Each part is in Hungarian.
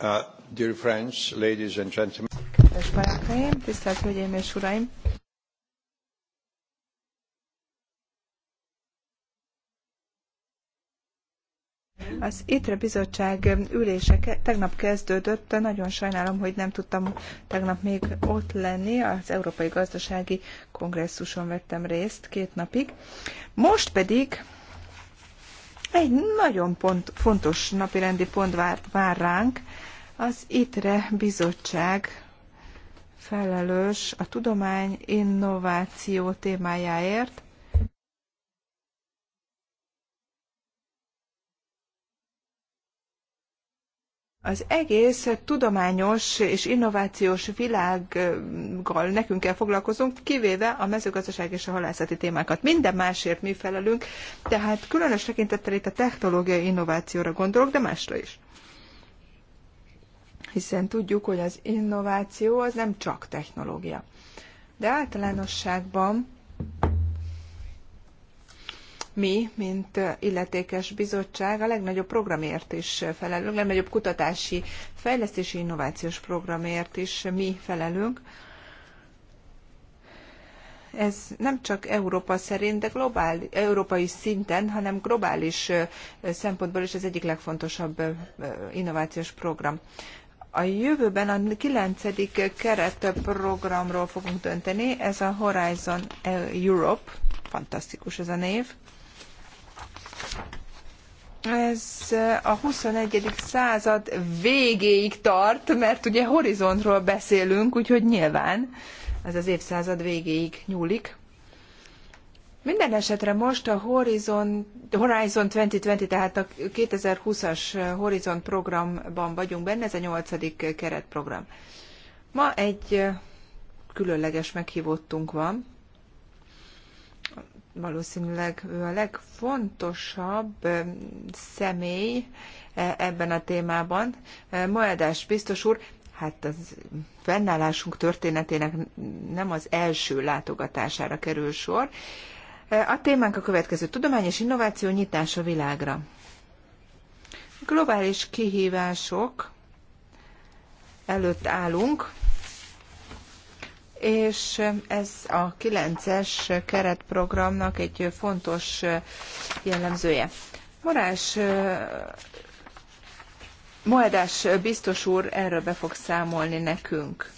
Uh, dear friends, ladies and gentlemen. Kedves barátaim, tisztelt hölgyeim és uraim! Az ITRE bizottság ülése tegnap kezdődött, nagyon sajnálom, hogy nem tudtam tegnap még ott lenni, az Európai Gazdasági Kongresszuson vettem részt két napig. Most pedig egy nagyon pont, fontos napirendi pont vár, vár ránk, az ITRE bizottság felelős a tudomány innováció témájáért, az egész tudományos és innovációs világgal nekünk kell foglalkozunk, kivéve a mezőgazdaság és a halászati témákat. Minden másért mi felelünk, tehát különös tekintettel itt a technológiai innovációra gondolok, de másra is hiszen tudjuk, hogy az innováció az nem csak technológia. De általánosságban mi, mint illetékes bizottság, a legnagyobb programért is felelünk, legnagyobb kutatási, fejlesztési, innovációs programért is mi felelünk. Ez nem csak Európa szerint, de globál, európai szinten, hanem globális szempontból is az egyik legfontosabb innovációs program. A jövőben a kilencedik keretprogramról fogunk dönteni, ez a Horizon eh, Europe, fantasztikus ez a név. Ez eh, a 21. század végéig tart, mert ugye horizontról beszélünk, úgyhogy nyilván ez az évszázad végéig nyúlik. Minden esetre most a Horizon, Horizon 2020, tehát a 2020-as Horizon programban vagyunk benne, ez a nyolcadik keretprogram. Ma egy különleges meghívottunk van, valószínűleg ő a legfontosabb személy e, ebben a témában. Moedás biztos úr, hát az fennállásunk történetének nem az első látogatására kerül sor, a témánk a következő. Tudomány és innováció nyitása világra. Globális kihívások előtt állunk, és ez a 9-es keretprogramnak egy fontos jellemzője. Morás Moedás biztos úr erről be fog számolni nekünk.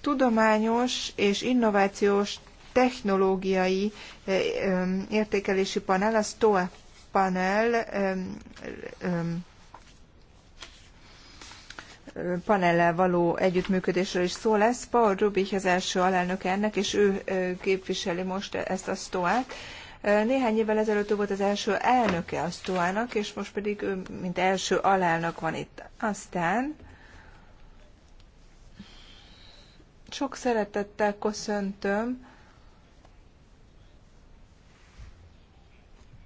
Tudományos és innovációs technológiai értékelési panel, a STOA panel panellel való együttműködésről is szó lesz. Paul Rubich az első alelnöke ennek, és ő képviseli most ezt a sztoát. Néhány évvel ezelőtt ő volt az első elnöke a sztoának, és most pedig ő, mint első alelnök van itt. Aztán sok szeretettel köszöntöm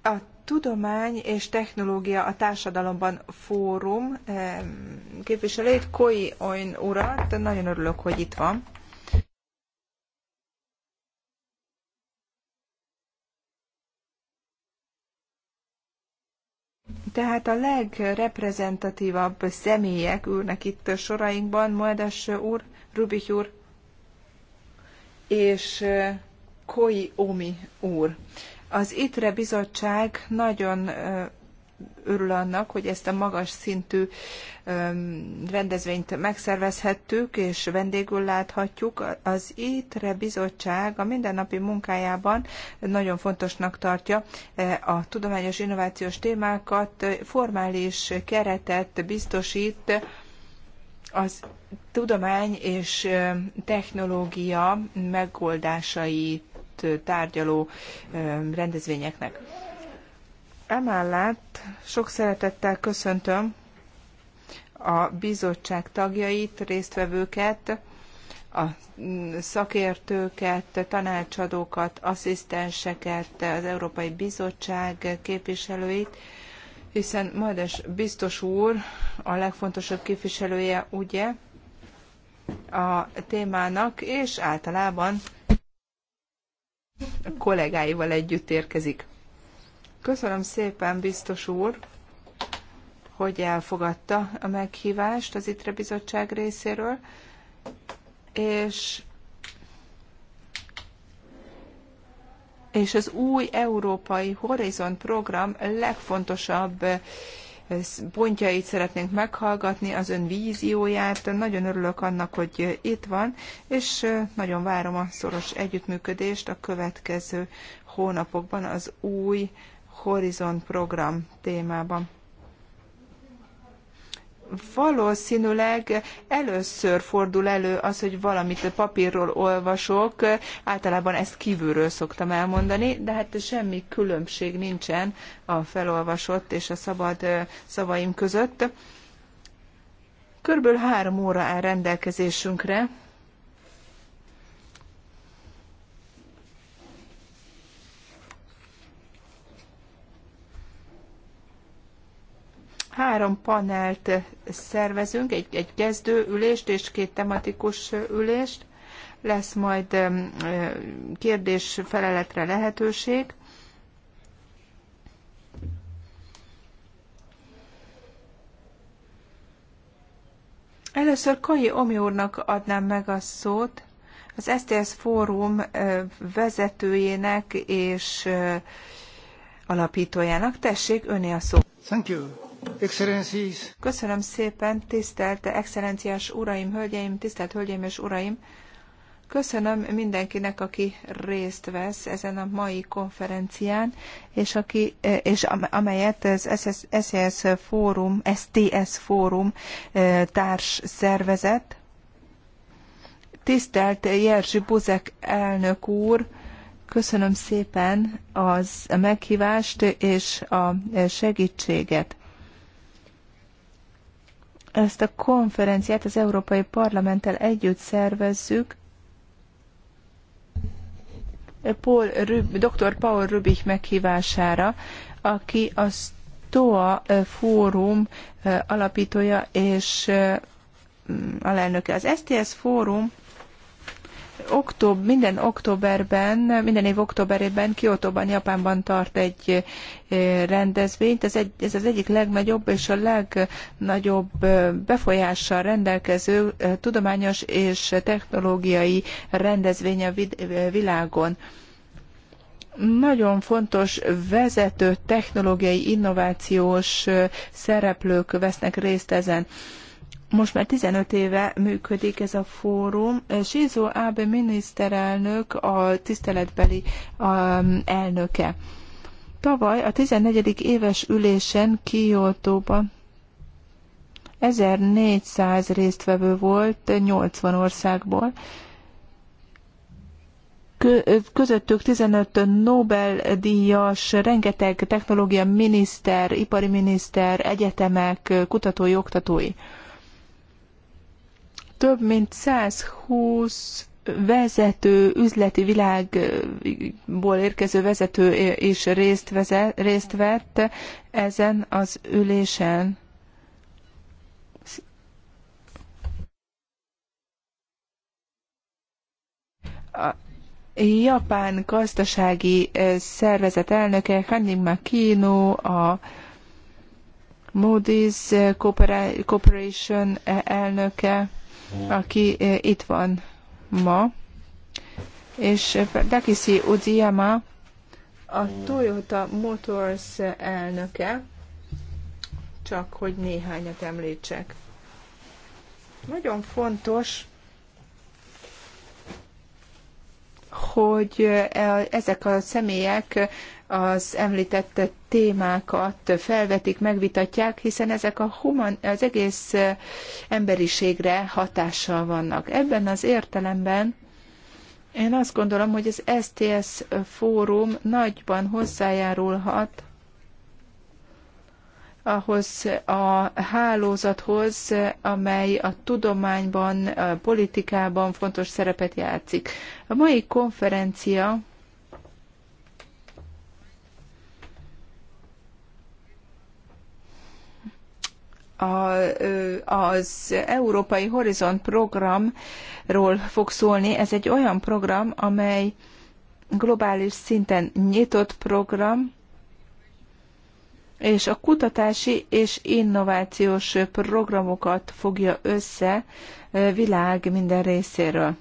A Tudomány és Technológia a Társadalomban Fórum eh, képviselőjét, Koi Oin urat, nagyon örülök, hogy itt van. tehát a legreprezentatívabb személyek ülnek itt sorainkban, Moedas úr, Rubik úr és eh, Koi Omi úr. Az ITRE bizottság nagyon örül annak, hogy ezt a magas szintű rendezvényt megszervezhettük, és vendégül láthatjuk. Az ITRE bizottság a mindennapi munkájában nagyon fontosnak tartja a tudományos innovációs témákat, formális keretet biztosít az tudomány és technológia megoldásait tárgyaló rendezvényeknek. Emellett sok szeretettel köszöntöm a bizottság tagjait, résztvevőket, a mm, szakértőket, tanácsadókat, asszisztenseket, az Európai Bizottság képviselőit, hiszen Majdes biztos úr a legfontosabb képviselője, ugye, a témának, és általában a kollégáival együtt érkezik. Köszönöm szépen, biztos úr, hogy elfogadta a meghívást az ITRE bizottság részéről, és és az új Európai Horizont program legfontosabb pontjait szeretnénk meghallgatni, az ön vízióját. Nagyon örülök annak, hogy itt van, és nagyon várom a szoros együttműködést a következő hónapokban az új Horizon program témában valószínűleg először fordul elő az, hogy valamit papírról olvasok, általában ezt kívülről szoktam elmondani, de hát semmi különbség nincsen a felolvasott és a szabad szavaim között. Körülbelül három óra áll rendelkezésünkre Három panelt szervezünk, egy, egy kezdő ülést és két tematikus ülést. Lesz majd kérdés-feleletre lehetőség. Először Kai Omi úrnak adnám meg a szót, az STS Fórum vezetőjének és alapítójának. Tessék, öné a szó. Thank you. Excellencies. Köszönöm szépen, tisztelt excellenciás uraim, hölgyeim, tisztelt hölgyeim és uraim. Köszönöm mindenkinek, aki részt vesz ezen a mai konferencián, és, aki, és amelyet az SES Fórum, STS Fórum társ szervezet. Tisztelt Jerzy Buzek elnök úr, köszönöm szépen az, a meghívást és a segítséget ezt a konferenciát az Európai Parlamenttel együtt szervezzük. Paul Rüb, dr. Paul Rübich meghívására, aki a STOA eh, fórum eh, alapítója és eh, alelnöke. Az STS fórum október, minden októberben, minden év októberében Kiotóban, Japánban tart egy eh, rendezvényt. Ez, egy, ez az egyik legnagyobb és a legnagyobb eh, befolyással rendelkező eh, tudományos és technológiai rendezvény a világon. Nagyon fontos vezető technológiai innovációs szereplők vesznek részt ezen most már 15 éve működik ez a fórum. Shizu Abe miniszterelnök a tiszteletbeli elnöke. Tavaly a 14. éves ülésen Kiotóban 1400 résztvevő volt 80 országból, közöttük 15 Nobel-díjas, rengeteg technológia miniszter, ipari miniszter, egyetemek, kutatói, oktatói több mint 120 vezető, üzleti világból érkező vezető is részt, vezet, részt vett ezen az ülésen. A japán gazdasági eh, szervezet elnöke Hanning Makino, a Moody's eh, Corporation eh, elnöke, aki eh, itt van ma, és eh, Dakisi Uziyama, a Toyota Motors elnöke, csak hogy néhányat említsek. Nagyon fontos, hogy e, ezek a személyek az említett témákat felvetik, megvitatják, hiszen ezek a human, az egész emberiségre hatással vannak. Ebben az értelemben én azt gondolom, hogy az STS fórum nagyban hozzájárulhat ahhoz a hálózathoz, amely a tudományban, a politikában fontos szerepet játszik. A mai konferencia a, az Európai Horizont programról fog szólni. Ez egy olyan program, amely globális szinten nyitott program, és a kutatási és innovációs programokat fogja össze világ minden részéről.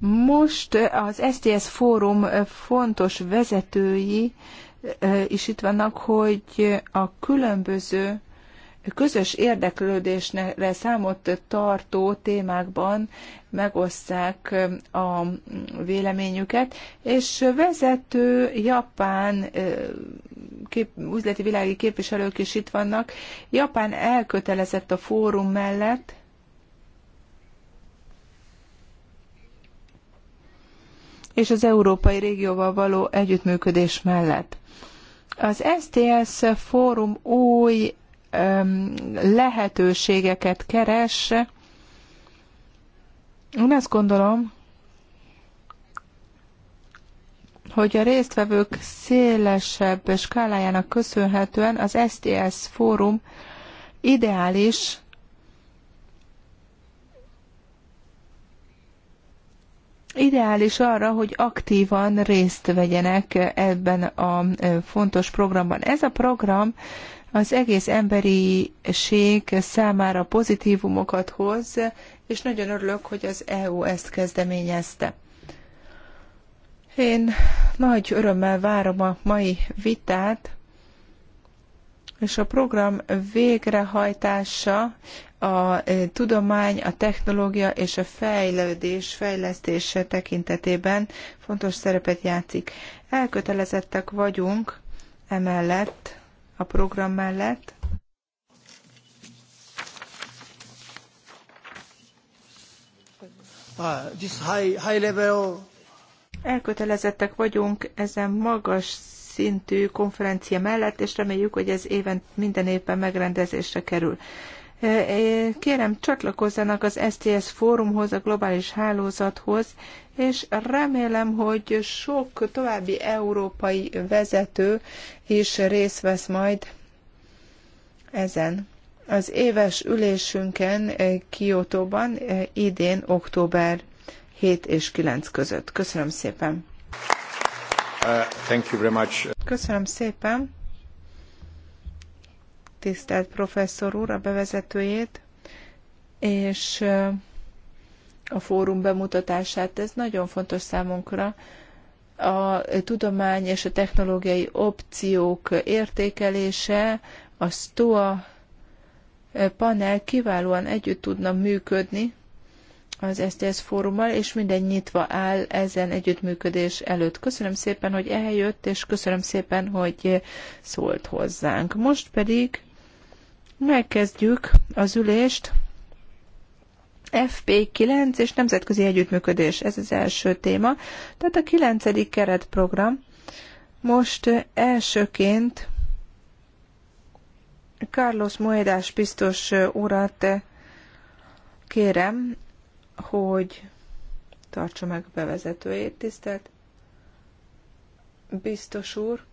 Most az STS Fórum fontos vezetői is itt vannak, hogy a különböző közös érdeklődésre számot tartó témákban megosszák a véleményüket, és vezető japán kép, üzleti világi képviselők is itt vannak. Japán elkötelezett a fórum mellett, és az európai régióval való együttműködés mellett. Az STS fórum új lehetőségeket keres. Én azt gondolom, hogy a résztvevők szélesebb skálájának köszönhetően az STS fórum ideális ideális arra, hogy aktívan részt vegyenek ebben a fontos programban. Ez a program az egész emberiség számára pozitívumokat hoz, és nagyon örülök, hogy az EU ezt kezdeményezte. Én nagy örömmel várom a mai vitát, és a program végrehajtása a e, tudomány, a technológia és a fejlődés, fejlesztése tekintetében fontos szerepet játszik. Elkötelezettek vagyunk emellett, a program mellett. Uh, Elkötelezettek vagyunk ezen magas szintű konferencia mellett, és reméljük, hogy ez éven, minden évben megrendezésre kerül. Kérem, csatlakozzanak az STS fórumhoz, a globális hálózathoz, és remélem, hogy sok további európai vezető is részt vesz majd ezen. Az éves ülésünken Kiotóban idén október 7 és 9 között. Köszönöm szépen! Uh, thank you very much. Köszönöm szépen! tisztelt professzor úr, a bevezetőjét, és a fórum bemutatását. Ez nagyon fontos számunkra. A tudomány és a technológiai opciók értékelése, a STOA panel kiválóan együtt tudna működni az STS fórummal, és minden nyitva áll ezen együttműködés előtt. Köszönöm szépen, hogy eljött, és köszönöm szépen, hogy szólt hozzánk. Most pedig Megkezdjük az ülést. FP9 és nemzetközi együttműködés, ez az első téma. Tehát a 9. keretprogram. Most eh, elsőként Carlos Moedás biztos eh, urat eh, kérem, hogy tartsa meg bevezetőjét, tisztelt biztos úr.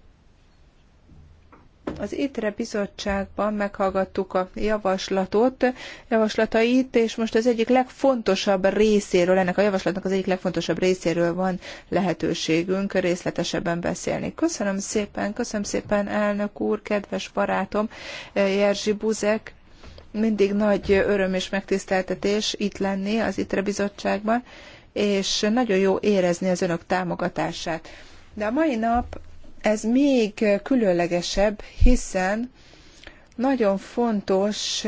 Az ITRE bizottságban meghallgattuk a javaslatot, javaslatait, és most az egyik legfontosabb részéről, ennek a javaslatnak az egyik legfontosabb részéről van lehetőségünk részletesebben beszélni. Köszönöm szépen, köszönöm szépen elnök úr, kedves barátom, Jerzy Buzek, mindig nagy öröm és megtiszteltetés itt lenni az ITRE bizottságban, és nagyon jó érezni az önök támogatását. De a mai nap ez még különlegesebb, hiszen nagyon fontos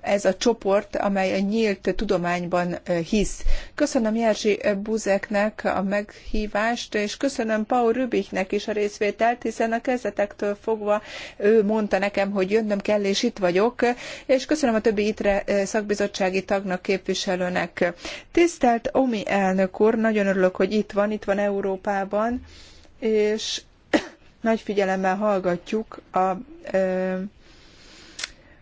ez a csoport, amely a nyílt tudományban hisz. Köszönöm Jerzy Buzeknek a meghívást, és köszönöm Paul Rübiknek is a részvételt, hiszen a kezdetektől fogva ő mondta nekem, hogy jönnöm kell, és itt vagyok, és köszönöm a többi ITRE szakbizottsági tagnak, képviselőnek. Tisztelt Omi elnök úr, nagyon örülök, hogy itt van, itt van Európában és nagy figyelemmel hallgatjuk a ö,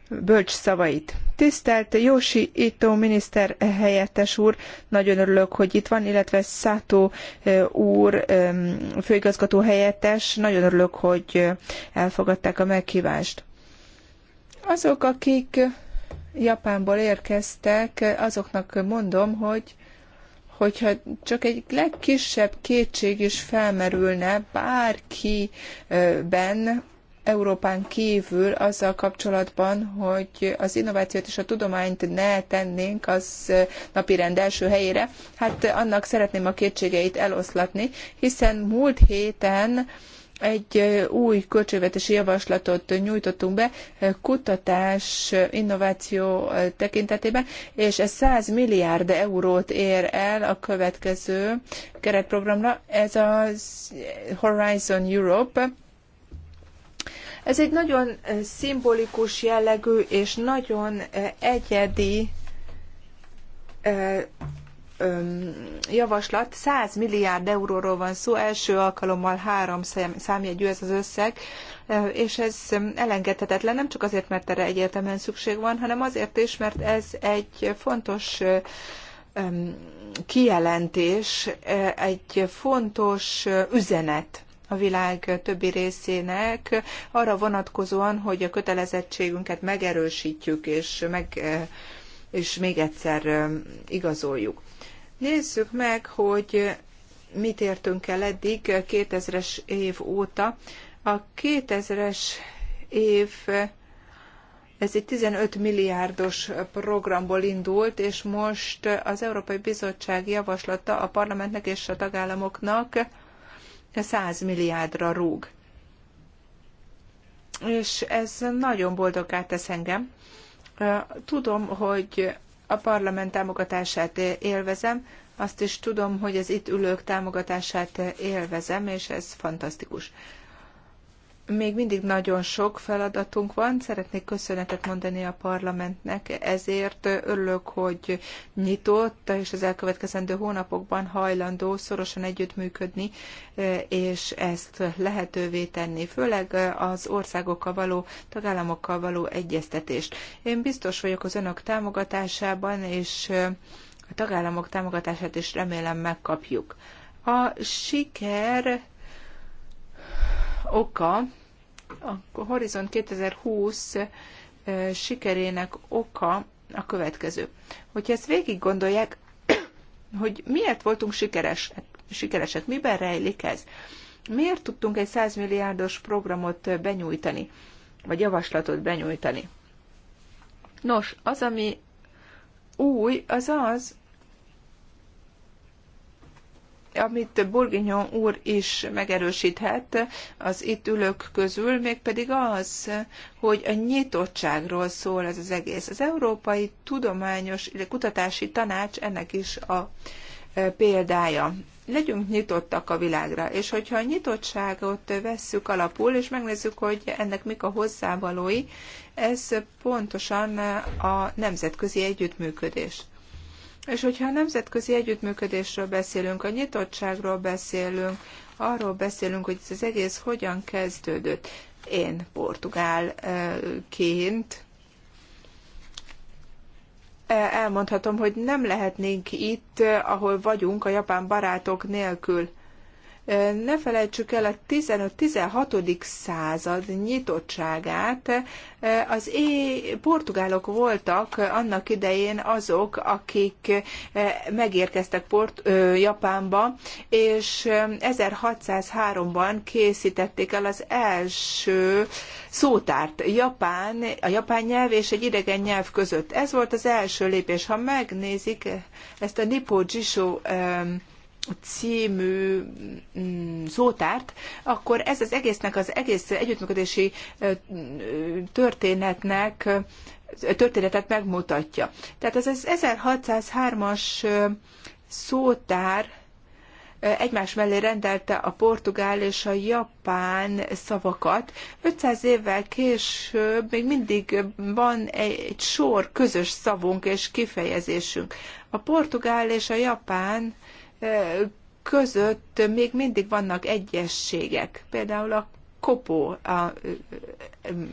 bölcs szavait. Tisztelt Jósi Ito miniszter helyettes úr, nagyon örülök, hogy itt van, illetve Szátó úr főigazgató helyettes, nagyon örülök, hogy elfogadták a meghívást. Azok, akik Japánból érkeztek, azoknak mondom, hogy hogyha csak egy legkisebb kétség is felmerülne bárkiben, Európán kívül azzal kapcsolatban, hogy az innovációt és a tudományt ne tennénk az napirend első helyére, hát annak szeretném a kétségeit eloszlatni, hiszen múlt héten egy új költségvetési javaslatot nyújtottunk be kutatás, innováció tekintetében, és ez 100 milliárd eurót ér el a következő keretprogramra. Ez a Horizon Europe. Ez egy nagyon szimbolikus jellegű és nagyon egyedi javaslat. 100 milliárd euróról van szó, első alkalommal három számjegyű ez az összeg, és ez elengedhetetlen nem csak azért, mert erre egyértelműen szükség van, hanem azért is, mert ez egy fontos kijelentés, egy fontos üzenet a világ többi részének arra vonatkozóan, hogy a kötelezettségünket megerősítjük és, meg, és még egyszer igazoljuk. Nézzük meg, hogy mit értünk el eddig 2000-es év óta. A 2000-es év ez egy 15 milliárdos programból indult, és most az Európai Bizottság javaslata a parlamentnek és a tagállamoknak 100 milliárdra rúg. És ez nagyon boldogá tesz engem. Tudom, hogy a parlament támogatását élvezem, azt is tudom, hogy az itt ülők támogatását élvezem, és ez fantasztikus még mindig nagyon sok feladatunk van. Szeretnék köszönetet mondani a parlamentnek, ezért örülök, hogy nyitott, és az elkövetkezendő hónapokban hajlandó szorosan együttműködni, és ezt lehetővé tenni, főleg az országokkal való, tagállamokkal való egyeztetést. Én biztos vagyok az önök támogatásában, és a tagállamok támogatását is remélem megkapjuk. A siker oka, a Horizont 2020 sikerének oka a következő. Hogyha ezt végig gondolják, hogy miért voltunk sikeresek, sikeresek miben rejlik ez? Miért tudtunk egy 100 milliárdos programot benyújtani, vagy javaslatot benyújtani? Nos, az, ami új, az az, amit Bourguignon úr is megerősíthet az itt ülők közül, mégpedig az, hogy a nyitottságról szól ez az egész. Az Európai Tudományos Kutatási Tanács ennek is a e, példája. Legyünk nyitottak a világra, és hogyha a nyitottságot vesszük alapul, és megnézzük, hogy ennek mik a hozzávalói, ez pontosan a nemzetközi együttműködés. És hogyha a nemzetközi együttműködésről beszélünk, a nyitottságról beszélünk, arról beszélünk, hogy ez az egész hogyan kezdődött. Én portugálként e, elmondhatom, hogy nem lehetnénk itt, ahol vagyunk, a japán barátok nélkül. Ne felejtsük el a 15-16. század nyitottságát. Az é portugálok voltak annak idején azok, akik megérkeztek Port, Japánba, és 1603-ban készítették el az első szótárt Japán, a japán nyelv és egy idegen nyelv között. Ez volt az első lépés. Ha megnézik ezt a Nippo Jisho című mm, szótárt, akkor ez az egésznek, az egész együttműködési történetnek történetet megmutatja. Tehát ez az 1603-as szótár egymás mellé rendelte a portugál és a japán szavakat. 500 évvel később még mindig van egy sor közös szavunk és kifejezésünk. A portugál és a japán között még mindig vannak egyességek. Például a kopó, a,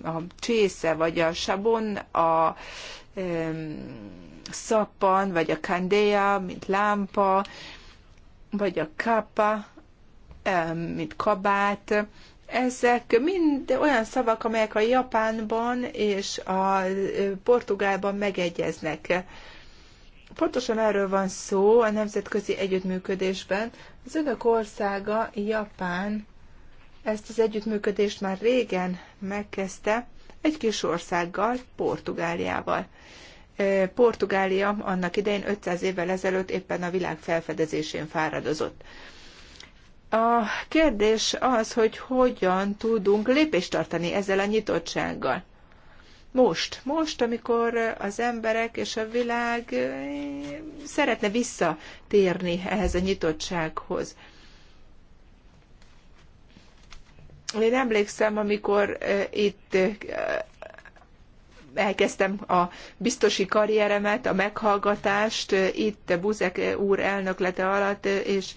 a csésze, vagy a sabon, a szappan, vagy a kandéja, mint lámpa, vagy a kappa, mint kabát. Ezek mind olyan szavak, amelyek a Japánban és a Portugálban megegyeznek. Pontosan erről van szó a nemzetközi együttműködésben. Az önök országa, Japán, ezt az együttműködést már régen megkezdte egy kis országgal, Portugáliával. Portugália annak idején 500 évvel ezelőtt éppen a világ felfedezésén fáradozott. A kérdés az, hogy hogyan tudunk lépést tartani ezzel a nyitottsággal most, most, amikor az emberek és a világ eh, szeretne visszatérni ehhez a nyitottsághoz. Én emlékszem, amikor eh, itt eh, elkezdtem a biztosi karrieremet, a meghallgatást itt Buzek úr elnöklete alatt, és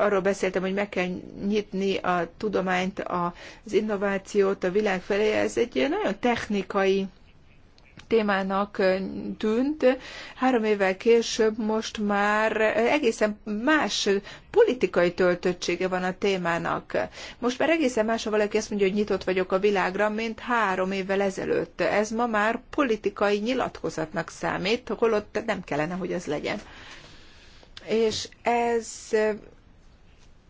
arról beszéltem, hogy meg kell nyitni a tudományt, az innovációt a világ felé. Ez egy nagyon technikai témának tűnt. Három évvel később most már egészen más politikai töltöttsége van a témának. Most már egészen más, ha valaki azt mondja, hogy nyitott vagyok a világra, mint három évvel ezelőtt. Ez ma már politikai nyilatkozatnak számít, holott nem kellene, hogy ez legyen. És ez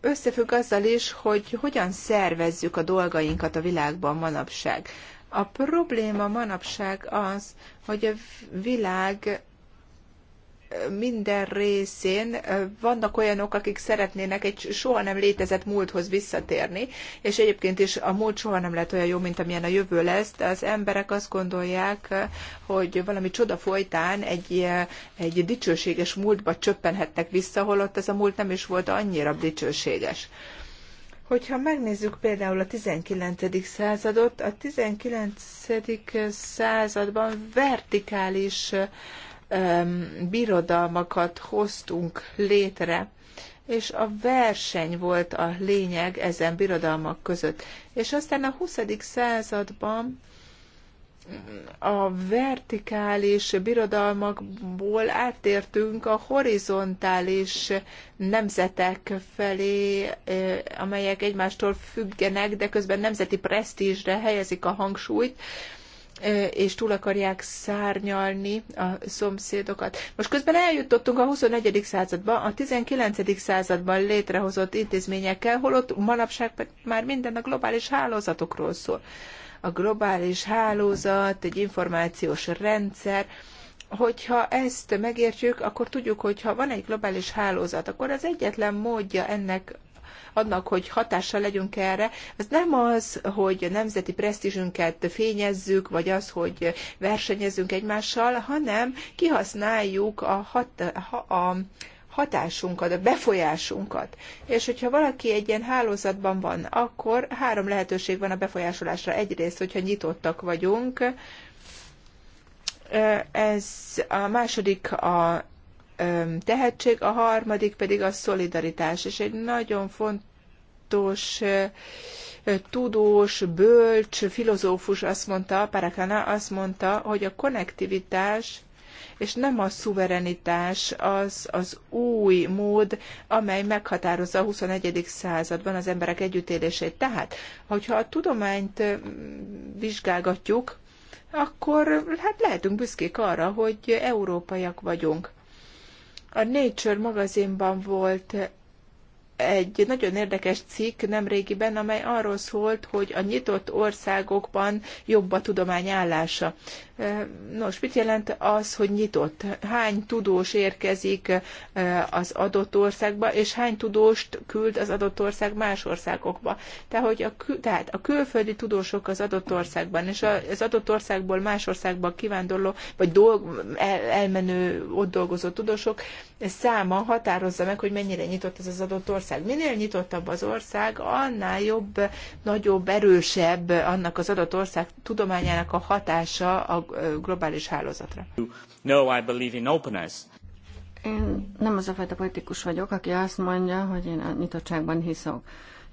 összefügg azzal is, hogy hogyan szervezzük a dolgainkat a világban manapság. A probléma manapság az, hogy a világ minden részén vannak olyanok, akik szeretnének egy soha nem létezett múlthoz visszatérni, és egyébként is a múlt soha nem lett olyan jó, mint amilyen a jövő lesz, de az emberek azt gondolják, hogy valami csoda folytán egy, egy dicsőséges múltba csöppenhettek vissza, holott ez a múlt nem is volt annyira dicsőséges. Hogyha megnézzük például a 19. századot, a 19. században vertikális birodalmakat hoztunk létre, és a verseny volt a lényeg ezen birodalmak között. És aztán a 20. században a vertikális birodalmakból áttértünk a horizontális nemzetek felé, eh, amelyek egymástól függenek, de közben nemzeti presztízsre helyezik a hangsúlyt eh, és túl akarják szárnyalni a szomszédokat. Most közben eljutottunk a 21. századba, a 19. században létrehozott intézményekkel, holott manapság már minden a globális hálózatokról szól a globális hálózat, egy információs rendszer, hogyha ezt megértjük, akkor tudjuk, hogy ha van egy globális hálózat, akkor az egyetlen módja ennek annak, hogy hatással legyünk erre, az nem az, hogy a nemzeti presztízsünket fényezzük, vagy az, hogy versenyezünk egymással, hanem kihasználjuk a, hat, a hatásunkat, a befolyásunkat. És hogyha valaki egy ilyen hálózatban van, akkor három lehetőség van a befolyásolásra. Egyrészt, hogyha nyitottak vagyunk, ez a második a tehetség, a harmadik pedig a szolidaritás, és egy nagyon fontos tudós, bölcs, filozófus azt mondta, Parakana azt mondta, hogy a konnektivitás és nem a szuverenitás az az új mód, amely meghatározza a XXI. században az emberek együttélését. Tehát, hogyha a tudományt vizsgálgatjuk, akkor hát lehetünk büszkék arra, hogy európaiak vagyunk. A Nature magazinban volt egy nagyon érdekes cikk nemrégiben, amely arról szólt, hogy a nyitott országokban jobb a tudomány állása. Nos, mit jelent az, hogy nyitott? Hány tudós érkezik eh, az adott országba, és hány tudóst küld az adott ország más országokba? Tehát, a, tehát a külföldi tudósok az adott országban, és az adott országból más országba kivándorló, vagy dolg, el, elmenő, ott dolgozó tudósok száma határozza meg, hogy mennyire nyitott ez az adott ország. Minél nyitottabb az ország, annál jobb, nagyobb, erősebb annak az adott ország tudományának a hatása a globális hálózatra. No, I believe in openness. Én nem az a fajta politikus vagyok, aki azt mondja, hogy én a nyitottságban hiszok.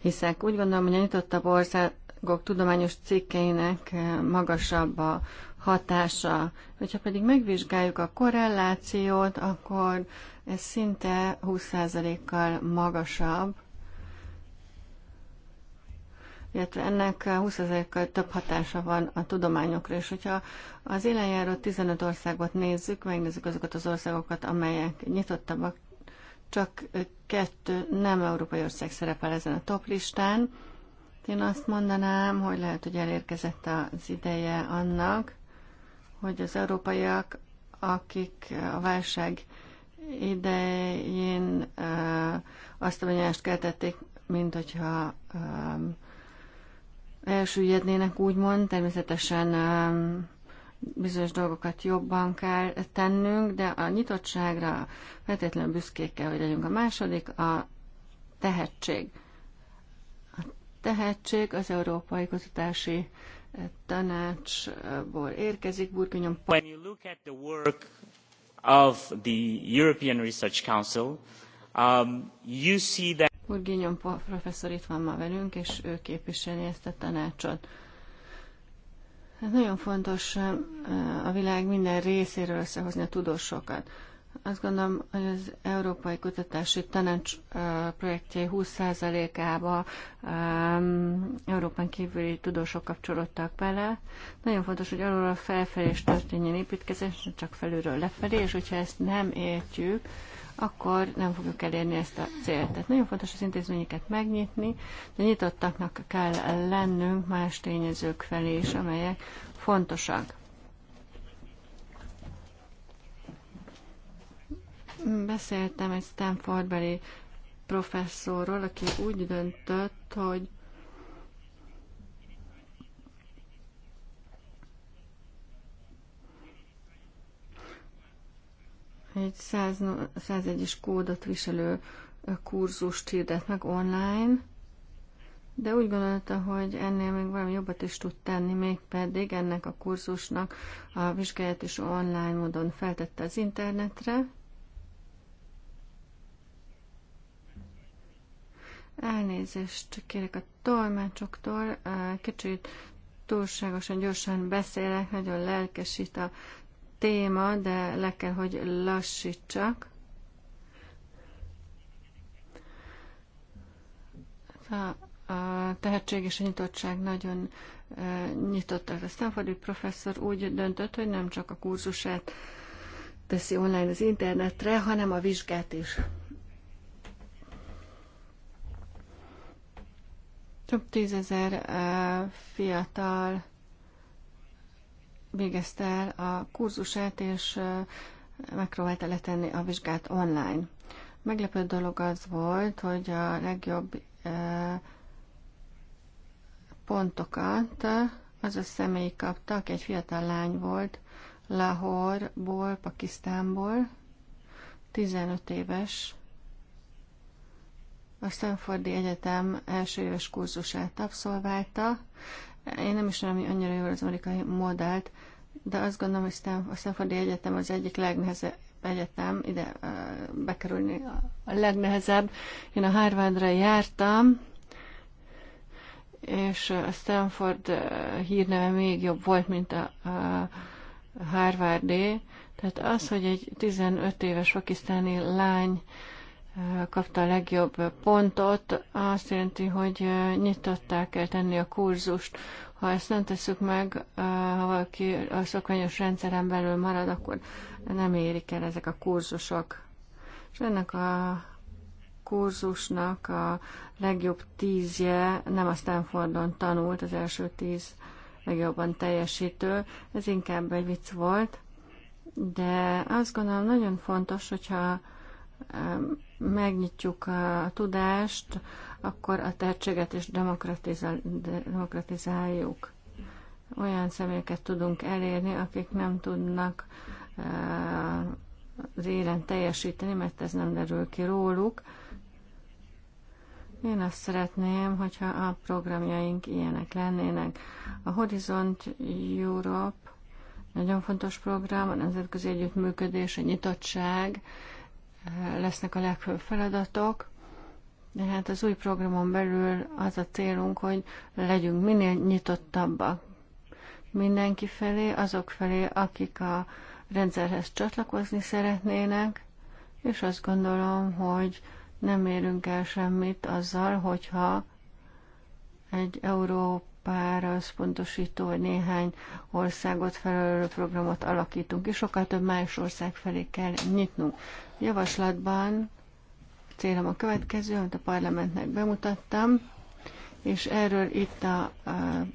Hiszek. Úgy gondolom, hogy a nyitottabb országok tudományos cikkeinek magasabb a hatása. Hogyha pedig megvizsgáljuk a korrelációt, akkor ez szinte 20%-kal magasabb, illetve ennek 20%-kal több hatása van a tudományokra, és hogyha az élenjáró 15 országot nézzük, megnézzük azokat az országokat, amelyek nyitottabbak, csak kettő nem európai ország szerepel ezen a toplistán. Én azt mondanám, hogy lehet, hogy elérkezett az ideje annak, hogy az európaiak, akik a válság idején azt a benyomást keltették, mint hogyha elsüllyednének, úgymond. Természetesen um, bizonyos dolgokat jobban kell tennünk, de a nyitottságra feltétlenül büszkék kell, hogy legyünk. A második a tehetség. A tehetség az Európai Kutatási eh, Tanácsból érkezik. Burkinyom. When you look at the work of the European Research Council, um, you see that Burginyon professzor itt van ma velünk, és ő képviseli ezt a tanácsot. Ez hát nagyon fontos a világ minden részéről összehozni a tudósokat. Azt gondolom, hogy az Európai Kutatási Tanács projektjei 20%-ába um, Európán kívüli tudósok kapcsolódtak bele. Nagyon fontos, hogy alulról felfelé is történjen építkezés, csak felülről lefelé, és hogyha ezt nem értjük, akkor nem fogjuk elérni ezt a célt. Tehát nagyon fontos az intézményeket megnyitni, de nyitottaknak kell lennünk más tényezők felé is, amelyek fontosak. Beszéltem egy Stanfordbeli professzorról, aki úgy döntött, hogy egy 100, 101-es kódot viselő kurzust hirdet meg online, de úgy gondolta, hogy ennél még valami jobbat is tud tenni, mégpedig ennek a kurzusnak a vizsgáját is online módon feltette az internetre. Elnézést kérek a tolmácsoktól, kicsit túlságosan gyorsan beszélek, nagyon lelkesít a téma, de le kell, hogy lassítsak. A, tehetség és a nyitottság nagyon nyitottak. A Stanfordi professzor úgy döntött, hogy nem csak a kurzusát teszi online az internetre, hanem a vizsgát is. Több tízezer fiatal végezte el a kurzusát, és megpróbálta letenni a vizsgát online. Meglepő dolog az volt, hogy a legjobb pontokat az a személy kapta, aki egy fiatal lány volt, Lahorból, Pakisztánból, 15 éves, a Stanfordi Egyetem első éves kurzusát abszolválta, én nem ismerem annyira jól az amerikai modellt, de azt gondolom, hogy a Stanfordi Egyetem az egyik legnehezebb egyetem, ide bekerülni a legnehezebb. Én a Harvardra jártam, és a Stanford hírneve még jobb volt, mint a, a Harvardé. Tehát az, hogy egy 15 éves pakisztáni lány kapta a legjobb pontot, azt jelenti, hogy nyitottá kell tenni a kurzust. Ha ezt nem tesszük meg, ha valaki a szokványos rendszeren belül marad, akkor nem érik el ezek a kurzusok. És ennek a kurzusnak a legjobb tízje nem a Stanfordon tanult, az első tíz legjobban teljesítő. Ez inkább egy vicc volt, de azt gondolom nagyon fontos, hogyha megnyitjuk a tudást, akkor a tehetséget is demokratizáljuk. Olyan személyeket tudunk elérni, akik nem tudnak az élen teljesíteni, mert ez nem derül ki róluk. Én azt szeretném, hogyha a programjaink ilyenek lennének. A Horizont Europe nagyon fontos program, a nemzetközi együttműködés, a nyitottság, lesznek a legfőbb feladatok, de hát az új programon belül az a célunk, hogy legyünk minél nyitottabbak mindenki felé, azok felé, akik a rendszerhez csatlakozni szeretnének, és azt gondolom, hogy nem érünk el semmit azzal, hogyha egy Európára összpontosító néhány országot felelő programot alakítunk, és sokkal több más ország felé kell nyitnunk javaslatban célom a következő, amit a parlamentnek bemutattam, és erről itt a, a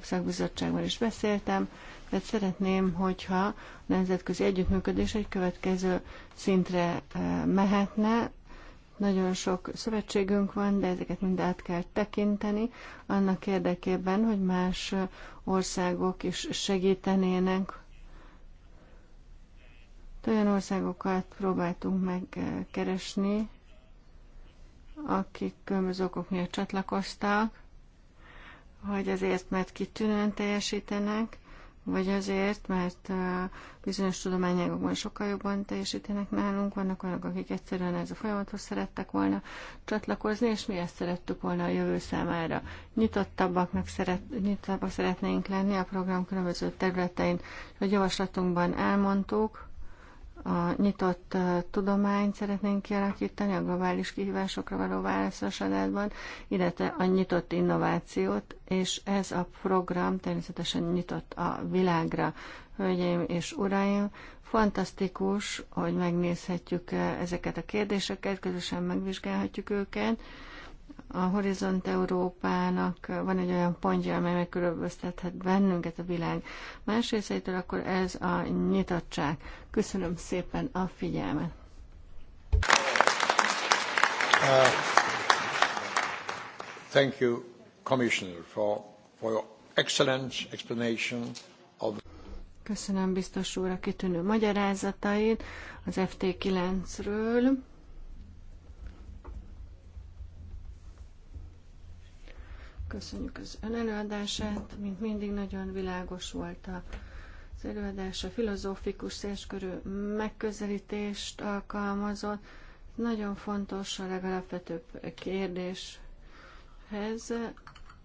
szakbizottságban is beszéltem, tehát szeretném, hogyha a nemzetközi együttműködés egy következő szintre e, mehetne, nagyon sok szövetségünk van, de ezeket mind át kell tekinteni, annak érdekében, hogy más országok is segítenének olyan országokat próbáltunk megkeresni, akik különböző okok miatt csatlakoztak, hogy azért, mert kitűnően teljesítenek, vagy azért, mert bizonyos tudományágokban sokkal jobban teljesítenek nálunk, vannak olyanok, akik egyszerűen ez a folyamathoz szerettek volna csatlakozni, és mi ezt szerettük volna a jövő számára. Nyitottabbaknak szeret, nyitottabbak szeretnénk lenni a program különböző területein, hogy javaslatunkban elmondtuk, a nyitott tudományt szeretnénk kialakítani, a globális kihívásokra való válasz családban, illetve a nyitott innovációt, és ez a program természetesen nyitott a világra. Hölgyeim és uraim, fantasztikus, hogy megnézhetjük ezeket a kérdéseket, közösen megvizsgálhatjuk őket, a Horizont Európának van egy olyan pontja, amely megkülönböztethet bennünket a világ más részeitől, akkor ez a nyitottság. Köszönöm szépen a figyelmet. Uh, thank you, Commissioner, for, for your excellent explanation of... Köszönöm biztos úr a kitűnő magyarázatait az FT9-ről. Köszönjük az ön előadását, mint mindig nagyon világos volt a az előadás a filozófikus szélskörű megközelítést alkalmazott. Nagyon fontos a legalapvetőbb kérdéshez,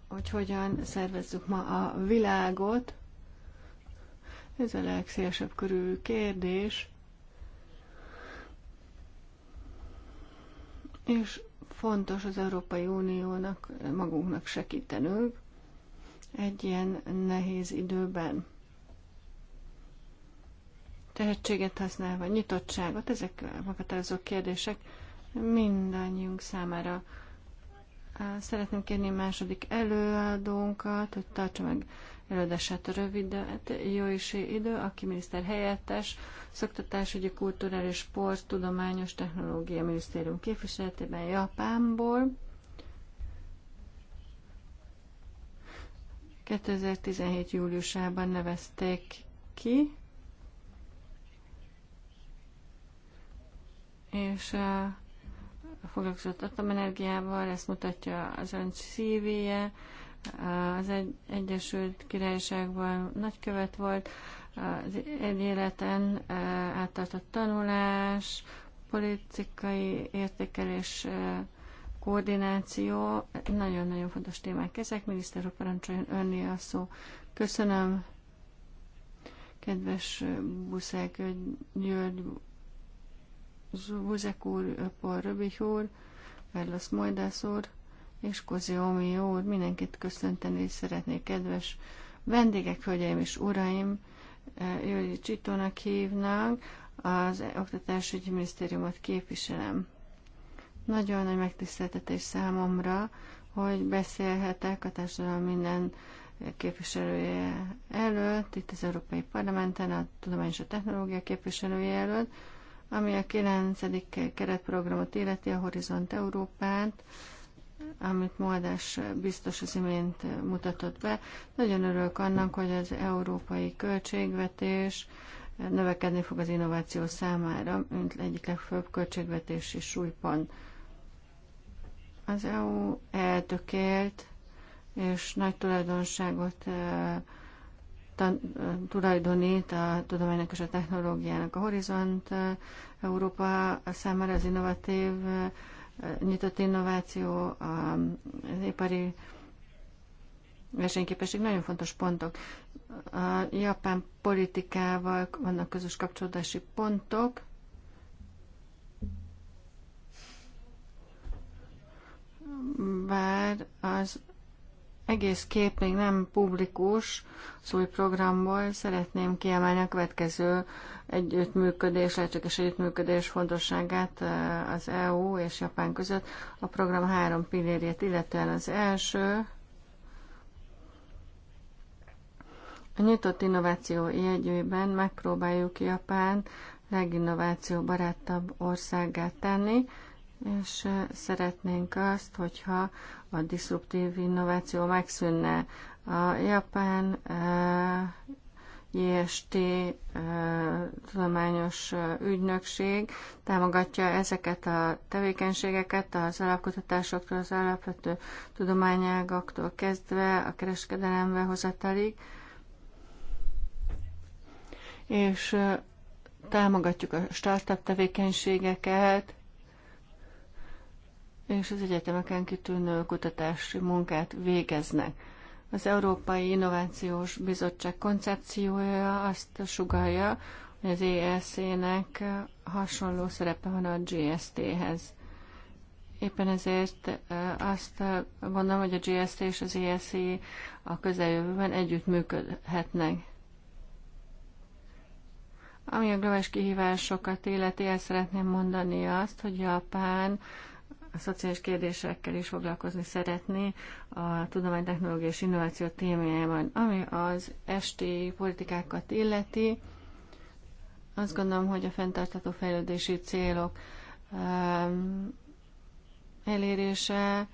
hogy hogyan szervezzük ma a világot. Ez a legszélesebb körű kérdés. És fontos az Európai Uniónak magunknak segítenünk egy ilyen nehéz időben. Tehetséget használva, nyitottságot, ezek meghatározó kérdések mindannyiunk számára. Szeretném kérni második előadónkat, hogy tartsa meg előadását a rövid hát is idő, aki miniszter helyettes, szoktatásügyi, kulturális, sport, tudományos, technológia minisztérium képviseletében Japánból. 2017. júliusában nevezték ki, és foglalkozott atomenergiával, ezt mutatja az ön CV-je, az egy, Egyesült Királyságban nagykövet volt, az egy életen átadott tanulás, politikai értékelés, koordináció, nagyon-nagyon fontos témák ezek. Miniszter úr, parancsoljon önni a szó. Köszönöm, kedves Buszek György, Buzek úr, Paul Röbich úr, Verlasz Mojdász úr és omi úr, mindenkit köszönteni szeretnék, kedves vendégek, hölgyeim és uraim, Jöri e, Csitónak hívnánk, az Oktatásügyi Minisztériumot képviselem. Nagyon nagy megtiszteltetés számomra, hogy beszélhetek a társadalom minden képviselője előtt, itt az Európai Parlamenten, a Tudomány és a Technológia képviselője előtt, ami a 9. keretprogramot illeti a Horizont Európát, amit Moldás biztos az imént mutatott be. Nagyon örülök annak, hogy az európai költségvetés növekedni fog az innováció számára, mint egyik legfőbb költségvetési súlypont. Az EU eltökélt és nagy tulajdonságot eh, tulajdonít a tudománynak és a technológiának. A Horizont eh, Európa számára az innovatív eh, nyitott innováció, az ipari versenyképesség nagyon fontos pontok. A japán politikával vannak közös kapcsolódási pontok, bár az egész kép még nem publikus az új programból. Szeretném kiemelni a következő együttműködés, lehetséges együttműködés fontosságát eh, az EU és Japán között. A program három pillérjét, illetően az első, a nyitott innováció jegyőben megpróbáljuk Japán barátabb országát tenni, és eh, szeretnénk azt, hogyha a diszruptív innováció megszűnne. A japán JST eh, eh, tudományos eh, ügynökség támogatja ezeket a tevékenységeket az alapkutatásoktól, az alapvető tudományágaktól kezdve a kereskedelembe hozatalig, és támogatjuk a startup tevékenységeket, és az egyetemeken kitűnő kutatási munkát végeznek. Az Európai Innovációs Bizottság koncepciója azt sugalja, hogy az ESZ-nek hasonló szerepe van a GST-hez. Éppen ezért azt gondolom, hogy a GST és az ESZ a közeljövőben együtt működhetnek. Ami a globális kihívásokat illeti, el szeretném mondani azt, hogy Japán a szociális kérdésekkel is foglalkozni szeretné a technológia és innováció témájában, ami az esti politikákat illeti. Azt gondolom, hogy a fenntartható fejlődési célok um, elérése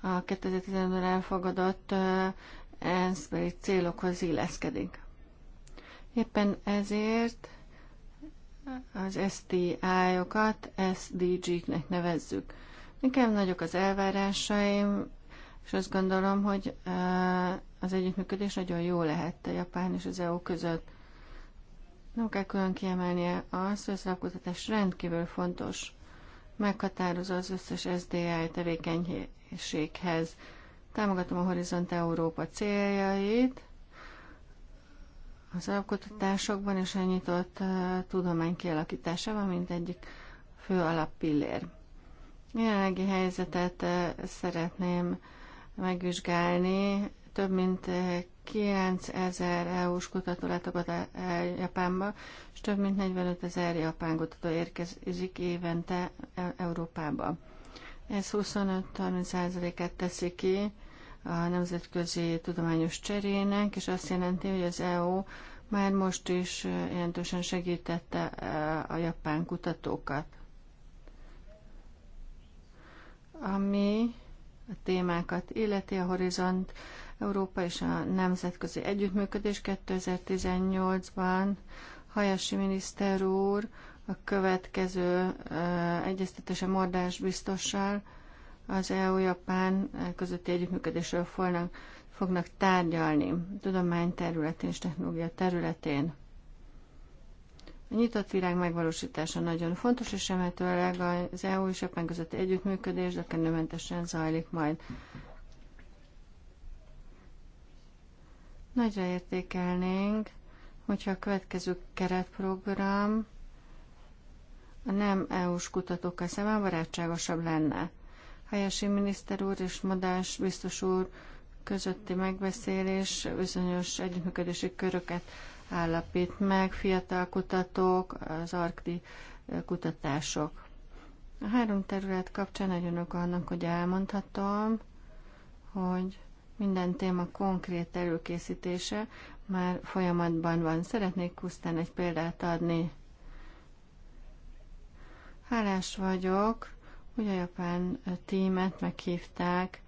a 2015-ben elfogadott uh, ENSZ célokhoz illeszkedik. Éppen ezért az STI-okat SDG-knek nevezzük. Nekem nagyok az elvárásaim, és azt gondolom, hogy az együttműködés nagyon jó lehet a Japán és az EU között. Nem kell külön kiemelnie azt, hogy az alapkutatás rendkívül fontos. Meghatározza az összes SDI tevékenységhez. Támogatom a Horizont Európa céljait, az alkotásokban és a nyitott uh, tudomány kialakításában, mint egyik fő alappillér. Jelenlegi helyzetet uh, szeretném megvizsgálni. Több mint 9000 uh, EU-s kutató látogat Japánba, és több mint 45 ezer japán kutató érkezik évente e, Európába. Ez 25-30%-át teszi ki a nemzetközi tudományos cserének, és azt jelenti, hogy az EU már most is jelentősen segítette a japán kutatókat. Ami a témákat illeti a Horizont Európa és a Nemzetközi Együttműködés 2018-ban Hajasi miniszter úr a következő uh, egyeztetése Mordás biztossal az EU-Japán közötti együttműködésről fognak, fognak tárgyalni tudomány területén és technológia területén. A nyitott világ megvalósítása nagyon fontos, és emetőleg az EU és Japán közötti együttműködés zökkenőmentesen zajlik majd. Nagyra értékelnénk, hogyha a következő keretprogram a nem EU-s kutatókkal szemben barátságosabb lenne. Helyesi miniszter úr és Madás biztos úr közötti megbeszélés bizonyos együttműködési köröket állapít meg, fiatal kutatók, az arkti kutatások. A három terület kapcsán nagyon annak, hogy elmondhatom, hogy minden téma konkrét előkészítése már folyamatban van. Szeretnék pusztán egy példát adni. Hálás vagyok Ugye, a japán témát meghívták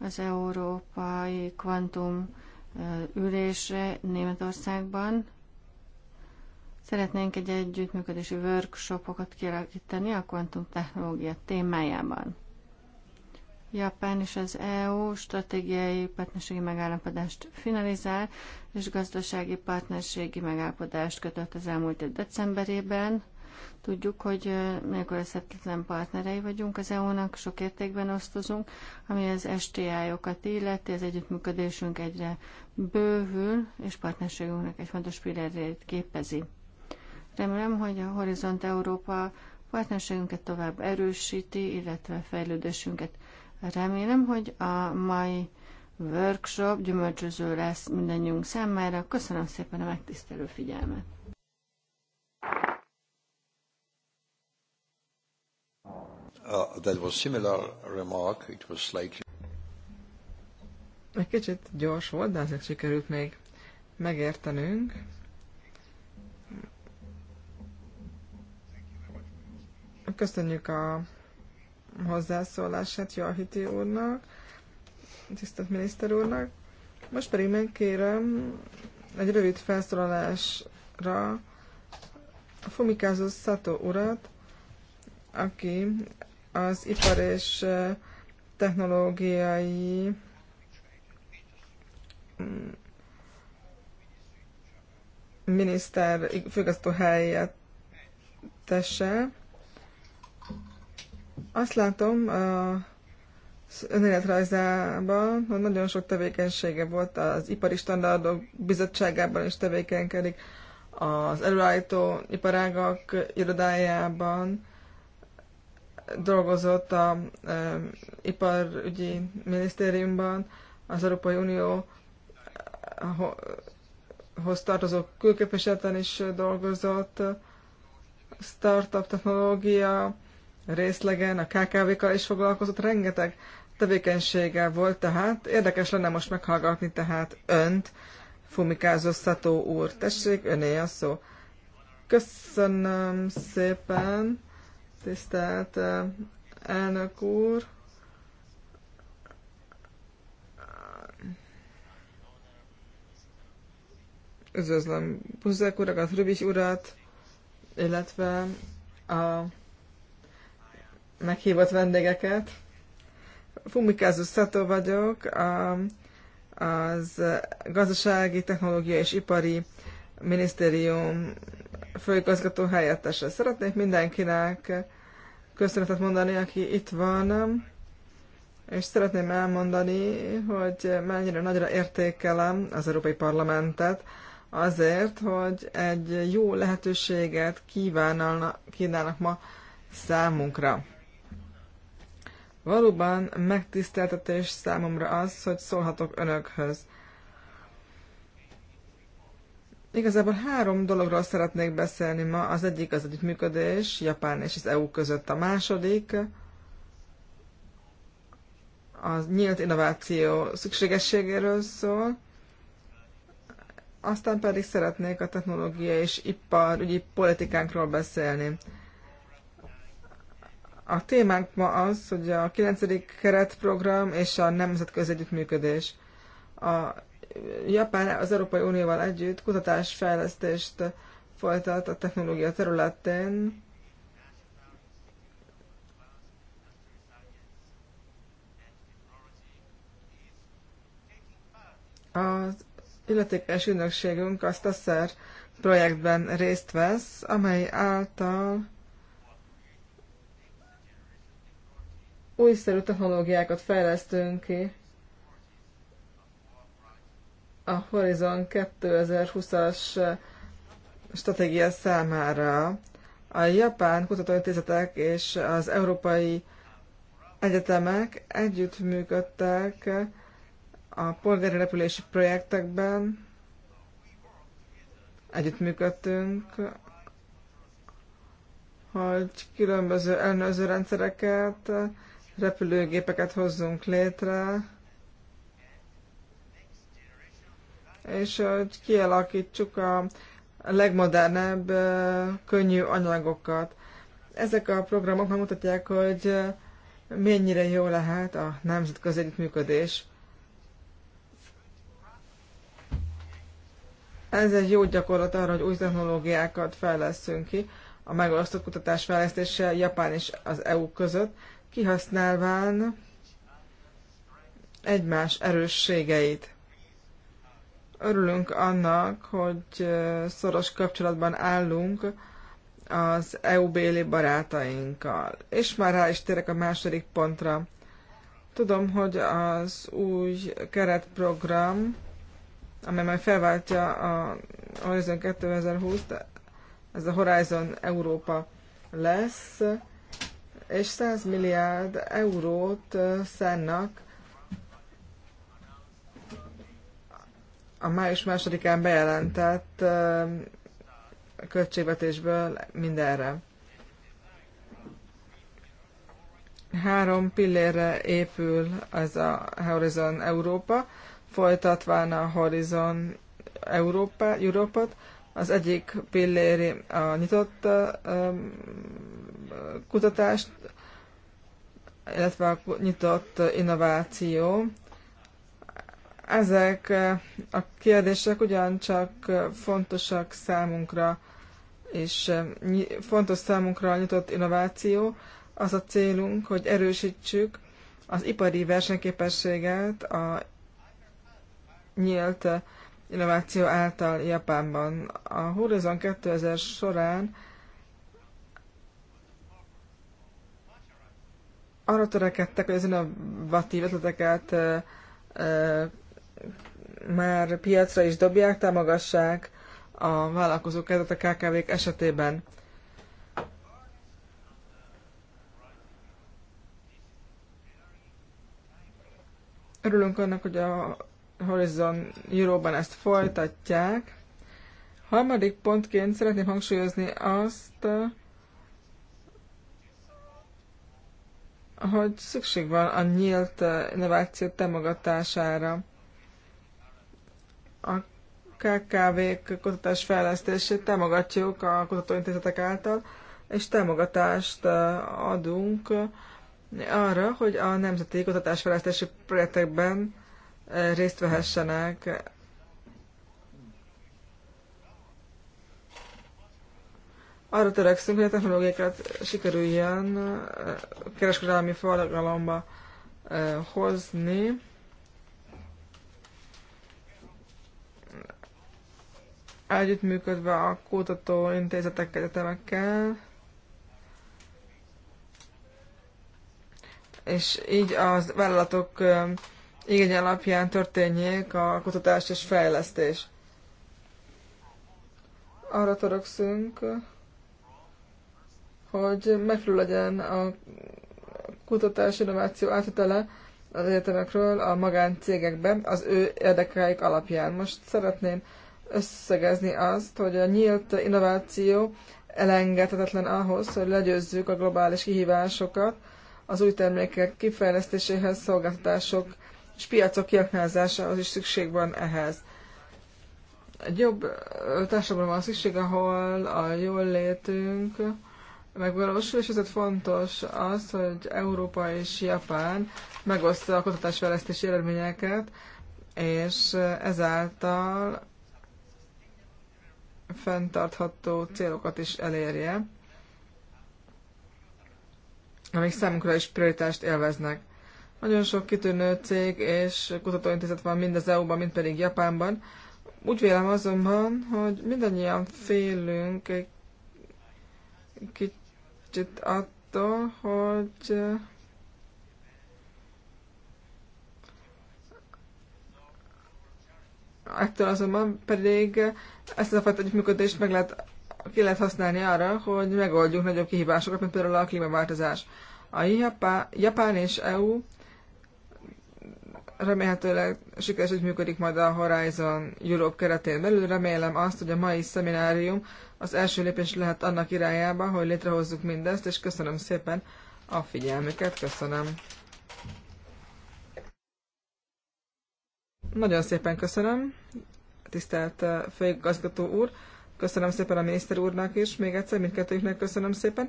az európai kvantum ülésre Németországban. Szeretnénk egy együttműködési workshopokat kialakítani a kvantum technológia témájában. Japán és az EU stratégiai partnerségi megállapodást finalizál, és gazdasági partnerségi megállapodást kötött az elmúlt decemberében. Tudjuk, hogy nélkülözhetetlen partnerei vagyunk az EU-nak, sok értékben osztozunk, ami az STI-okat illeti, az együttműködésünk egyre bővül, és partnerségünknek egy fontos pillérét képezi. Remélem, hogy a Horizont Európa partnerségünket tovább erősíti, illetve fejlődésünket. Remélem, hogy a mai workshop gyümölcsöző lesz mindannyiunk számára. Köszönöm szépen a megtisztelő figyelmet! Uh, that was similar remark, it was slightly... Egy kicsit gyors volt, de ezek sikerült még megértenünk. Köszönjük a hozzászólását Jalhiti úrnak, tisztelt miniszter úrnak. Most pedig megkérem egy rövid felszólalásra a Fumikázó Szato urat, aki az ipar és technológiai mm, miniszter főgazdó helyettese. Azt látom az önéletrajzában, hogy nagyon sok tevékenysége volt az ipari standardok bizottságában is tevékenykedik, az előállító iparágak irodájában, dolgozott a iparügyi minisztériumban, az Európai Unió hoz tartozó külképviseleten is dolgozott, startup technológia részlegen, a kkv kal is foglalkozott, rengeteg tevékenysége volt, tehát érdekes lenne most meghallgatni tehát önt, Fumikázó Szató úr. Tessék, öné a szó. Köszönöm szépen. Tisztelt elnök úr! Üdvözlöm Buzek urakat, Rübis urat, illetve a meghívott vendégeket. Fumikázó Szató vagyok, a, az Gazdasági, Technológia és Ipari Minisztérium főigazgató helyettese. Szeretnék mindenkinek köszönetet mondani, aki itt van, és szeretném elmondani, hogy mennyire nagyra értékelem az Európai Parlamentet azért, hogy egy jó lehetőséget kínálnak ma számunkra. Valóban megtiszteltetés számomra az, hogy szólhatok önökhöz. Igazából három dologról szeretnék beszélni ma. Az egyik az együttműködés Japán és az EU között. A második a nyílt innováció szükségességéről szól. Aztán pedig szeretnék a technológia és iparügyi politikánkról beszélni. A témánk ma az, hogy a 9. keretprogram és a nemzetközi együttműködés. A Japán az Európai Unióval együtt kutatásfejlesztést folytat a technológia területén. Az illetékes ügynökségünk a szer projektben részt vesz, amely által újszerű technológiákat fejlesztünk ki a Horizon 2020-as stratégia számára. A japán kutatóintézetek és az európai egyetemek együttműködtek a polgári repülési projektekben, együttműködtünk, hogy különböző ellenőrző rendszereket, repülőgépeket hozzunk létre, és hogy kialakítsuk a legmodernebb, könnyű anyagokat. Ezek a programok megmutatják, hogy mennyire jó lehet a nemzetközi működés. Ez egy jó gyakorlat arra, hogy új technológiákat fejleszünk ki a megosztott kutatás fejlesztése Japán és az EU között, kihasználván egymás erősségeit. Örülünk annak, hogy szoros kapcsolatban állunk az EU béli barátainkkal. És már rá is térek a második pontra. Tudom, hogy az új keretprogram, amely majd felváltja a Horizon 2020, ez a Horizon Európa lesz, és 100 milliárd eurót szennak. a május másodikán bejelentett um, költségvetésből mindenre. Három pillérre épül ez a Horizon Európa, folytatván a Horizon Európa, Európát. Az egyik pilléri a nyitott um, kutatást, illetve a nyitott innováció, ezek a kérdések ugyancsak fontosak számunkra, és fontos számunkra a nyitott innováció. Az a célunk, hogy erősítsük az ipari versenyképességet a nyílt innováció által Japánban. A Horizon 2000 során arra törekedtek, hogy az innovatív ötleteket már piacra is dobják, támogassák a vállalkozókat a KKV-k esetében. Örülünk annak, hogy a Horizon Euróban ezt folytatják. Harmadik pontként szeretném hangsúlyozni azt, hogy szükség van a nyílt innováció támogatására. A kkv kutatás fejlesztését támogatjuk a kutatóintézetek által, és támogatást adunk arra, hogy a nemzeti kutatásfejlesztési projektekben részt vehessenek. Arra törekszünk, hogy a technológiákat sikerüljen kereskedelmi forgalomba hozni. együttműködve a kutató intézetekkel, egyetemekkel, és így az vállalatok igény alapján történjék a kutatás és fejlesztés. Arra törökszünk, hogy megfelelő legyen a kutatás innováció átvétele az egyetemekről a magáncégekbe az ő érdekeik alapján. Most szeretném összegezni azt, hogy a nyílt innováció elengedhetetlen ahhoz, hogy legyőzzük a globális kihívásokat, az új termékek kifejlesztéséhez, szolgáltatások és piacok kiaknázásához is szükség van ehhez. Egy jobb társadalomra van szükség, ahol a jól létünk megvalósul, és ezért fontos az, hogy Európa és Japán megosztja a kutatásfejlesztési eredményeket, és ezáltal fenntartható célokat is elérje, amik számunkra is prioritást élveznek. Nagyon sok kitűnő cég és kutatóintézet van mind az EU-ban, mind pedig Japánban. Úgy vélem azonban, hogy mindannyian félünk egy kicsit attól, hogy ettől azonban pedig ezt a fajta együttműködést meg lehet, ki lehet használni arra, hogy megoldjuk nagyobb kihívásokat, mint például a klímaváltozás. A Japán és EU remélhetőleg sikeres hogy működik majd a Horizon Europe keretén belül. Remélem azt, hogy a mai szeminárium az első lépés lehet annak irányába, hogy létrehozzuk mindezt, és köszönöm szépen a figyelmüket, köszönöm. Nagyon szépen köszönöm, tisztelt eh, főigazgató úr. Köszönöm szépen a miniszter úrnak is, még egyszer mindkettőjüknek köszönöm szépen.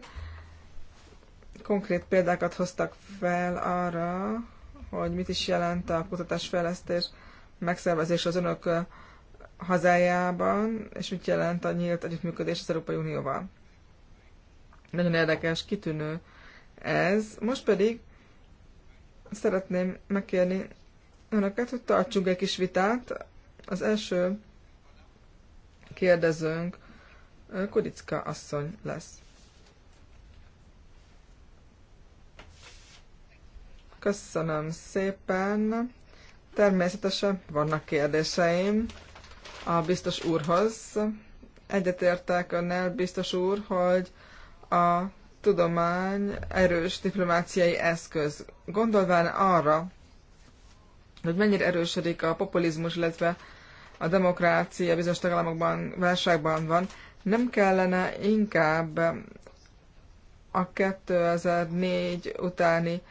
Konkrét példákat hoztak fel arra, hogy mit is jelent a kutatásfejlesztés megszervezés az önök eh, hazájában, és mit jelent a nyílt együttműködés az Európai Unióval. Nagyon érdekes, kitűnő ez. Most pedig szeretném megkérni önöket, hogy tartsunk egy kis vitát. Az első kérdezőnk Kudicka asszony lesz. Köszönöm szépen. Természetesen vannak kérdéseim a biztos úrhoz. Egyetértek önnel, biztos úr, hogy a tudomány erős diplomáciai eszköz. Gondolván arra, hogy mennyire erősödik a populizmus, illetve a demokrácia bizonyos tagállamokban válságban van, nem kellene inkább a 2004 utáni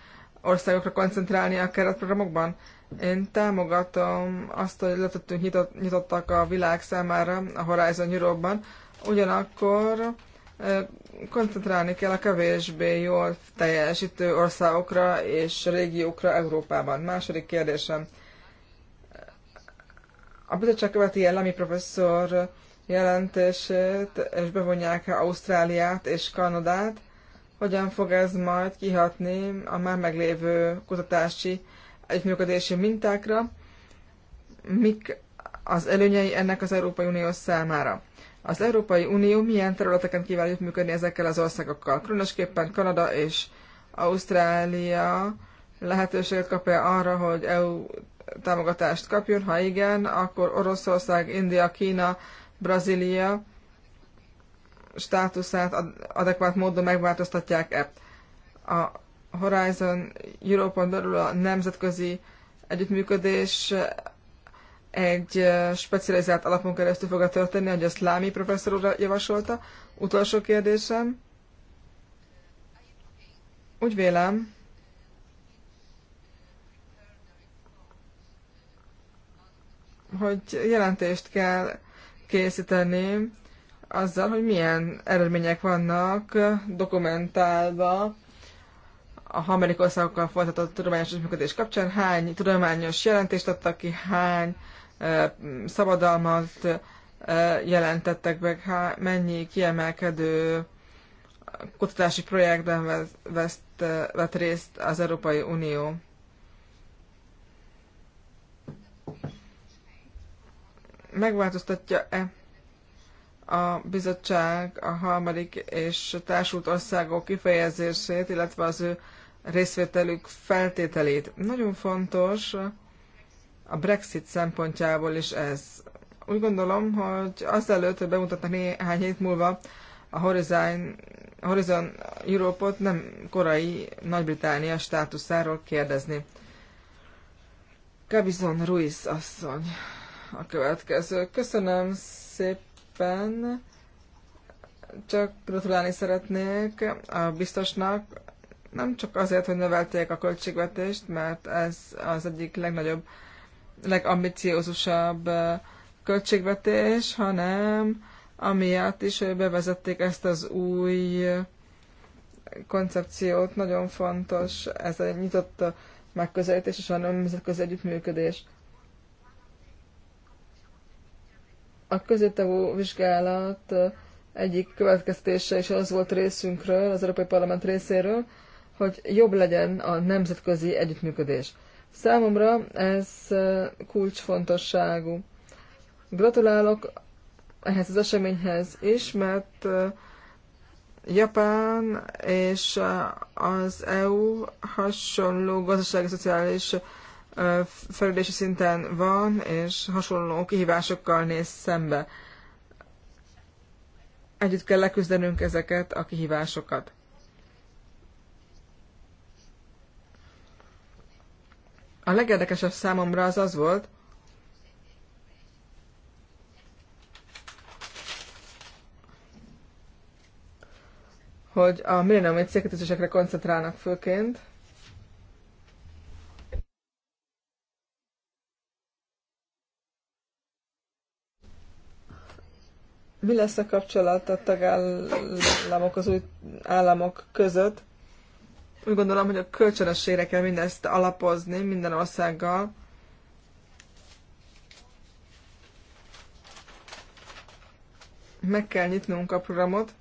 országokra koncentrálni a keretprogramokban? Én támogatom azt, hogy letettünk nyitott, nyitottak a világ számára a Horizon Europe-ban, ugyanakkor koncentrálni kell a kevésbé jól teljesítő országokra és régiókra Európában. Második kérdésem. A bizottság követi Lami professzor jelentését, és bevonják -e Ausztráliát és Kanadát. Hogyan fog ez majd kihatni a már meglévő kutatási együttműködési mintákra? Mik az előnyei ennek az Európai Unió számára? az Európai Unió milyen területeken kíván működni ezekkel az országokkal. Különösképpen Kanada és Ausztrália lehetőséget kap -e arra, hogy EU támogatást kapjon? Ha igen, akkor Oroszország, India, Kína, Brazília státuszát adekvát módon megváltoztatják-e. A Horizon Europe-on belül a nemzetközi együttműködés egy specializált alapon keresztül fog történni, hogy azt Lámi professzor úr javasolta. Utolsó kérdésem. Úgy vélem, hogy jelentést kell készíteni azzal, hogy milyen eredmények vannak dokumentálva a harmadik folytatott tudományos működés kapcsán, hány tudományos jelentést adtak ki, hány uh, szabadalmat jelentettek meg, ha mennyi kiemelkedő kutatási projektben vesz, vett részt az Európai Unió. Megváltoztatja-e a bizottság a harmadik és társult országok kifejezését, illetve az ő részvételük feltételét? Nagyon fontos, a Brexit szempontjából is ez. Úgy gondolom, hogy azelőtt, hogy bemutatnak néhány hét múlva a Horizon, a Horizon Európot, nem korai Nagy-Británia státuszáról kérdezni. Kabizon Ruiz asszony a következő. Köszönöm szépen. Csak gratulálni szeretnék a biztosnak, nem csak azért, hogy növelték a költségvetést, mert ez az egyik legnagyobb legambiciózusabb költségvetés, hanem amiatt is, bevezették ezt az új koncepciót, nagyon fontos ez a nyitott megközelítés és a nemzetközi együttműködés. A középtávú vizsgálat egyik következtése is az volt részünkről, az Európai Parlament részéről, hogy jobb legyen a nemzetközi együttműködés. Számomra ez kulcsfontosságú. Gratulálok ehhez az eseményhez is, mert Japán és az EU hasonló gazdasági-szociális fejlődési szinten van, és hasonló kihívásokkal néz szembe. Együtt kell leküzdenünk ezeket a kihívásokat. A legérdekesebb számomra az az volt, hogy a millenniumi célkötőzésekre koncentrálnak főként. Mi lesz a kapcsolat a tagállamok, az új államok között? Úgy gondolom, hogy a kölcsönösségre kell mindezt alapozni minden országgal. Meg kell nyitnunk a programot,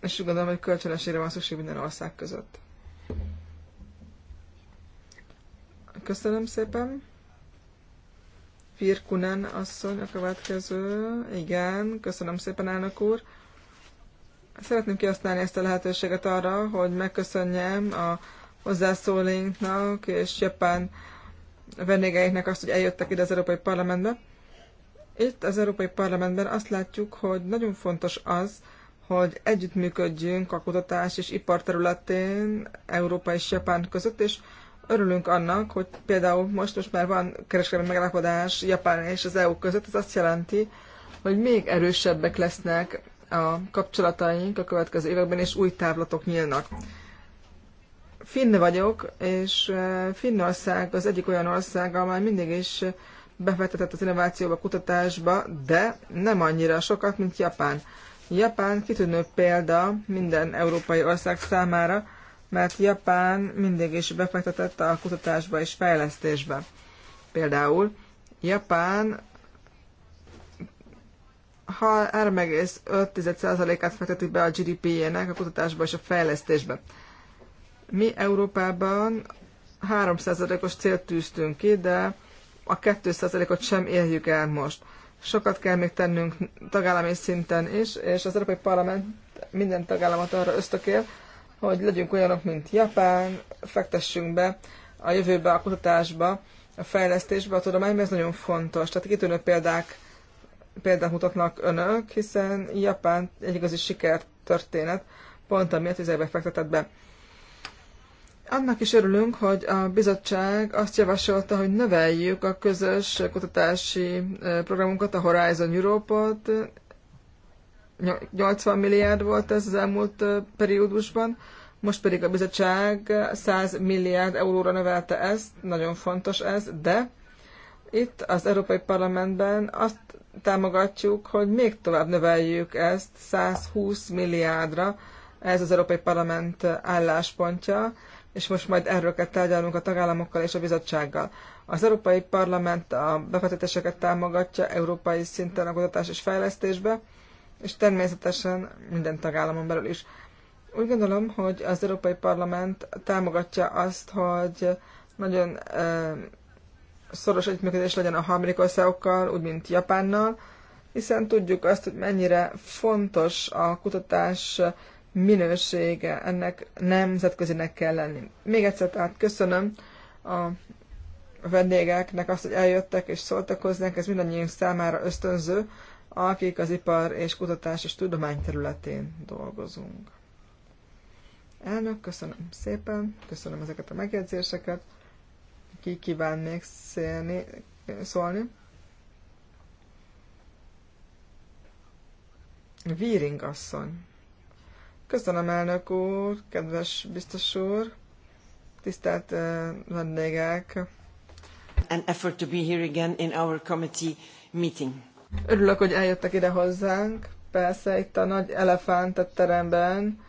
és úgy gondolom, hogy kölcsönösségre van szükség minden ország között. Köszönöm szépen. Firkunen asszony a következő. Igen, köszönöm szépen, elnök úr. Szeretném kihasználni ezt a lehetőséget arra, hogy megköszönjem a hozzászólóinknak és japán vendégeiknek, azt, hogy eljöttek ide az Európai Parlamentbe. Itt az Európai Parlamentben azt látjuk, hogy nagyon fontos az, hogy együttműködjünk a kutatás és ipar területén Európa és Japán között, és örülünk annak, hogy például most, most már van kereskedelmi megállapodás Japán és az EU között, ez azt jelenti, hogy még erősebbek lesznek a kapcsolataink a következő években, és új távlatok nyílnak. Finn vagyok, és eh, Finnország az egyik olyan ország, amely mindig is befektetett az innovációba, kutatásba, de nem annyira sokat, mint Japán. Japán kitűnő példa minden európai ország számára, mert Japán mindig is befektetett a kutatásba és fejlesztésbe. Például Japán ha 3,5%-át fekteti be a GDP-jének a kutatásba és a fejlesztésbe. Mi Európában 3%-os célt tűztünk ki, de a 2%-ot sem érjük el most. Sokat kell még tennünk tagállami szinten is, és az Európai Parlament minden tagállamot arra ösztökél, hogy legyünk olyanok, mint Japán, fektessünk be a jövőbe, a kutatásba, a fejlesztésbe, a mert ez nagyon fontos. Tehát kitűnő példák példát mutatnak önök, hiszen Japán egy igazi sikertörténet, pont amiatt az ebbe fektetett be. Annak is örülünk, hogy a bizottság azt javasolta, hogy növeljük a közös kutatási programunkat, a Horizon Europe-ot. 80 milliárd volt ez az elmúlt periódusban, most pedig a bizottság 100 milliárd euróra növelte ezt, nagyon fontos ez, de itt az Európai Parlamentben azt támogatjuk, hogy még tovább növeljük ezt 120 milliárdra, ez az Európai Parlament álláspontja, és most majd erről kell tárgyalnunk a tagállamokkal és a bizottsággal. Az Európai Parlament a befektetéseket támogatja európai szinten a kutatás és fejlesztésbe, és természetesen minden tagállamon belül is. Úgy gondolom, hogy az Európai Parlament támogatja azt, hogy nagyon eh, szoros együttműködés legyen a harmadik országokkal, úgy mint Japánnal, hiszen tudjuk azt, hogy mennyire fontos a kutatás minősége, ennek nemzetközinek kell lenni. Még egyszer tehát köszönöm a vendégeknek azt, hogy eljöttek és szóltak hozzánk, ez mindannyiunk számára ösztönző, akik az ipar és kutatás és tudomány területén dolgozunk. Elnök, köszönöm szépen, köszönöm ezeket a megjegyzéseket ki kíván szélni, szólni. Víring asszony. Köszönöm, elnök úr, kedves biztos úr, tisztelt vendégek. An effort to be here again in our committee meeting. Örülök, hogy eljöttek ide hozzánk. Persze itt a nagy elefánt a teremben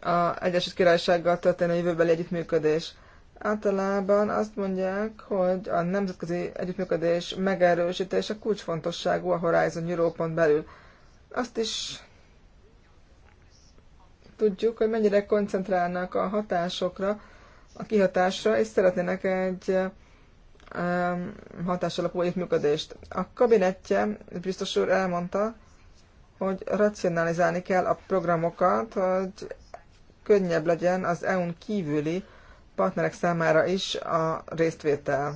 a Egyesült Királysággal történő jövőbeli együttműködés. Általában azt mondják, hogy a nemzetközi együttműködés megerősítése kulcsfontosságú a Horizon Europe-on belül. Azt is tudjuk, hogy mennyire koncentrálnak a hatásokra, a kihatásra, és szeretnének egy hatásalapú együttműködést. A kabinetje biztos úr elmondta, hogy racionalizálni kell a programokat, hogy könnyebb legyen az EU-n kívüli partnerek számára is a résztvétel.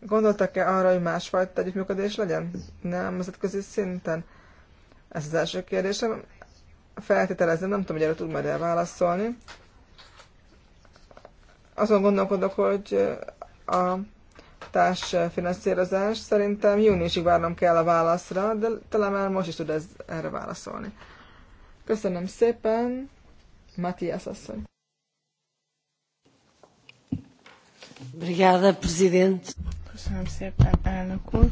Gondoltak-e arra, hogy másfajta együttműködés legyen? Nemzetközi szinten? Ez az első kérdésem. Feltételezem, nem tudom, hogy erre tud majd elválaszolni. Azon gondolkodok, hogy a társfinanszírozás szerintem júniusig várnom kell a válaszra, de talán már most is tud ez erre válaszolni. Köszönöm szépen! Matias asszony. Brigada, prezident. Köszönöm szépen, elnök úr.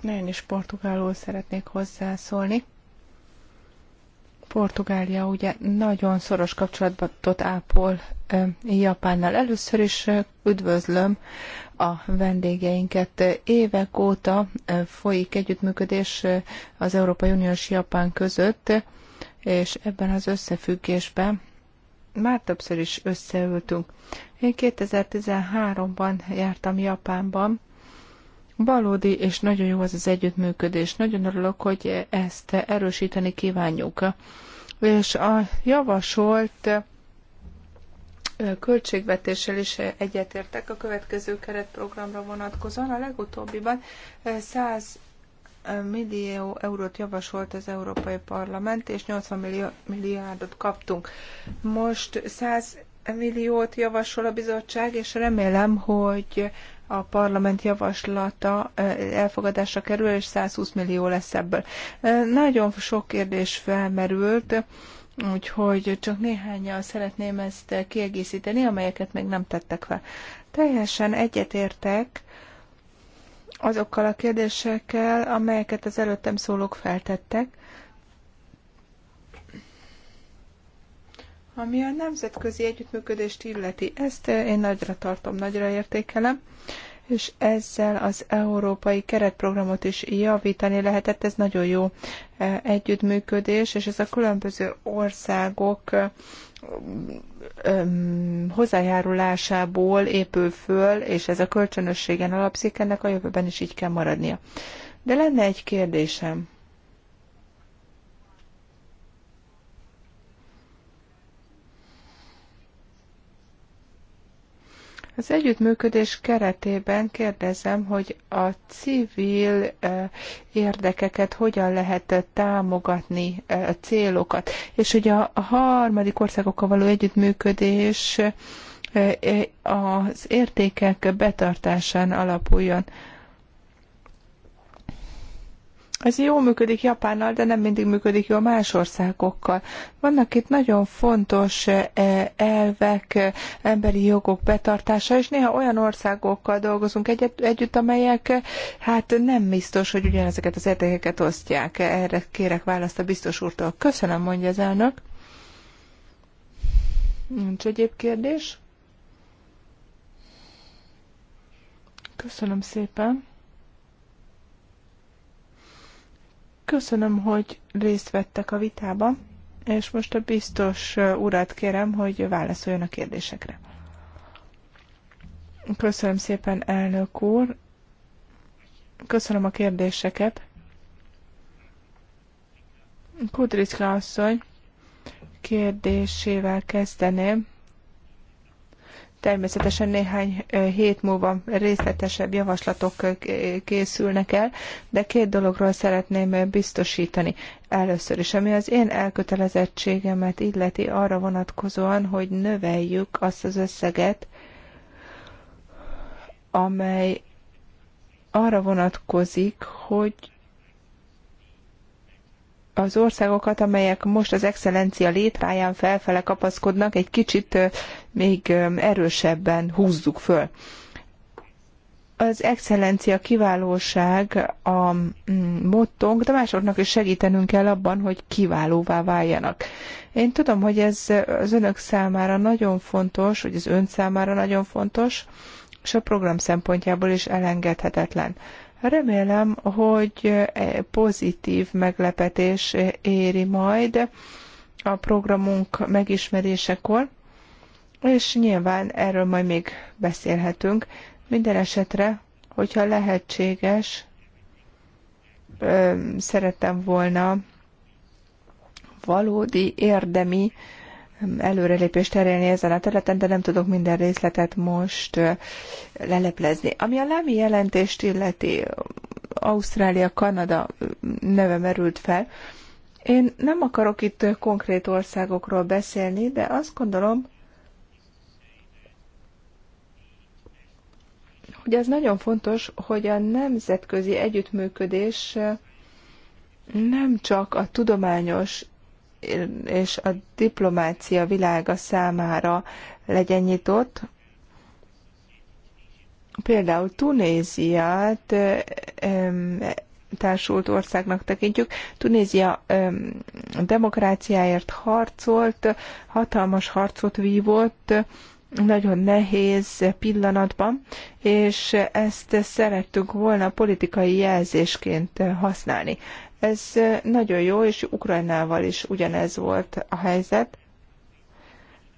Nagyon is portugálul szeretnék hozzászólni. Portugália ugye nagyon szoros kapcsolatot ápol Japánnal. Először is üdvözlöm a vendégeinket. Évek óta folyik együttműködés az Európai Unió és Japán között, és ebben az összefüggésben már többször is összeültünk. Én 2013-ban jártam Japánban, Valódi és nagyon jó az az együttműködés. Nagyon örülök, hogy ezt erősíteni kívánjuk. És a javasolt költségvetéssel is egyetértek a következő keretprogramra vonatkozóan. A legutóbbiban 100 millió eurót javasolt az Európai Parlament, és 80 millió, milliárdot kaptunk. Most 100 milliót javasol a bizottság, és remélem, hogy a parlament javaslata elfogadásra kerül, és 120 millió lesz ebből. Nagyon sok kérdés felmerült, úgyhogy csak néhányan szeretném ezt kiegészíteni, amelyeket még nem tettek fel. Teljesen egyetértek azokkal a kérdésekkel, amelyeket az előttem szólók feltettek. Ami a nemzetközi együttműködést illeti, ezt én nagyra tartom, nagyra értékelem, és ezzel az európai keretprogramot is javítani lehetett. Ez nagyon jó eh, együttműködés, és ez a különböző országok eh, hozzájárulásából épül föl, és ez a kölcsönösségen alapszik, ennek a jövőben is így kell maradnia. De lenne egy kérdésem. Az együttműködés keretében kérdezem, hogy a civil eh, érdekeket hogyan lehet eh, támogatni, eh, a célokat, és hogy a harmadik országokkal való együttműködés az értékek betartásán alapuljon. Ez jól működik Japánnal, de nem mindig működik jól más országokkal. Vannak itt nagyon fontos eh, elvek, eh, emberi jogok betartása, és néha olyan országokkal dolgozunk egyet, együtt, amelyek eh, hát nem biztos, hogy ugyanezeket az értékeket osztják. Erre kérek választ a biztos úrtól. Köszönöm, mondja az elnök. Nincs egyéb kérdés? Köszönöm szépen. Köszönöm, hogy részt vettek a vitában, és most a biztos uh, urat kérem, hogy válaszoljon a kérdésekre. Köszönöm szépen, elnök úr. Köszönöm a kérdéseket. Kudricka asszony kérdésével kezdeném. Természetesen néhány hét múlva részletesebb javaslatok készülnek el, de két dologról szeretném biztosítani. Először is, ami az én elkötelezettségemet illeti arra vonatkozóan, hogy növeljük azt az összeget, amely arra vonatkozik, hogy az országokat, amelyek most az excellencia létráján felfele kapaszkodnak, egy kicsit még erősebben húzzuk föl. Az excellencia, kiválóság a mm, mottónk, de másoknak is segítenünk kell abban, hogy kiválóvá váljanak. Én tudom, hogy ez az önök számára nagyon fontos, hogy az ön számára nagyon fontos, és a program szempontjából is elengedhetetlen. Remélem, hogy e pozitív meglepetés éri majd a programunk megismerésekor, és nyilván erről majd még beszélhetünk. Minden esetre, hogyha lehetséges, szeretem volna valódi, érdemi előrelépést terelni ezen a területen, de nem tudok minden részletet most leleplezni. Ami a lámi jelentést illeti, Ausztrália, Kanada neve merült fel. Én nem akarok itt konkrét országokról beszélni, de azt gondolom, hogy az nagyon fontos, hogy a nemzetközi együttműködés nem csak a tudományos és a diplomácia világa számára legyen nyitott. Például Tunéziát társult országnak tekintjük. Tunézia demokráciáért harcolt, hatalmas harcot vívott, nagyon nehéz pillanatban, és ezt szerettük volna politikai jelzésként használni. Ez nagyon jó, és Ukrajnával is ugyanez volt a helyzet.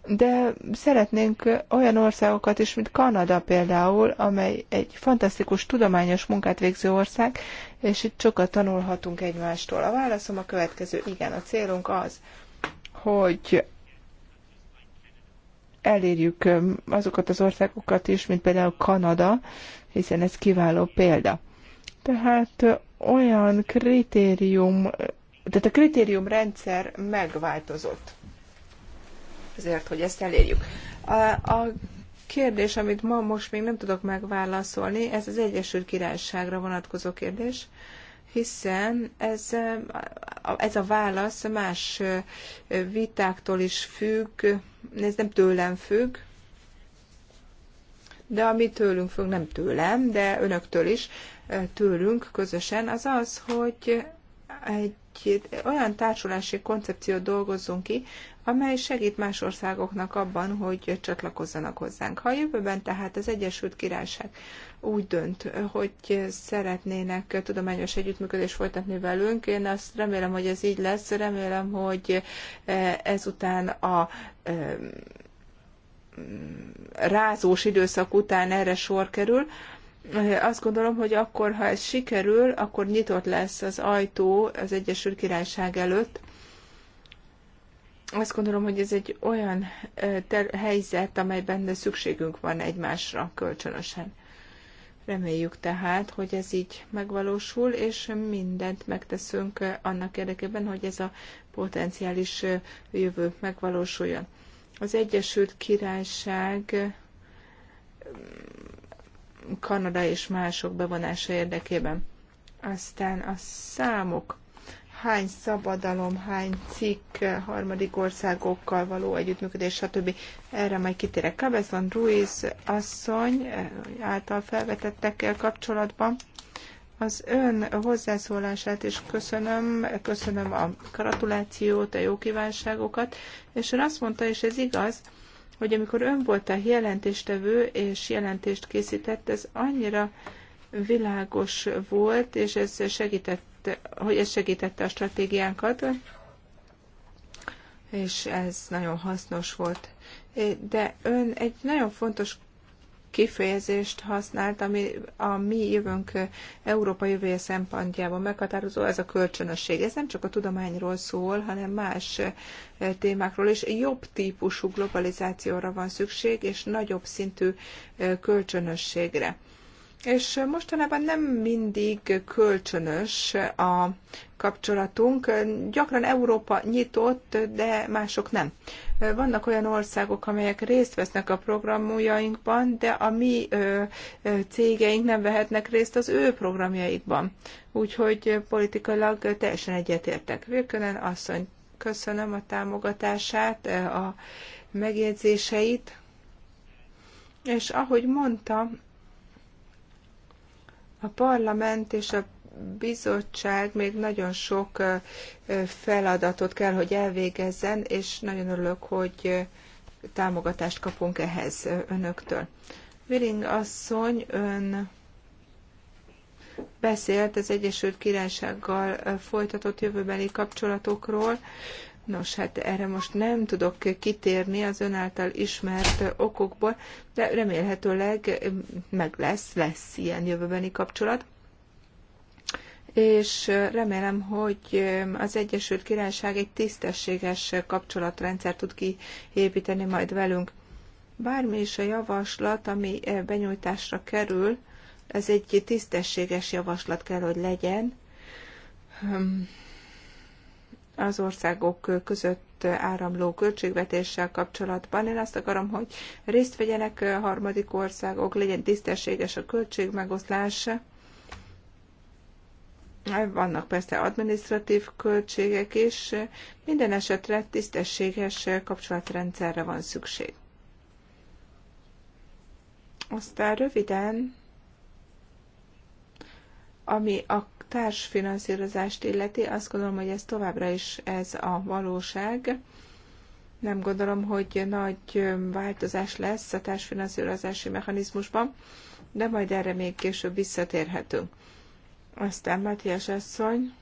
De szeretnénk olyan országokat is, mint Kanada például, amely egy fantasztikus tudományos munkát végző ország, és itt sokat tanulhatunk egymástól. A válaszom a következő. Igen, a célunk az, hogy elérjük azokat az országokat is, mint például Kanada, hiszen ez kiváló példa. Tehát olyan kritérium, tehát a kritériumrendszer megváltozott ezért hogy ezt elérjük. A, a kérdés, amit ma most még nem tudok megválaszolni, ez az Egyesült Királyságra vonatkozó kérdés, hiszen ez, ez a válasz más vitáktól is függ, ez nem tőlem függ, de ami tőlünk függ, nem tőlem, de önöktől is, tőlünk közösen, az az, hogy egy olyan társulási koncepciót dolgozzunk ki, amely segít más országoknak abban, hogy csatlakozzanak hozzánk. Ha a jövőben tehát az Egyesült Királyság úgy dönt, hogy szeretnének tudományos együttműködést folytatni velünk, én azt remélem, hogy ez így lesz, remélem, hogy ezután a rázós időszak után erre sor kerül, azt gondolom, hogy akkor, ha ez sikerül, akkor nyitott lesz az ajtó az Egyesült Királyság előtt. Azt gondolom, hogy ez egy olyan helyzet, amelyben szükségünk van egymásra kölcsönösen. Reméljük tehát, hogy ez így megvalósul, és mindent megteszünk annak érdekében, hogy ez a potenciális jövő megvalósuljon. Az Egyesült Királyság Kanada és mások bevonása érdekében. Aztán a számok, hány szabadalom, hány cikk, harmadik országokkal való együttműködés, stb. Erre majd kitérek. Cabez van Ruiz asszony eh, által felvetettekkel kapcsolatban. Az ön hozzászólását is köszönöm, köszönöm a gratulációt, a jó kívánságokat, és ön azt mondta, és ez igaz, hogy amikor ön volt a jelentéstevő és jelentést készített, ez annyira világos volt, és ez segítette, hogy ez segítette a stratégiánkat, és ez nagyon hasznos volt. De ön egy nagyon fontos kifejezést használt, ami a mi jövőnk Európa jövője szempontjából meghatározó, ez a kölcsönösség. Ez nem csak a tudományról szól, hanem más témákról is. Jobb típusú globalizációra van szükség, és nagyobb szintű kölcsönösségre. És mostanában nem mindig kölcsönös a kapcsolatunk. Gyakran Európa nyitott, de mások nem. Vannak olyan országok, amelyek részt vesznek a programjainkban, de a mi cégeink nem vehetnek részt az ő programjaikban. Úgyhogy politikailag teljesen egyetértek. Vilkönen asszony, köszönöm a támogatását, a megjegyzéseit. És ahogy mondta, a parlament és a bizottság még nagyon sok feladatot kell, hogy elvégezzen, és nagyon örülök, hogy támogatást kapunk ehhez önöktől. Viring asszony, ön beszélt az Egyesült Királysággal folytatott jövőbeli kapcsolatokról. Nos, hát erre most nem tudok kitérni az ön által ismert okokból, de remélhetőleg meg lesz, lesz ilyen jövőbeni kapcsolat és remélem, hogy az Egyesült Királyság egy tisztességes kapcsolatrendszer tud kiépíteni majd velünk. Bármi is a javaslat, ami benyújtásra kerül, ez egy tisztességes javaslat kell, hogy legyen az országok között áramló költségvetéssel kapcsolatban. Én azt akarom, hogy részt vegyenek harmadik országok, legyen tisztességes a költségmegoszlás, vannak persze administratív költségek is, minden esetre tisztességes kapcsolatrendszerre van szükség. Aztán röviden, ami a társfinanszírozást illeti, azt gondolom, hogy ez továbbra is ez a valóság. Nem gondolom, hogy nagy változás lesz a társfinanszírozási mechanizmusban, de majd erre még később visszatérhetünk. Aztán Matthias asszony.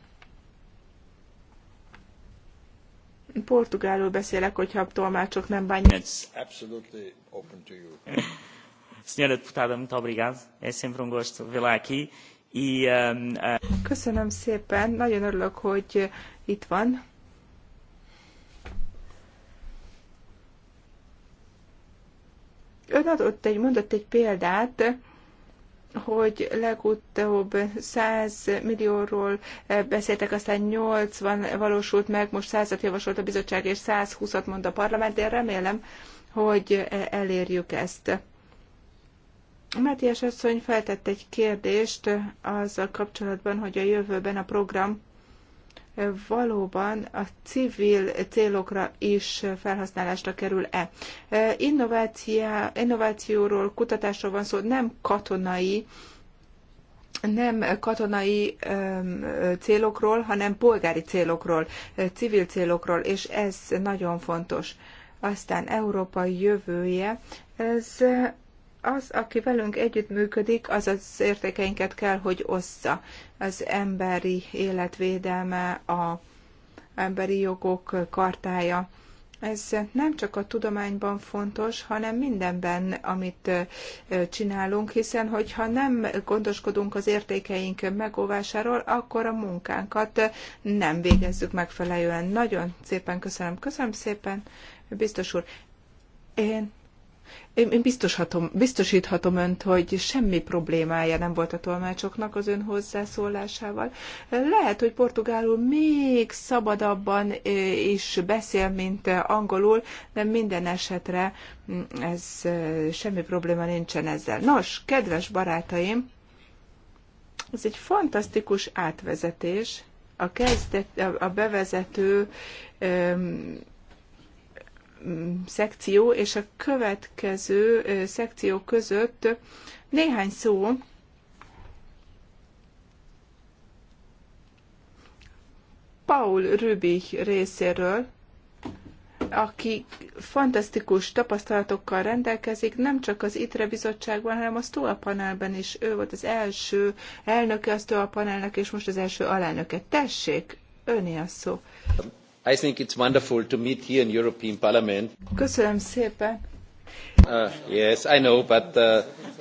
Portugálul beszélek, hogyha a tolmácsok nem bánják. It's absolutely open to you. Senhora deputada, muito obrigado. É sempre um gosto vê-la aqui. E, um, uh... Köszönöm szépen, nagyon örülök, hogy itt van. Ön adott egy, mondott egy példát, hogy legutóbb 100 millióról beszéltek, aztán 80 valósult meg, most 100-at javasolt a bizottság, és 120-at mond a parlament. Én remélem, hogy elérjük ezt. Mátyás asszony feltett egy kérdést azzal kapcsolatban, hogy a jövőben a program valóban a civil célokra is felhasználásra kerül-e. E, innovációról, kutatásról van szó, nem katonai nem katonai célokról, hanem polgári célokról, e, civil célokról, és ez nagyon fontos. Aztán Európa jövője, ez az, aki velünk együttműködik, az az értékeinket kell, hogy ossza. Az emberi életvédelme, a emberi jogok kartája. Ez nem csak a tudományban fontos, hanem mindenben, amit csinálunk, hiszen hogyha nem gondoskodunk az értékeink megóvásáról, akkor a munkánkat nem végezzük megfelelően. Nagyon szépen köszönöm, köszönöm szépen, biztos úr. Én én, én biztoshatom, biztosíthatom önt, hogy semmi problémája nem volt a tolmácsoknak az ön hozzászólásával. Lehet, hogy portugálul még szabadabban eh, is beszél, mint eh, angolul, de minden esetre mm, ez eh, semmi probléma nincsen ezzel. Nos, kedves barátaim, ez egy fantasztikus átvezetés. A, kezdet, a bevezető szekció és a következő szekció között néhány szó Paul Rübich részéről, aki fantasztikus tapasztalatokkal rendelkezik, nem csak az ITRE bizottságban, hanem a STOA panelben is. Ő volt az első elnöke a STOA panelnek, és most az első alelnöke. Tessék, öné a szó. I think it's wonderful to meet here in European Parliament. Köszönöm szépen. Uh, yes, I know, but uh,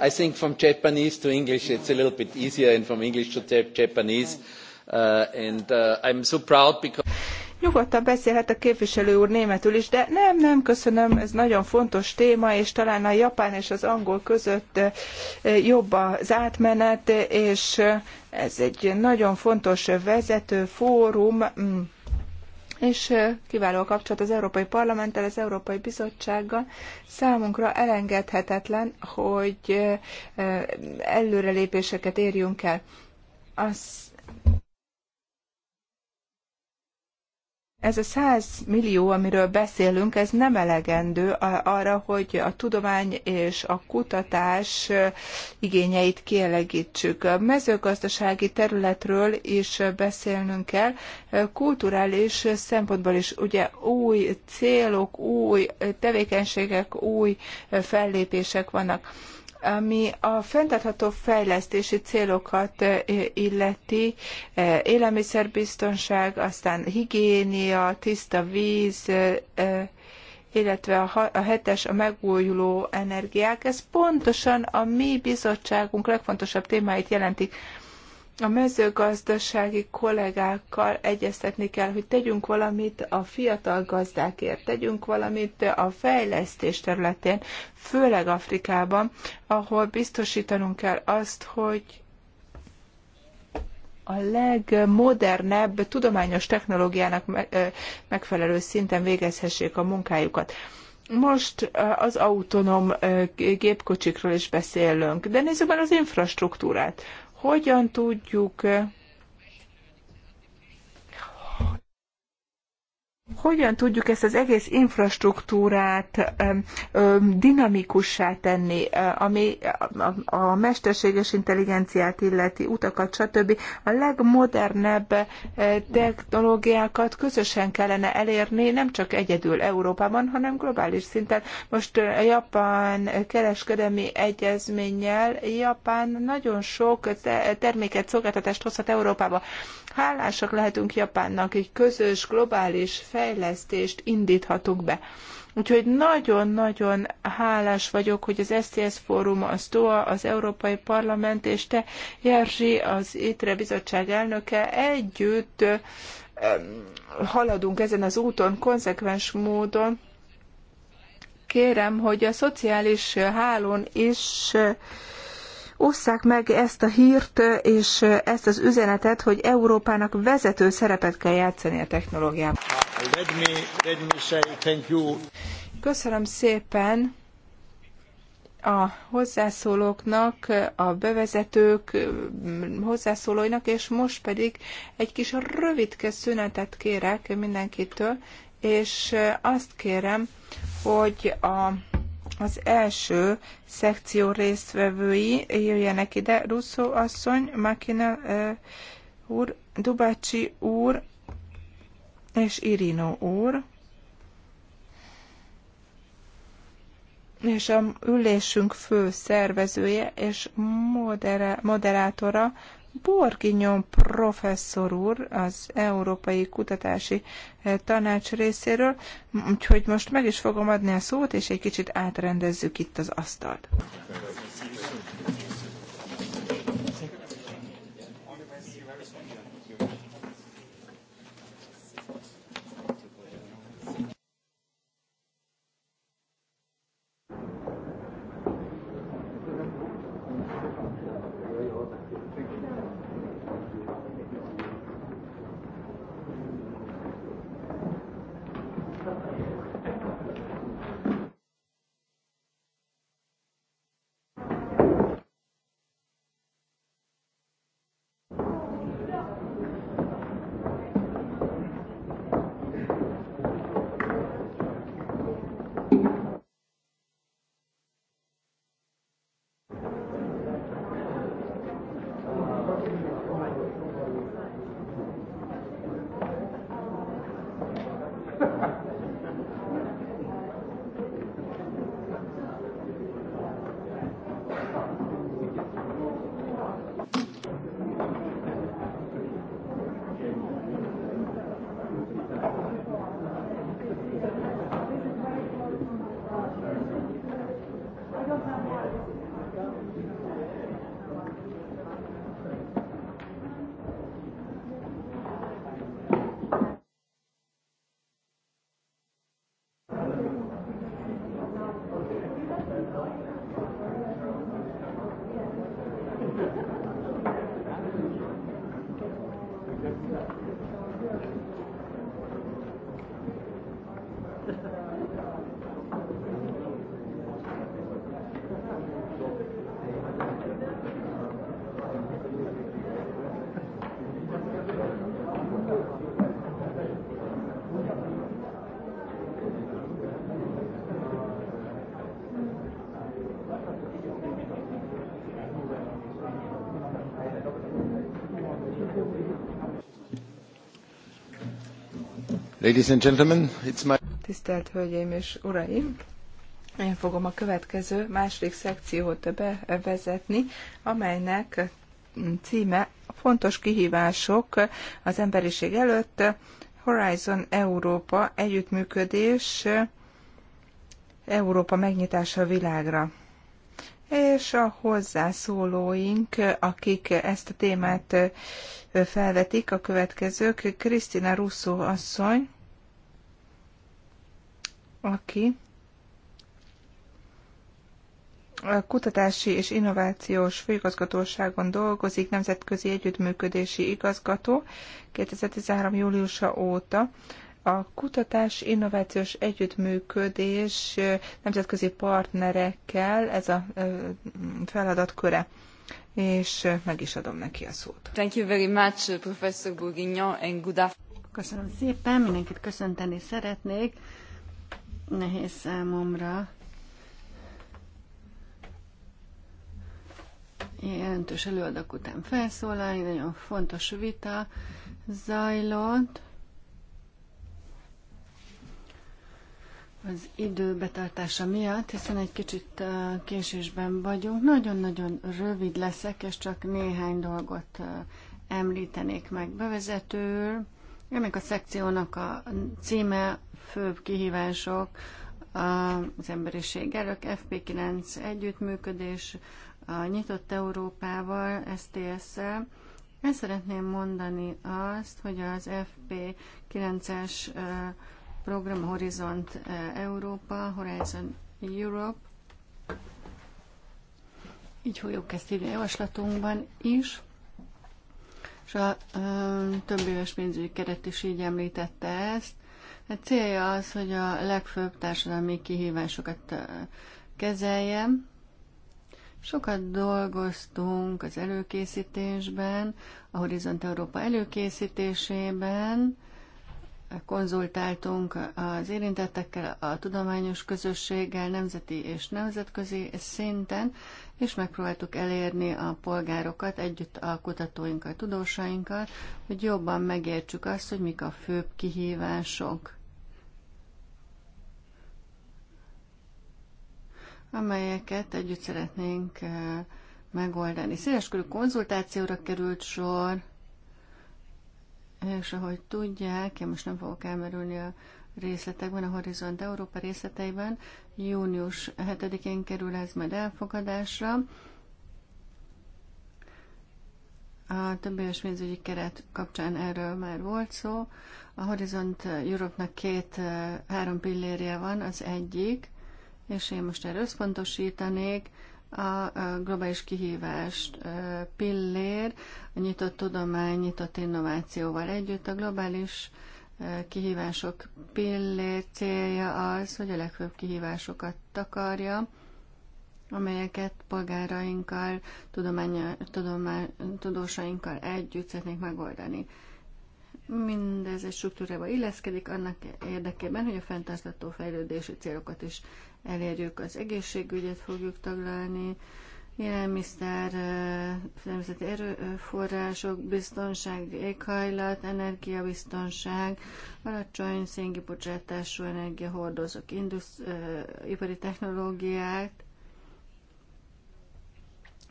I think from Japanese to English it's a little bit easier, and from English to Japanese, uh, and uh, I'm so proud because. Nyugodtan beszélhet a képviselő úr németül is, de nem, nem, köszönöm, ez nagyon fontos téma, és talán a japán és az angol között jobb az átmenet, és ez egy nagyon fontos vezető fórum mm, és kiváló a kapcsolat az Európai Parlamenttel, az Európai Bizottsággal. Számunkra elengedhetetlen, hogy előrelépéseket érjünk el. Az ez a 100 millió, amiről beszélünk, ez nem elegendő arra, hogy a tudomány és a kutatás igényeit kielégítsük. A mezőgazdasági területről is beszélnünk kell, kulturális szempontból is ugye új célok, új tevékenységek, új fellépések vannak ami a fenntartható fejlesztési célokat e, illeti, e, élelmiszerbiztonság, aztán higiénia, tiszta víz, e, illetve a hetes a megújuló energiák. Ez pontosan a mi bizottságunk legfontosabb témáit jelentik a mezőgazdasági kollégákkal egyeztetni kell, hogy tegyünk valamit a fiatal gazdákért, tegyünk valamit a fejlesztés területén, főleg Afrikában, ahol biztosítanunk kell azt, hogy a legmodernebb tudományos technológiának megfelelő szinten végezhessék a munkájukat. Most az autonóm gépkocsikról is beszélünk, de nézzük meg az infrastruktúrát. Hogyan tudjuk Hogyan tudjuk ezt az egész infrastruktúrát dinamikussá tenni, e, ami a mesterséges intelligenciát illeti, utakat, stb. A legmodernebb e, technológiákat közösen kellene elérni, nem csak egyedül Európában, hanem globális szinten. Most e, a Japán kereskedelmi egyezménnyel Japán nagyon sok terméket, szolgáltatást hozhat Európába. Hálásak lehetünk Japánnak, egy közös globális fejlesztést indíthatunk be. Úgyhogy nagyon-nagyon hálás vagyok, hogy az STS Fórum, a STOA, az Európai Parlament és te, Jerzy, az ITRE bizottság elnöke együtt haladunk ezen az úton konzekvens módon. Kérem, hogy a szociális hálón is osszák meg ezt a hírt és ezt az üzenetet, hogy Európának vezető szerepet kell játszani a technológiában. Köszönöm szépen a hozzászólóknak, a bevezetők hozzászólóinak, és most pedig egy kis rövidke szünetet kérek mindenkitől, és azt kérem, hogy a az első szekció résztvevői jöjjenek ide, Russo asszony, Makina eh, úr, Dubácsi úr és Irino úr. és a ülésünk fő szervezője és moderátora Borginyon professzor úr az Európai Kutatási eh, Tanács részéről, úgyhogy most meg is fogom adni a szót, és egy kicsit átrendezzük itt az asztalt. Tisztelt Hölgyeim és Uraim! Én fogom a következő második szekciót bevezetni, amelynek címe Fontos kihívások az emberiség előtt Horizon Európa együttműködés Európa megnyitása a világra. És a hozzászólóink, akik ezt a témát felvetik, a következők, Krisztina Russzó asszony, aki a Kutatási és Innovációs Főigazgatóságon dolgozik, nemzetközi együttműködési igazgató 2013. júliusa óta. A kutatás innovációs együttműködés nemzetközi partnerekkel ez a feladatköre és meg is adom neki a szót. Thank you very much, Professor Bourguignon, and good afternoon. Köszönöm szépen, mindenkit köszönteni szeretnék. Nehéz számomra jelentős előadak után felszólalni, nagyon fontos vita zajlott. az idő betartása miatt, hiszen egy kicsit késésben vagyunk. Nagyon-nagyon rövid leszek, és csak néhány dolgot említenék meg bevezetőről. Ennek a szekciónak a címe főbb kihívások az emberiség előtt, FP9 együttműködés a nyitott Európával, STS-szel. Ezt szeretném mondani azt, hogy az FP9-es program Horizont Európa, Horizon Europe, így fogjuk ezt írni a javaslatunkban is, és a ö, több éves pénzügyi keret is így említette ezt. A célja az, hogy a legfőbb társadalmi kihívásokat kezelje. Sokat dolgoztunk az előkészítésben, a Horizont Európa előkészítésében, konzultáltunk az érintettekkel, a tudományos közösséggel, nemzeti és nemzetközi szinten, és megpróbáltuk elérni a polgárokat együtt a kutatóinkkal, tudósainkkal, hogy jobban megértsük azt, hogy mik a főbb kihívások. amelyeket együtt szeretnénk megoldani. Széleskörű konzultációra került sor, és ahogy tudják, én most nem fogok elmerülni a részletekben, a Horizont Európa részleteiben. Június 7-én kerül ez majd elfogadásra. A többi és pénzügyi keret kapcsán erről már volt szó. A Horizont Europe-nak két, három pillérje van, az egyik, és én most erre összpontosítanék, a globális kihívást pillér, a nyitott tudomány, nyitott innovációval együtt a globális kihívások pillér célja az, hogy a legfőbb kihívásokat takarja, amelyeket polgárainkkal, tudomány, tudósainkkal együtt szeretnék megoldani. Mindez egy struktúrába illeszkedik annak érdekében, hogy a fenntartható fejlődési célokat is elérjük. Az egészségügyet fogjuk taglalni, élelmiszer, természeti erőforrások, biztonság, éghajlat, energiabiztonság, alacsony szénkibocsátású energiahordozók, ipari technológiák,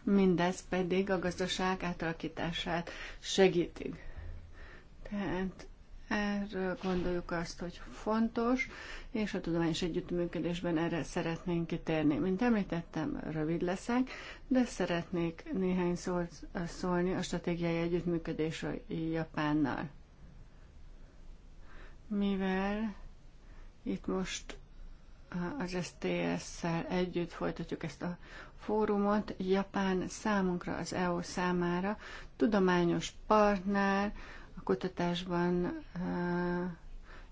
mindez pedig a gazdaság átalakítását segítik. Tehát Erről gondoljuk azt, hogy fontos, és a tudományos együttműködésben erre szeretnénk kitérni. Mint említettem, rövid leszek, de szeretnék néhány szót szólni a stratégiai együttműködésről Japánnal. Mivel itt most az STS-szel együtt folytatjuk ezt a fórumot, Japán számunkra, az EU számára tudományos partner, a kutatásban,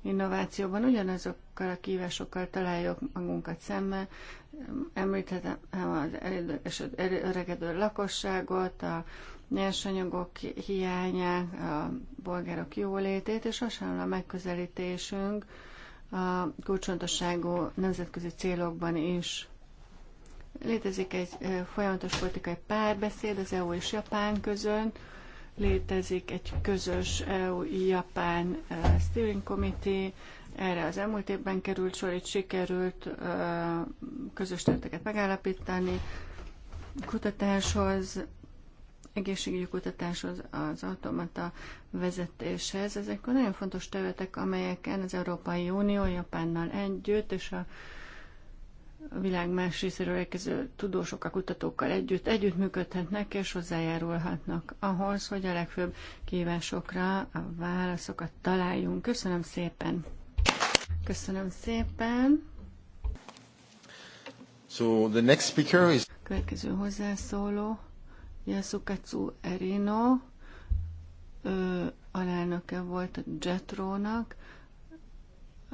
innovációban ugyanazokkal a kívásokkal találjuk magunkat szembe. Említhetem az öregedő lakosságot, a nyersanyagok hiányát, a bolgárok jólétét, és hasonló a megközelítésünk a kulcsontosságú nemzetközi célokban is. Létezik egy folyamatos politikai párbeszéd az EU és Japán között, Létezik egy közös EU-Japán e, Steering Committee, erre az elmúlt évben került sor, itt sikerült e, közös területeket megállapítani, kutatáshoz, egészségügyi kutatáshoz, az automata vezetéshez. Ezek nagyon fontos területek, amelyeken az Európai Unió Japánnal együtt és a a világ más részéről érkező tudósokkal, kutatókkal együtt együttműködhetnek és hozzájárulhatnak ahhoz, hogy a legfőbb kívásokra a válaszokat találjunk. Köszönöm szépen! Köszönöm szépen! So the next speaker is... Következő hozzászóló, Yasukatsu Erino, ő alelnöke volt a Jetrónak,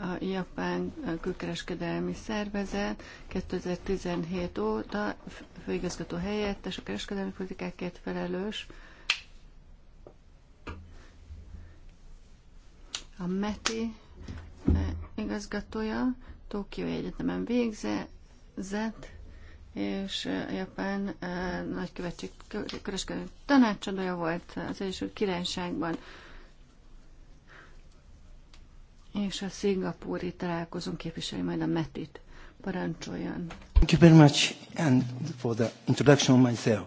a Japán külkereskedelmi szervezet 2017 óta főigazgató helyettes a kereskedelmi politikákért felelős. A METI igazgatója Tokió Egyetemen végzett, és a Japán nagykövetség kereskedelmi tanácsadója volt az Egyesült Királyságban és a szingapúri találkozón képviseli majd a METIT. Parancsoljon. Thank you very much and for the introduction of myself.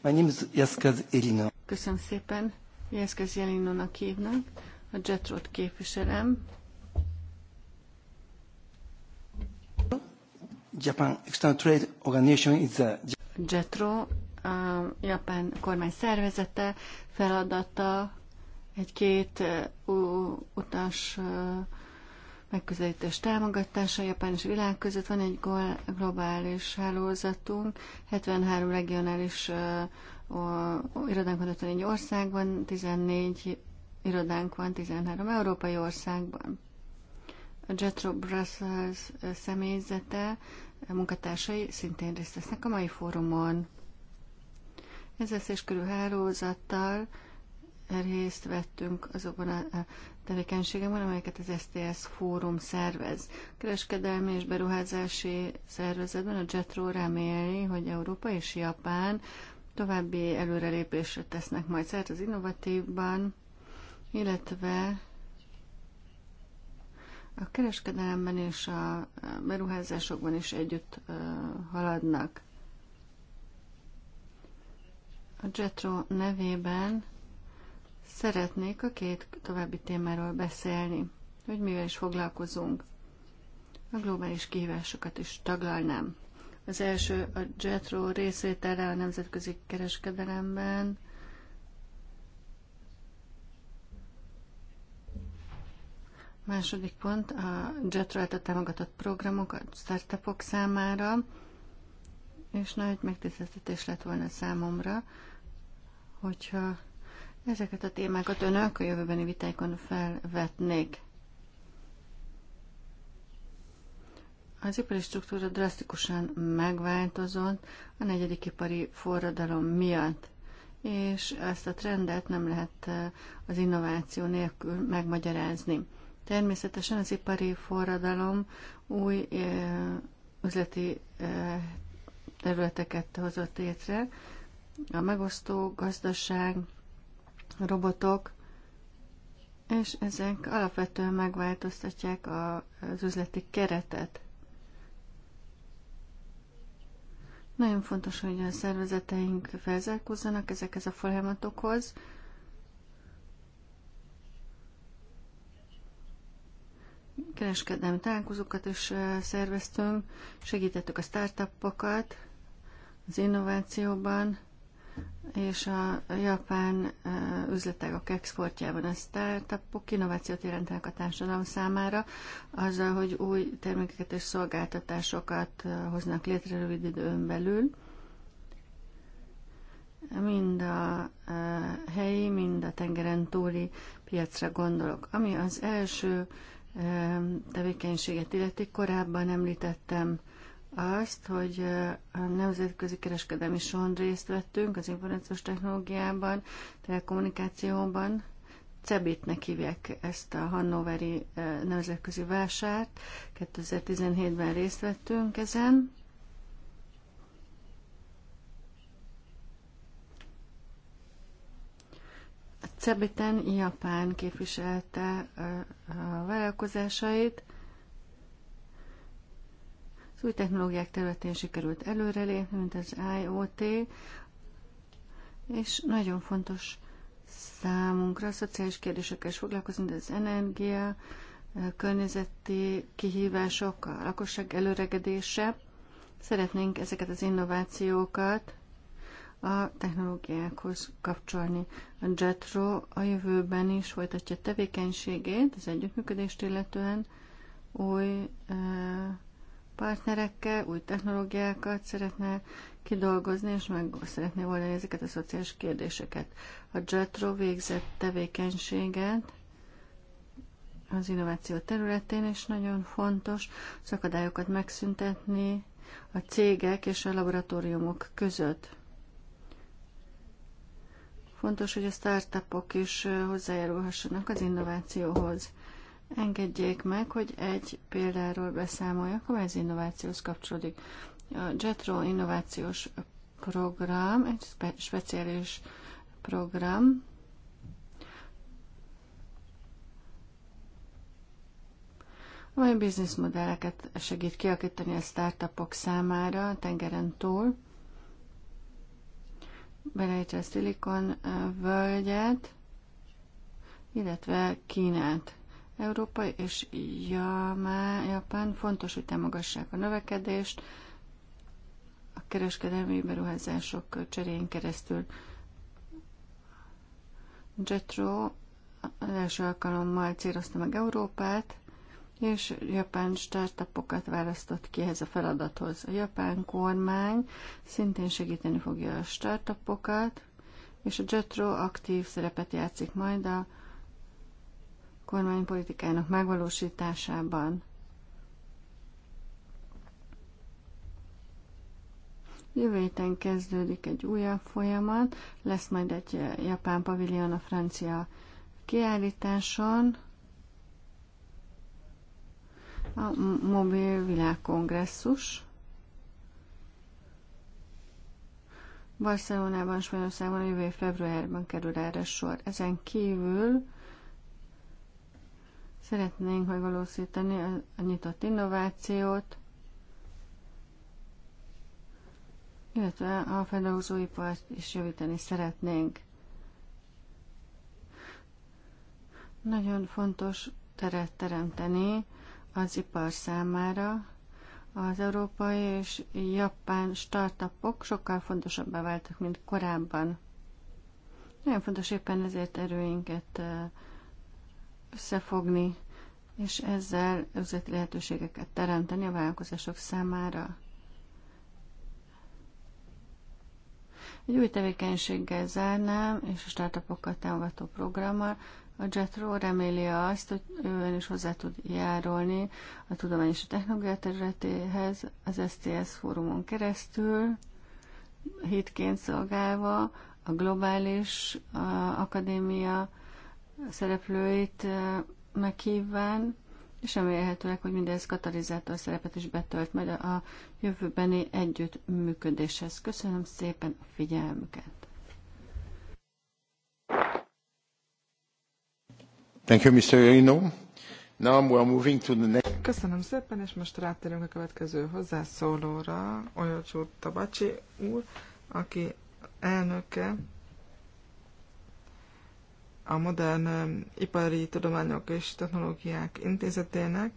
My name is Jaskaz Elina. Köszönöm szépen. Jaskaz Elinónak hívnak. A Jetrot képviselem. Japan External Trade Organization is a... JETRO, a japán kormány szervezete feladata egy két utas megközelítés támogatása Japán és világ között. Van egy globális hálózatunk, 73 regionális irodánk van 54 országban, 14 irodánk van 13 európai országban. A Jetro Brussels személyzete, munkatársai szintén részt vesznek a mai fórumon. Ez és körül hálózattal részt vettünk azokban a tevékenységekben, amelyeket az STS Fórum szervez. kereskedelmi és beruházási szervezetben a JETRO reméli, hogy Európa és Japán további előrelépésre tesznek majd szert az innovatívban, illetve a kereskedelemben és a beruházásokban is együtt haladnak. A JETRO nevében Szeretnék a két további témáról beszélni, hogy mivel is foglalkozunk. A globális kihívásokat is taglalnám. Az első a JETRO részétele a nemzetközi kereskedelemben, Második pont a JETRO által támogatott programok a startupok számára, és nagy megtiszteltetés lett volna számomra, hogyha Ezeket a témákat önök a jövőbeni vitáikon felvetnék. Az ipari struktúra drasztikusan megváltozott a negyedik ipari forradalom miatt, és ezt a trendet nem lehet eh, az innováció nélkül megmagyarázni. Természetesen az ipari forradalom új eh, üzleti eh, területeket hozott létre, a megosztó gazdaság, robotok, és ezek alapvetően megváltoztatják az üzleti keretet. Nagyon fontos, hogy a szervezeteink felzárkózzanak ezekhez a folyamatokhoz. Kereskedelmi találkozókat is szerveztünk, segítettük a startupokat az innovációban, és a japán üzletek a exportjában a startupok innovációt jelentenek a társadalom számára, azzal, hogy új termékeket és szolgáltatásokat hoznak létre rövid időn belül. Mind a helyi, mind a tengeren túli piacra gondolok. Ami az első tevékenységet illeti, korábban említettem, azt, hogy a nemzetközi kereskedelmi son részt vettünk az információs technológiában, telekommunikációban. Cebitnek hívják ezt a Hannoveri nemzetközi vásárt. 2017-ben részt vettünk ezen. A Cebiten Japán képviselte a vállalkozásait, az új technológiák területén sikerült előrelépni, mint az IoT, és nagyon fontos számunkra a szociális kérdésekkel is foglalkozni, de az energia, környezeti kihívások, a lakosság előregedése. Szeretnénk ezeket az innovációkat a technológiákhoz kapcsolni. A JETRO a jövőben is folytatja tevékenységét, az együttműködést illetően új partnerekkel, új technológiákat szeretne kidolgozni, és meg szeretné oldani ezeket a szociális kérdéseket. A JETRO végzett tevékenységet az innováció területén, is nagyon fontos szakadályokat megszüntetni a cégek és a laboratóriumok között. Fontos, hogy a startupok is hozzájárulhassanak az innovációhoz. Engedjék meg, hogy egy példáról beszámoljak, amely az innovációhoz kapcsolódik. A JETRO innovációs program, egy speciális program, amely bizniszmodelleket segít kialakítani a startupok számára a tengeren túl. beleértve a szilikonvölgyet, völgyet, illetve Kínát. Európa és Japán fontos, hogy támogassák a növekedést a kereskedelmi beruházások cserén keresztül. Jetro az első alkalommal célozta meg Európát, és japán startupokat választott ki ehhez a feladathoz. A japán kormány szintén segíteni fogja a startupokat, és a Jetro aktív szerepet játszik majd a kormánypolitikának megvalósításában. Jövő héten kezdődik egy újabb folyamat, lesz majd egy eh, japán pavilion a francia kiállításon, a Mobil Világkongresszus. Barcelonában, Spanyolországban jövő februárban kerül erre sor. Ezen kívül Szeretnénk megvalósítani a nyitott innovációt, illetve a feldolgozóipart is javítani szeretnénk. Nagyon fontos teret teremteni az ipar számára. Az európai és japán startupok sokkal fontosabbá váltak, mint korábban. Nagyon fontos éppen ezért erőinket eh, összefogni, és ezzel üzleti lehetőségeket teremteni a vállalkozások számára. Egy új tevékenységgel zárnám, és a startupokat támogató programmal. A JETRO reméli azt, hogy ő is hozzá tud járulni a tudomány és a technológia területéhez az STS fórumon keresztül, hitként szolgálva a globális a akadémia szereplőit meghívván, és remélhetőleg, hogy mindez katalizátor szerepet is betölt majd a jövőbeni együttműködéshez. Köszönöm szépen a figyelmüket! Thank you, Mr. Rino. Now we are moving to the next... Köszönöm szépen, és most rátérünk a következő hozzászólóra, Olyocsú Tabacsi úr, aki elnöke a Modern um, Ipari Tudományok és Technológiák Intézetének.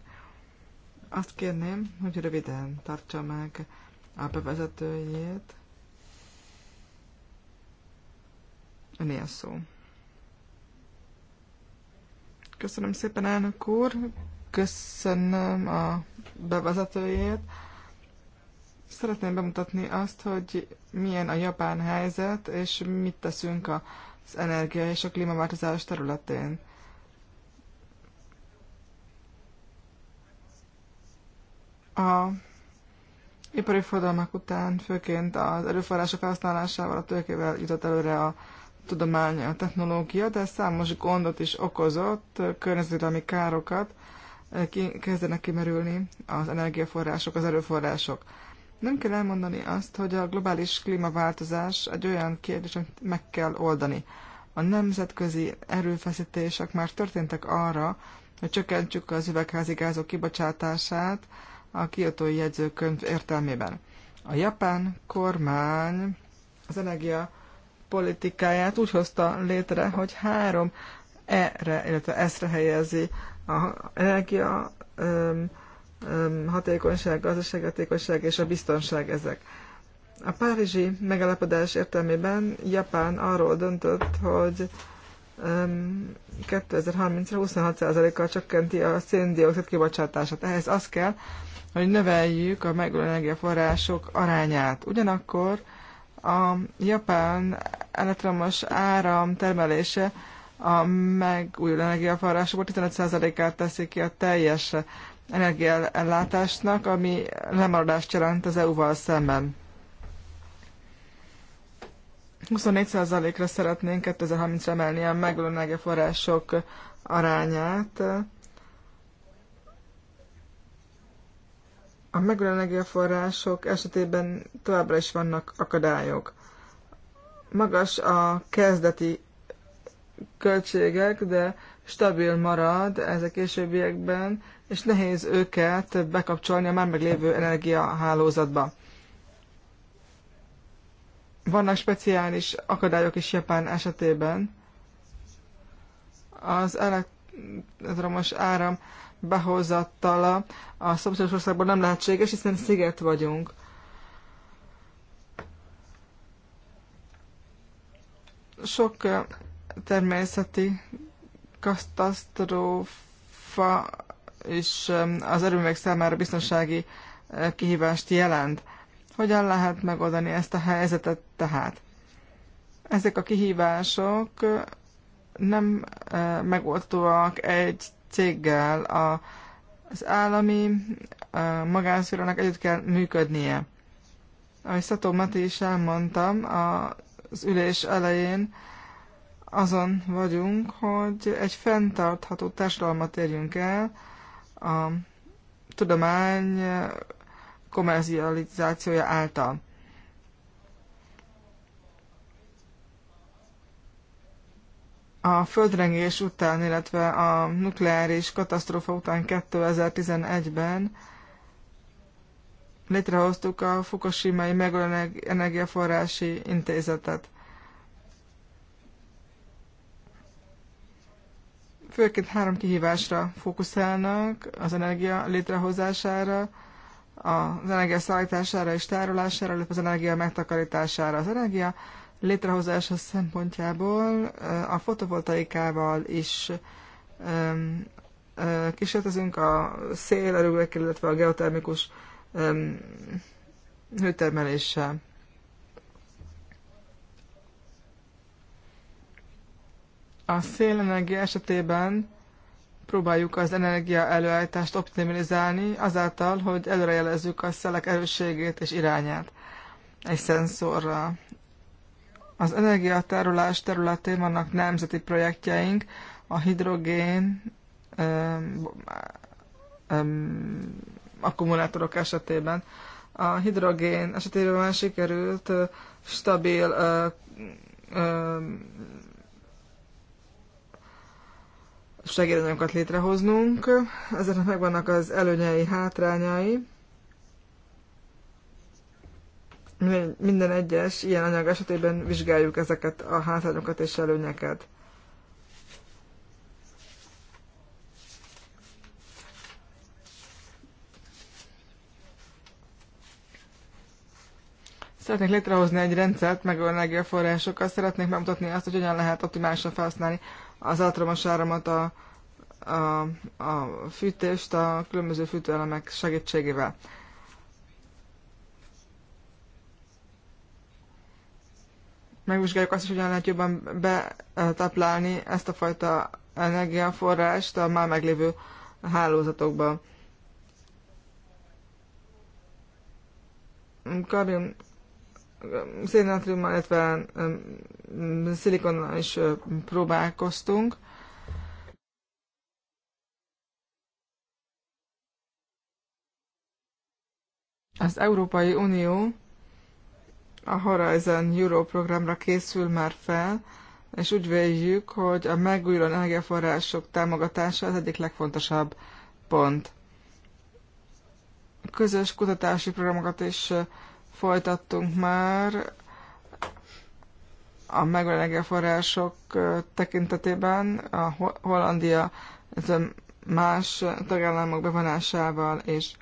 Azt kérném, hogy röviden tartsa meg a bevezetőjét. Öné a szó. Köszönöm szépen, elnök úr. Köszönöm a bevezetőjét. Szeretném bemutatni azt, hogy milyen a japán helyzet, és mit teszünk a az energia és a klímaváltozás területén. A ipari forradalmak után főként az erőforrások használásával, a tőkével jutott előre a tudomány, a technológia, de számos gondot is okozott, környezetvédelmi károkat, kezdenek kimerülni az energiaforrások, az erőforrások. Nem kell elmondani azt, hogy a globális klímaváltozás egy olyan kérdés, amit meg kell oldani. A nemzetközi erőfeszítések már történtek arra, hogy csökkentsük az üvegházi gázok kibocsátását a kiotói jegyzőkönyv értelmében. A japán kormány az energia politikáját úgy hozta létre, hogy három E-re, illetve S-re helyezi a energia öm, hatékonyság, gazdasághatékonyság és a biztonság ezek. A párizsi megállapodás értelmében Japán arról döntött, hogy 2030-ra 26%-kal csökkenti a széndiokszid kibocsátását. Ehhez az kell, hogy növeljük a megújuló energiaforrások arányát. Ugyanakkor a japán elektromos áram termelése a megújuló energiaforrásokból 15%-át teszi ki a teljes energiaellátásnak, ami lemaradást jelent az EU-val szemben. 24%-ra szeretnénk 2030-ra emelni a megújuló energiaforrások arányát. A megújuló energiaforrások esetében továbbra is vannak akadályok. Magas a kezdeti költségek, de stabil marad ez a későbbiekben, és nehéz őket bekapcsolni a már meglévő energiahálózatba. Vannak speciális akadályok is Japán esetében. Az elektromos áram behozattala a szomszédos országban nem lehetséges, hiszen sziget vagyunk. Sok eh, természeti katasztrófa és az erőművek számára biztonsági eh, kihívást jelent. Hogyan lehet megoldani ezt a helyzetet tehát? Ezek a kihívások eh, nem eh, megoldhatóak egy céggel. Az állami magánszférának együtt kell működnie. Ahogy Szató Mati is elmondtam, az ülés elején azon vagyunk, hogy egy fenntartható társadalmat érjünk el, a tudomány komercializációja által. A földrengés után, illetve a nukleáris katasztrófa után 2011-ben létrehoztuk a Fukushima-i Megújuló Energiaforrási Intézetet. főként három kihívásra fókuszálnak, az energia létrehozására, az energia szállítására és tárolására, illetve az energia megtakarítására. Az energia létrehozása szempontjából eh, a fotovoltaikával is eh, kísérletezünk a szélerőgek, illetve a geotermikus hőtermeléssel. A szélenergia esetében próbáljuk az energia előállítást optimalizálni azáltal, hogy előrejelezzük a szelek erősségét és irányát egy szenzorra. Az energiatárolás területén vannak nemzeti projektjeink, a hidrogén öm, öm, akkumulátorok esetében. A hidrogén esetében sikerült stabil öm, öm, segédanyagokat létrehoznunk. Ezeknek megvannak az előnyei, hátrányai. Minden egyes ilyen anyag esetében vizsgáljuk ezeket a hátrányokat és előnyeket. Szeretnék létrehozni egy rendszert megő energiaforrásokkal, szeretnék megmutatni azt, hogy hogyan lehet optimálisan felhasználni az elektromos áramot, a, a, a fűtést a különböző fűtőelemek segítségével. Megvizsgáljuk azt is, hogyan lehet jobban betáplálni ezt a fajta energiaforrást a már meglévő hálózatokba. Karin szénnatriummal, illetve szilikonnal is próbálkoztunk. Az Európai Unió a Horizon Euro programra készül már fel, és úgy véljük, hogy a megújuló energiaforrások támogatása az egyik legfontosabb pont. Közös kutatási programokat is folytattunk már a megújuló források tekintetében a Hollandia más tagállamok bevonásával, és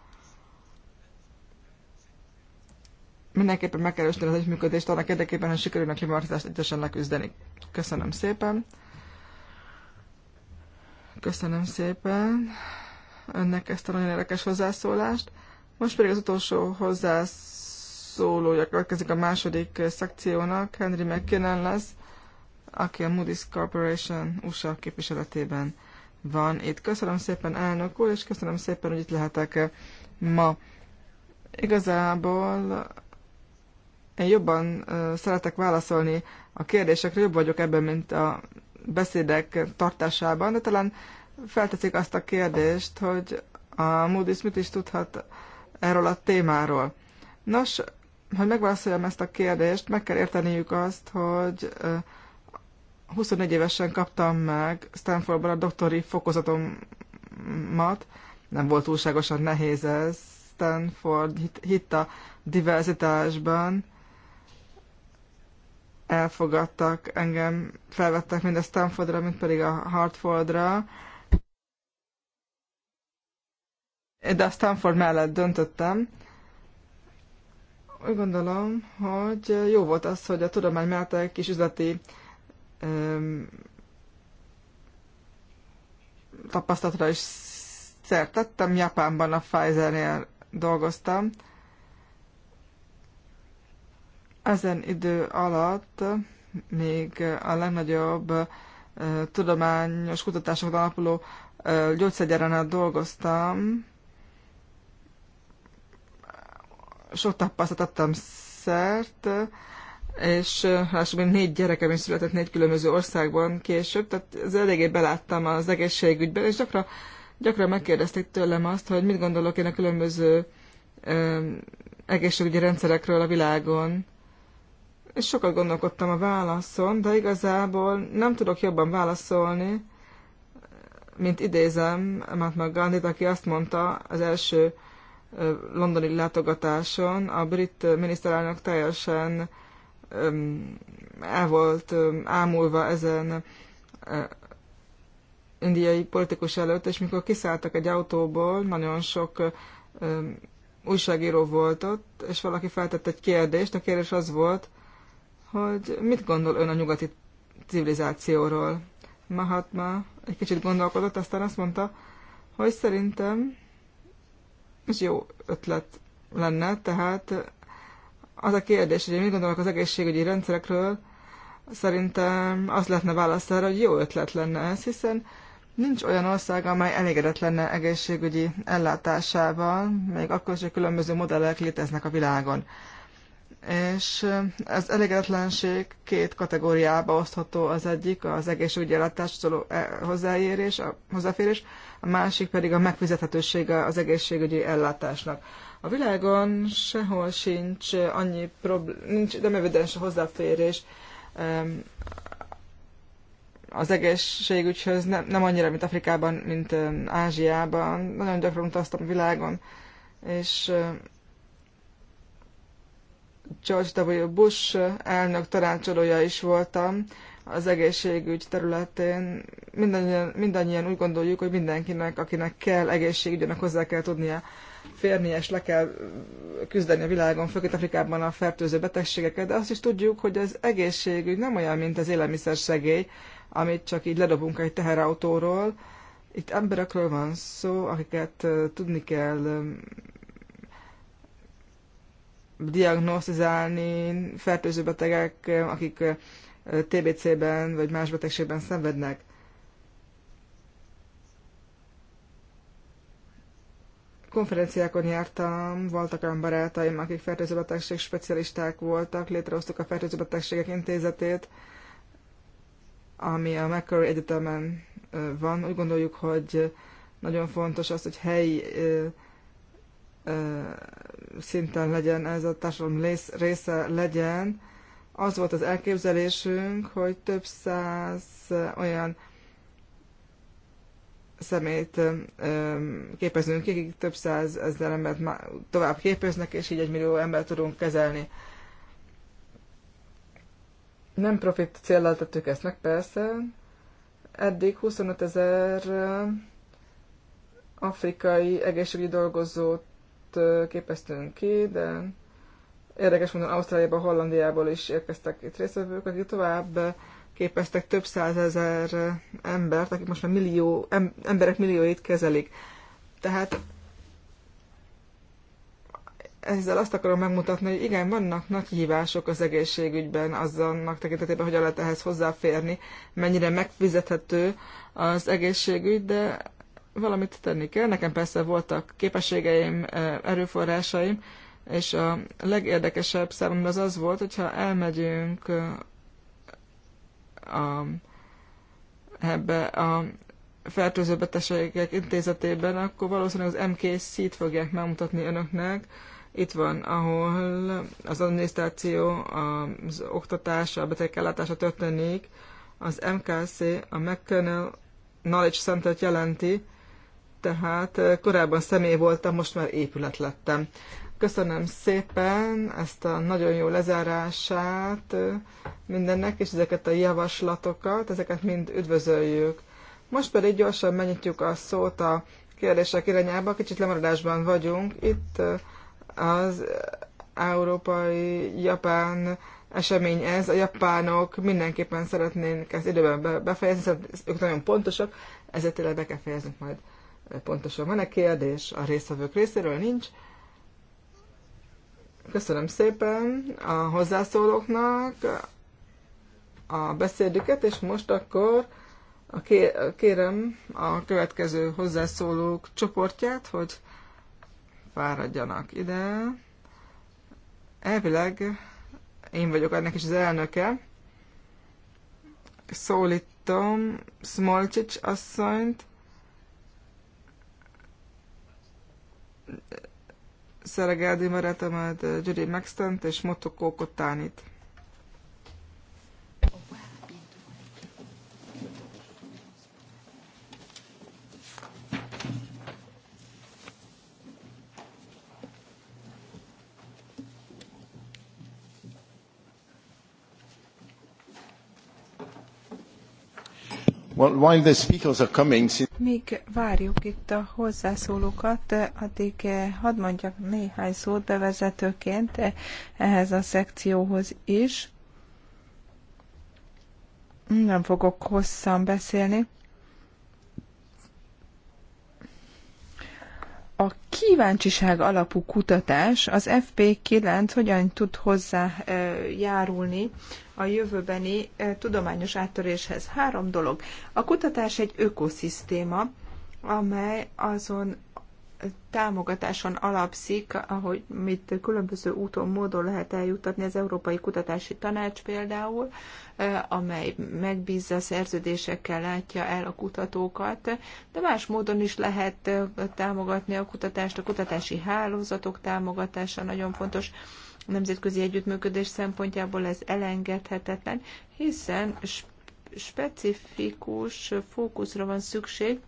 mindenképpen meg kell az együttműködést annak érdekében, hogy sikerül a klímaváltozást egyesen leküzdeni. Köszönöm szépen. Köszönöm szépen önnek ezt a nagyon érdekes hozzászólást. Most pedig az utolsó hozzászólás szólója következik a második eh, szekciónak. Henry McKinnon lesz, aki a Moody's Corporation USA képviseletében van itt. Köszönöm szépen, elnök úr, és köszönöm szépen, hogy itt lehetek eh, ma. Igazából eh, én jobban szeretek válaszolni a kérdésekre, jobb vagyok ebben, mint a beszédek tartásában, de talán felteszik azt a kérdést, hogy a Moody's mit is tudhat erről a témáról. Nos, hogy megválaszoljam ezt a kérdést, meg kell érteniük azt, hogy 24 évesen kaptam meg Stanfordban a doktori fokozatomat, nem volt túlságosan nehéz ez, Stanford hitt a diverzitásban, elfogadtak engem, felvettek mind a Stanfordra, mint pedig a Hartfordra, de a Stanford mellett döntöttem, úgy gondolom, hogy jó volt az, hogy a tudomány mellett egy kis üzleti öm, tapasztalatra is szert tettem. Japánban a Pfizer-nél dolgoztam. Ezen idő alatt még a legnagyobb tudományos kutatásokon alapuló gyógyszergyárnál dolgoztam, sok tapasztalat adtam szert, és lássuk, mint négy gyerekem is született négy különböző országban később, tehát az eléggé beláttam az egészségügyben, és gyakran, gyakran megkérdezték tőlem azt, hogy mit gondolok én a különböző ö, egészségügyi rendszerekről a világon. És sokat gondolkodtam a válaszon, de igazából nem tudok jobban válaszolni, mint idézem Mahatma Gandhi, aki azt mondta az első londoni látogatáson a brit miniszterelnök teljesen el volt ámulva ezen indiai politikus előtt, és mikor kiszálltak egy autóból, nagyon sok újságíró volt ott, és valaki feltett egy kérdést, a kérdés az volt, hogy mit gondol ön a nyugati civilizációról. Mahatma egy kicsit gondolkodott, aztán azt mondta, hogy szerintem ez jó ötlet lenne, tehát az a kérdés, hogy én mit gondolok az egészségügyi rendszerekről, szerintem az lehetne választ erre, hogy jó ötlet lenne ez, hiszen nincs olyan ország, amely elégedett lenne egészségügyi ellátásával, még akkor is, hogy különböző modellek léteznek a világon és ez elégedetlenség két kategóriába osztható. Az egyik az egészségügyi ellátáshoz szóló e, hozzáérés, a hozzáférés, a másik pedig a megfizethetősége az egészségügyi ellátásnak. A világon sehol sincs annyi probléma, nincs nem evidens hozzáférés az egészségügyhöz, nem, nem annyira, mint Afrikában, mint Ázsiában. Nagyon gyakran utaztam a világon, és George W. Bush elnök tanácsolója is voltam az egészségügy területén. Mindannyian, mindannyian úgy gondoljuk, hogy mindenkinek, akinek kell egészségügyenek hozzá kell tudnia férni, és le kell küzdeni a világon, főként Afrikában a fertőző betegségeket, de azt is tudjuk, hogy az egészségügy nem olyan, mint az élelmiszersegély, amit csak így ledobunk egy teherautóról. Itt emberekről van szó, akiket tudni kell diagnosztizálni fertőző betegek, akik TBC-ben vagy más betegségben szenvednek. konferenciákon jártam, voltak olyan barátaim, akik betegség specialisták voltak, létrehoztuk a fertőzőbetegségek intézetét, ami a McCurry Egyetemen van. Úgy gondoljuk, hogy nagyon fontos az, hogy helyi szinten legyen, ez a társadalom része legyen. Az volt az elképzelésünk, hogy több száz olyan szemét képezünk ki, több száz ezer embert tovább képeznek, és így egy millió embert tudunk kezelni. Nem profit célral tettük ezt meg, persze. Eddig 25 ezer afrikai egészségügyi dolgozót képeztünk ki, de érdekes mondom, Ausztráliából, Hollandiából is érkeztek itt részvevők, akik tovább képeztek több százezer embert, akik most már millió, em, emberek millióit kezelik. Tehát ezzel azt akarom megmutatni, hogy igen, vannak nagy hívások az egészségügyben, azonnak tekintetében, hogy lehet ehhez hozzáférni, mennyire megfizethető az egészségügy, de valamit tenni kell. Nekem persze voltak képességeim, erőforrásaim, és a legérdekesebb számomra az az volt, hogyha elmegyünk a, ebbe a fertőző betegségek intézetében, akkor valószínűleg az MKC-t fogják megmutatni önöknek. Itt van, ahol az adminisztráció, az oktatás, a betegek történik. Az MKC a McConnell Knowledge Center jelenti, tehát korábban személy voltam, most már épület lettem. Köszönöm szépen ezt a nagyon jó lezárását mindennek, és ezeket a javaslatokat, ezeket mind üdvözöljük. Most pedig gyorsan megnyitjuk a szót a kérdések irányába, kicsit lemaradásban vagyunk. Itt az európai japán esemény ez. A japánok mindenképpen szeretnénk ezt időben befejezni, szóval ők nagyon pontosak, ezért tényleg be kell fejeznünk majd pontosan van-e kérdés a részvevők részéről, nincs. Köszönöm szépen a hozzászólóknak a beszédüket, és most akkor a kérem a következő hozzászólók csoportját, hogy fáradjanak ide. Elvileg én vagyok ennek is az elnöke. Szólítom Smolcsics asszonyt, Szeregeldi Meretemet, Judy Maxtent és Motoko Kotánit. Míg várjuk itt a hozzászólókat, addig eh, hadd mondjak néhány szót bevezetőként eh, ehhez a szekcióhoz is. Nem fogok hosszan beszélni. kíváncsiság alapú kutatás, az FP9 hogyan tud hozzájárulni a jövőbeni tudományos áttöréshez? Három dolog. A kutatás egy ökoszisztéma, amely azon támogatáson alapszik, ahogy mit különböző úton, módon lehet eljuttatni az Európai Kutatási Tanács például, amely megbízza szerződésekkel látja el a kutatókat, de más módon is lehet támogatni a kutatást, a kutatási hálózatok támogatása nagyon fontos nemzetközi együttműködés szempontjából ez elengedhetetlen, hiszen specifikus fókuszra van szükség,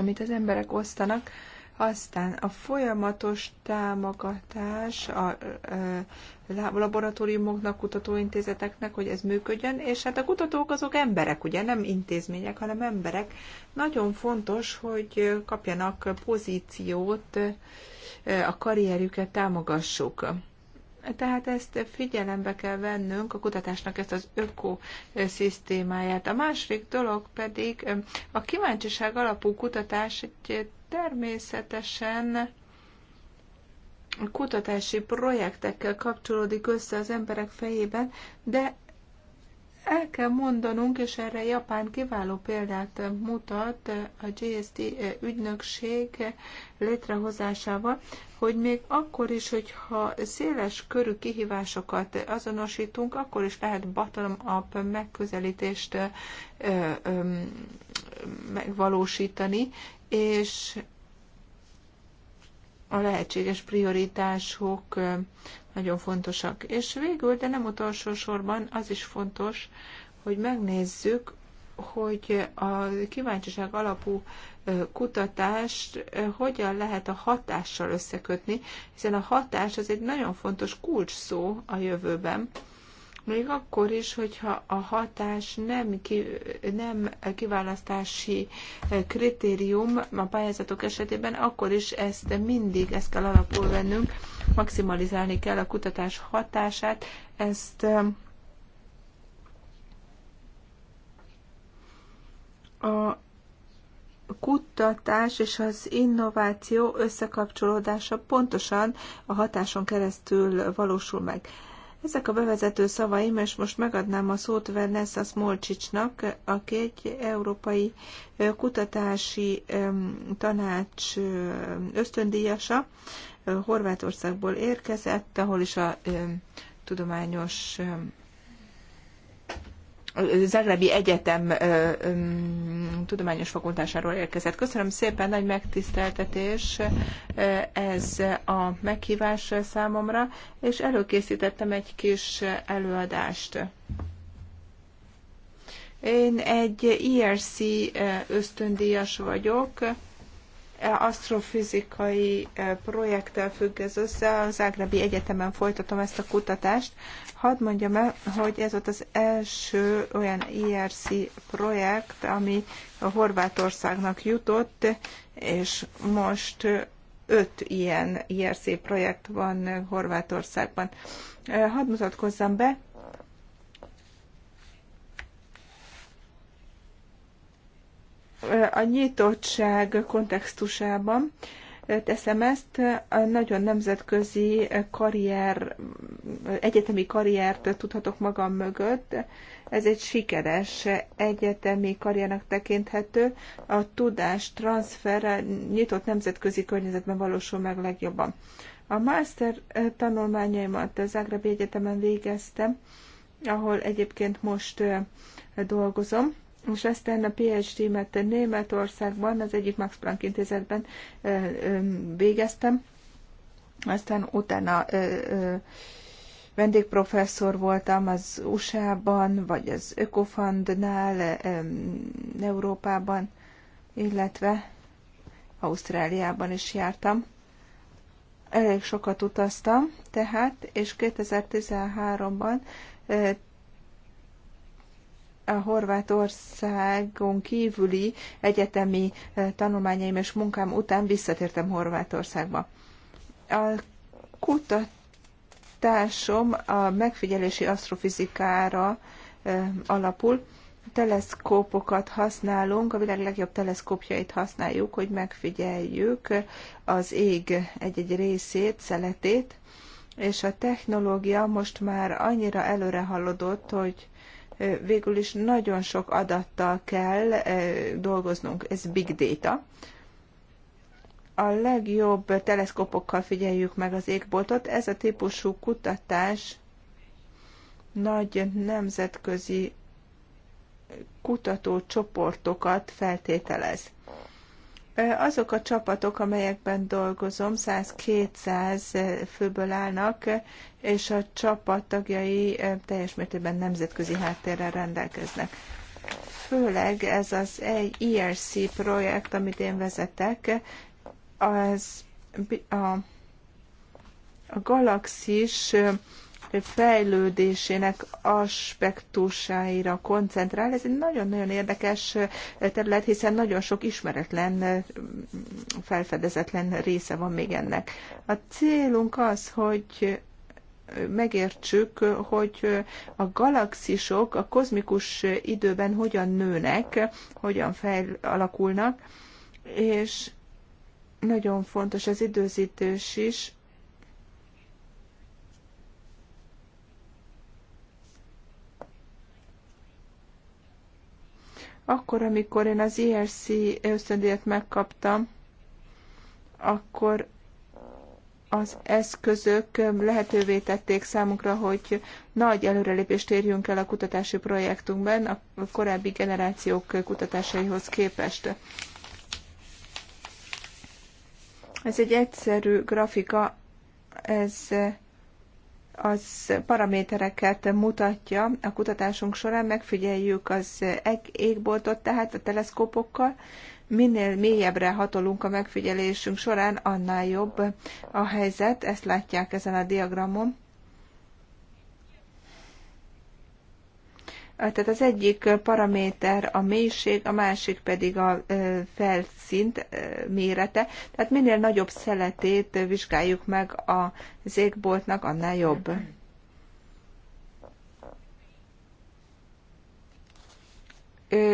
amit az emberek osztanak, aztán a folyamatos támogatás a, a laboratóriumoknak, kutatóintézeteknek, hogy ez működjön, és hát a kutatók azok emberek, ugye nem intézmények, hanem emberek. Nagyon fontos, hogy kapjanak pozíciót, a karrierjüket támogassuk. Tehát ezt figyelembe kell vennünk, a kutatásnak ezt az ökoszisztémáját. A másik dolog pedig a kíváncsiság alapú kutatás egy természetesen kutatási projektekkel kapcsolódik össze az emberek fejében, de el kell mondanunk, és erre Japán kiváló példát mutat a GST eh, ügynökség létrehozásával, hogy még akkor is, hogyha széles körű kihívásokat azonosítunk, akkor is lehet bottom-up megközelítést eh, eh, megvalósítani, és a lehetséges prioritások nagyon fontosak. És végül, de nem utolsó sorban, az is fontos, hogy megnézzük, hogy a kíváncsiság alapú kutatást hogyan lehet a hatással összekötni, hiszen a hatás az egy nagyon fontos kulcs szó a jövőben még akkor is, hogyha a hatás nem, ki, nem kiválasztási eh, kritérium a pályázatok esetében, akkor is ezt mindig ezt kell alapul vennünk, maximalizálni kell a kutatás hatását, ezt eh, a kutatás és az innováció összekapcsolódása pontosan a hatáson keresztül valósul meg. Ezek a bevezető szavaim, és most megadnám a szót Vanessa Smolcsicsnak, aki egy európai kutatási tanács ösztöndíjasa, Horvátországból érkezett, ahol is a tudományos Zagrebi Egyetem ö, ö, tudományos fakultásáról érkezett. Köszönöm szépen, nagy megtiszteltetés ez a meghívás számomra, és előkészítettem egy kis előadást. Én egy ERC ösztöndíjas vagyok, e, asztrofizikai projekttel függ ez össze, a Zágrábi Egyetemen folytatom ezt a kutatást, Hadd mondjam el, hogy ez volt az első olyan ERC projekt, ami a Horvátországnak jutott, és most öt ilyen IRC e projekt van Horvátországban. Hadd mutatkozzam be. A nyitottság kontextusában teszem ezt, a nagyon nemzetközi karrier egyetemi karriert tudhatok magam mögött. Ez egy sikeres egyetemi karriernek tekinthető. A tudás transfer nyitott nemzetközi környezetben valósul meg legjobban. A master tanulmányaimat az Ágrábi Egyetemen végeztem, ahol egyébként most dolgozom, és aztán a PhD-met Németországban, az egyik Max Planck intézetben végeztem, aztán utána vendégprofesszor voltam az USA-ban, vagy az Ökofundnál, eh, Európában, illetve Ausztráliában is jártam. Elég sokat utaztam, tehát, és 2013-ban eh, a Horvátországon kívüli egyetemi eh, tanulmányaim és munkám után visszatértem Horvátországba. A kutat kutatásom a megfigyelési asztrofizikára alapul. Teleszkópokat használunk, a világ legjobb teleszkópjait használjuk, hogy megfigyeljük az ég egy-egy részét, szeletét, és a technológia most már annyira előre haladott, hogy végül is nagyon sok adattal kell dolgoznunk, ez big data, a legjobb teleszkópokkal figyeljük meg az égboltot. Ez a típusú kutatás nagy nemzetközi kutatócsoportokat feltételez. Azok a csapatok, amelyekben dolgozom, 100-200 főből állnak, és a csapat tagjai teljes mértékben nemzetközi háttérrel rendelkeznek. Főleg ez az ERC projekt, amit én vezetek, az a, a galaxis fejlődésének aspektusáira koncentrál. Ez egy nagyon-nagyon érdekes terület, hiszen nagyon sok ismeretlen, felfedezetlen része van még ennek. A célunk az, hogy megértsük, hogy a galaxisok a kozmikus időben hogyan nőnek, hogyan fejl- alakulnak, és nagyon fontos az időzítés is. Akkor, amikor én az IRC e ösztöndíjat megkaptam, akkor az eszközök lehetővé tették számunkra, hogy nagy előrelépést érjünk el a kutatási projektünkben a korábbi generációk kutatásaihoz képest. Ez egy egyszerű grafika, ez az paramétereket mutatja a kutatásunk során, megfigyeljük az égboltot, tehát a teleszkópokkal, minél mélyebbre hatolunk a megfigyelésünk során, annál jobb a helyzet, ezt látják ezen a diagramon. Tehát az egyik paraméter a mélység, a másik pedig a felszint mérete. Tehát minél nagyobb szeletét vizsgáljuk meg a zégboltnak annál jobb.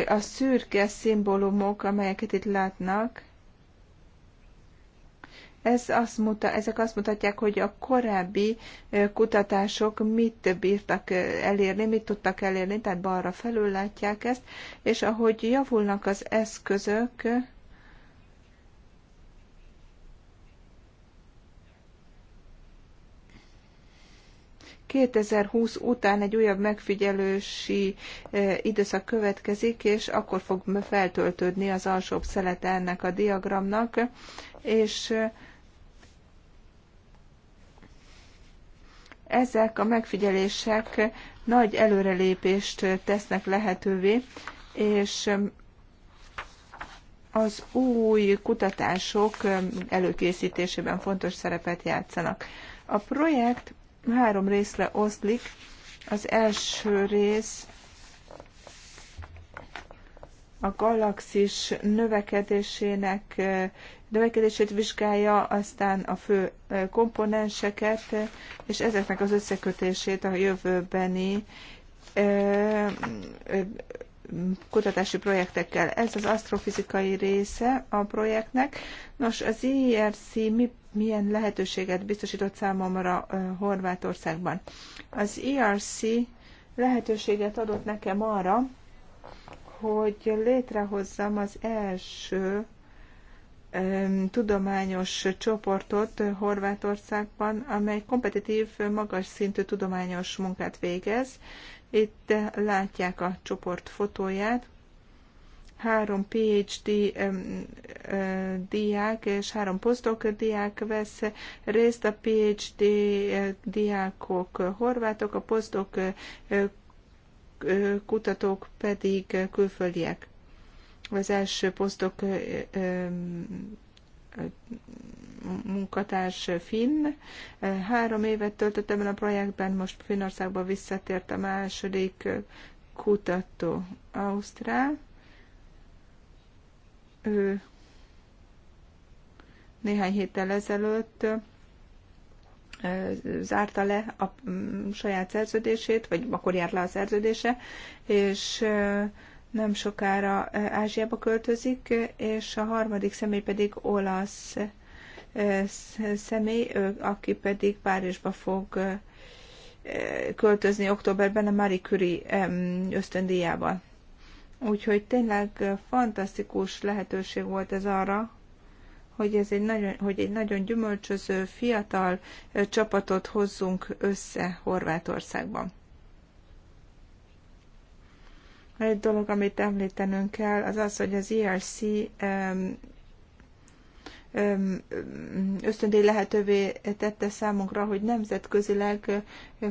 A szürke szimbólumok, amelyeket itt látnak, ez azt muta, ezek azt mutatják, hogy a korábbi kutatások mit bírtak elérni, mit tudtak elérni, tehát balra felül látják ezt, és ahogy javulnak az eszközök, ...2020 után egy újabb megfigyelősi időszak következik, és akkor fog feltöltődni az alsóbb szelete ennek a diagramnak, és Ezek a megfigyelések nagy előrelépést tesznek lehetővé, és az új kutatások előkészítésében fontos szerepet játszanak. A projekt három részre oszlik. Az első rész a galaxis növekedésének növekedését vizsgálja, aztán a fő komponenseket, és ezeknek az összekötését a jövőbeni kutatási projektekkel. Ez az asztrofizikai része a projektnek. Nos, az IRC e mi, milyen lehetőséget biztosított számomra Horvátországban? Az IRC e lehetőséget adott nekem arra, hogy létrehozzam az első tudományos csoportot Horvátországban, amely kompetitív, magas szintű tudományos munkát végez. Itt látják a csoport fotóját. Három PhD diák és három posztok diák vesz részt, a PhD diákok horvátok, a posztok kutatók pedig külföldiek. Az első posztok munkatárs Finn. Három évet töltöttem el a projektben, most Finnországba visszatért a második kutató Ausztrál. Ő néhány héttel ezelőtt zárta le a saját szerződését, vagy akkor jár le a szerződése, és nem sokára Ázsiába költözik, és a harmadik személy pedig olasz személy, aki pedig Párizsba fog költözni októberben a Marie Curie ösztöndíjával. Úgyhogy tényleg fantasztikus lehetőség volt ez arra, hogy, ez egy nagyon, hogy egy nagyon gyümölcsöző, fiatal csapatot hozzunk össze Horvátországban. Egy dolog, amit említenünk kell, az az, hogy az ERC ösztöndi lehetővé tette számunkra, hogy nemzetközileg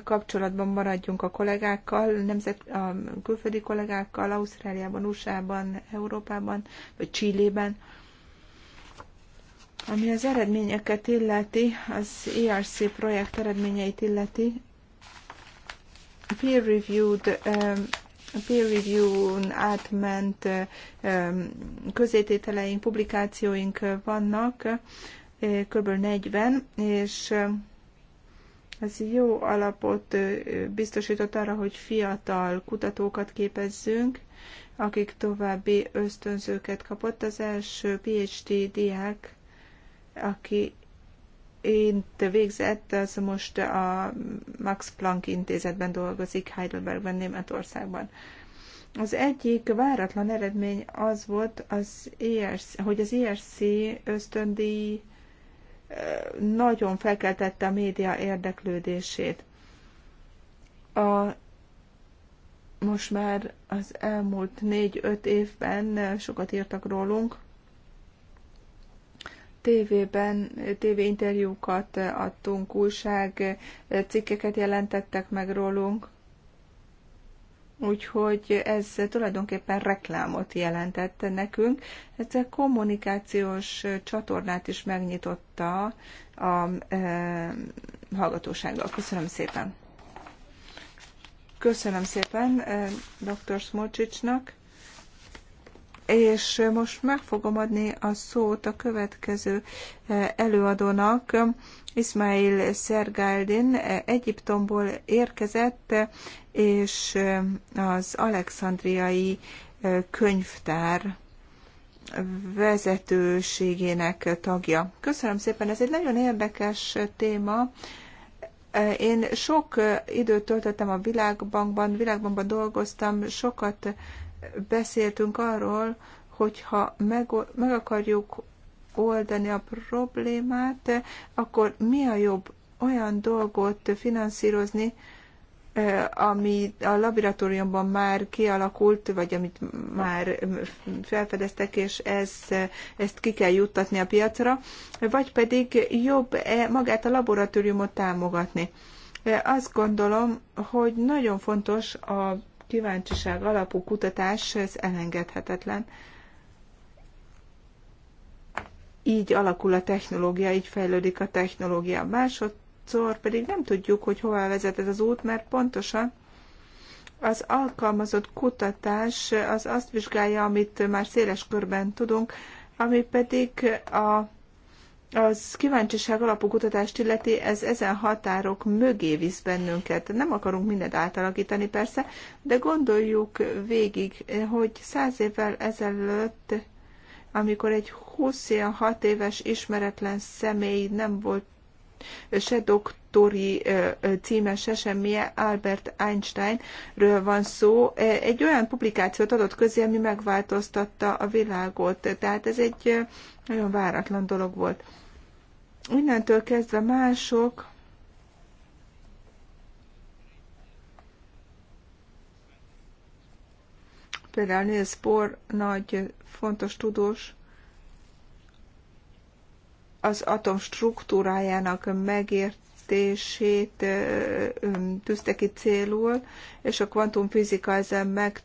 kapcsolatban maradjunk a kollégákkal, nemzet, a külföldi kollégákkal, Ausztráliában, USA-ban, Európában, vagy Csillében. Ami az eredményeket illeti, az ERC projekt eredményeit illeti, peer-reviewed peer review-n átment közétételeink, publikációink vannak, eh, kb. 40, és ez jó alapot biztosított arra, hogy fiatal kutatókat képezzünk, akik további ösztönzőket kapott. Az első PhD diák aki én végzett, az most a Max Planck intézetben dolgozik Heidelbergben, Németországban. Az egyik váratlan eredmény az volt, az ERC, hogy az ERC ösztöndíj nagyon felkeltette a média érdeklődését. A, most már az elmúlt négy-öt évben sokat írtak rólunk, tévében, tévéinterjúkat adtunk, újság cikkeket jelentettek meg rólunk. Úgyhogy ez tulajdonképpen reklámot jelentett nekünk. Ez a kommunikációs csatornát is megnyitotta a e, hallgatósággal. Köszönöm szépen. Köszönöm szépen e, dr. Smolcsicsnak. És most meg fogom adni a szót a következő eh, előadónak, Ismail Sergáldin eh, Egyiptomból érkezett, eh, és az alexandriai könyvtár vezetőségének tagja. Köszönöm szépen, ez egy nagyon érdekes téma. Én sok időt töltöttem a Világbankban, Világbankban dolgoztam, sokat beszéltünk arról, hogyha meg, meg akarjuk oldani a problémát, akkor mi a jobb olyan dolgot finanszírozni, ami a laboratóriumban már kialakult, vagy amit már felfedeztek, és ez, ezt ki kell juttatni a piacra, vagy pedig jobb e, magát a laboratóriumot támogatni. Azt gondolom, hogy nagyon fontos a kíváncsiság alapú kutatás, ez elengedhetetlen. Így alakul a technológia, így fejlődik a technológia. Másodszor pedig nem tudjuk, hogy hová vezet ez az út, mert pontosan az alkalmazott kutatás az azt vizsgálja, amit már széles körben tudunk, ami pedig a az kíváncsiság alapú kutatást illeti, ez ezen határok mögé visz bennünket. Nem akarunk mindent átalakítani persze, de gondoljuk végig, hogy száz évvel ezelőtt, amikor egy 26 éves ismeretlen személy nem volt se doktori címe, se semmije, Albert Einsteinről van szó. Egy olyan publikációt adott közé, ami megváltoztatta a világot. Tehát ez egy nagyon váratlan dolog volt innentől kezdve mások például Niels Bohr, nagy, fontos tudós, az atom struktúrájának megért, fejlesztését tűzte ki célul, és a kvantumfizika ezen meg,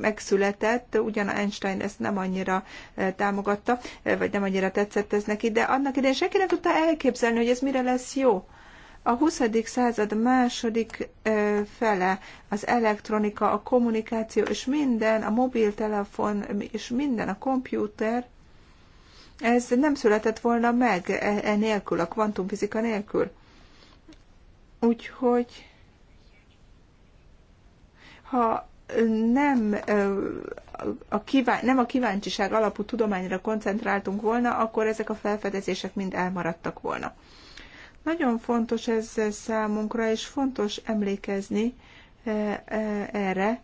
megszületett, ugyan Einstein ezt nem annyira támogatta, vagy nem annyira tetszett ez neki, de annak idején senki nem tudta elképzelni, hogy ez mire lesz jó. A 20. század második fele az elektronika, a kommunikáció és minden, a mobiltelefon és minden, a kompjúter – ez nem született volna meg enélkül, e a kvantumfizika nélkül. Úgyhogy ha nem a, kíván, nem a kíváncsiság alapú tudományra koncentráltunk volna, akkor ezek a felfedezések mind elmaradtak volna. Nagyon fontos ez számunkra, és fontos emlékezni e, e, erre,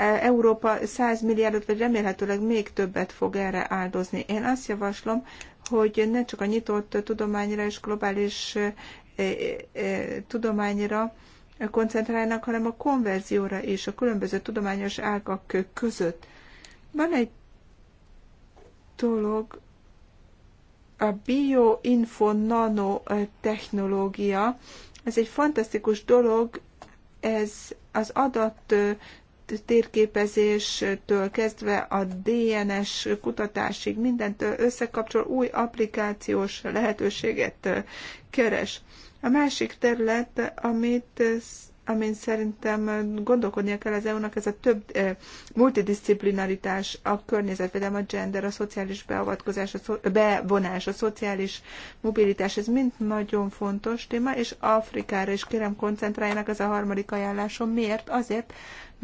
Európa 100 milliárdot, vagy remélhetőleg még többet fog erre áldozni. Én azt javaslom, hogy ne csak a nyitott tudományra és globális tudományra koncentrálnak, hanem a konverzióra és a különböző tudományos ágak között. Van egy dolog, a bioinfo nano technológia, ez egy fantasztikus dolog, ez az adat térképezéstől kezdve a DNS kutatásig mindent összekapcsol, új applikációs lehetőséget keres. A másik terület, amit amin szerintem gondolkodnia kell az EU-nak, ez a több eh, multidisciplinaritás, a környezetvédelem, a gender, a szociális beavatkozás, a szo- bevonás, a szociális mobilitás, ez mind nagyon fontos téma, és Afrikára is kérem koncentráljanak, ez a harmadik ajánlásom. Miért? Azért,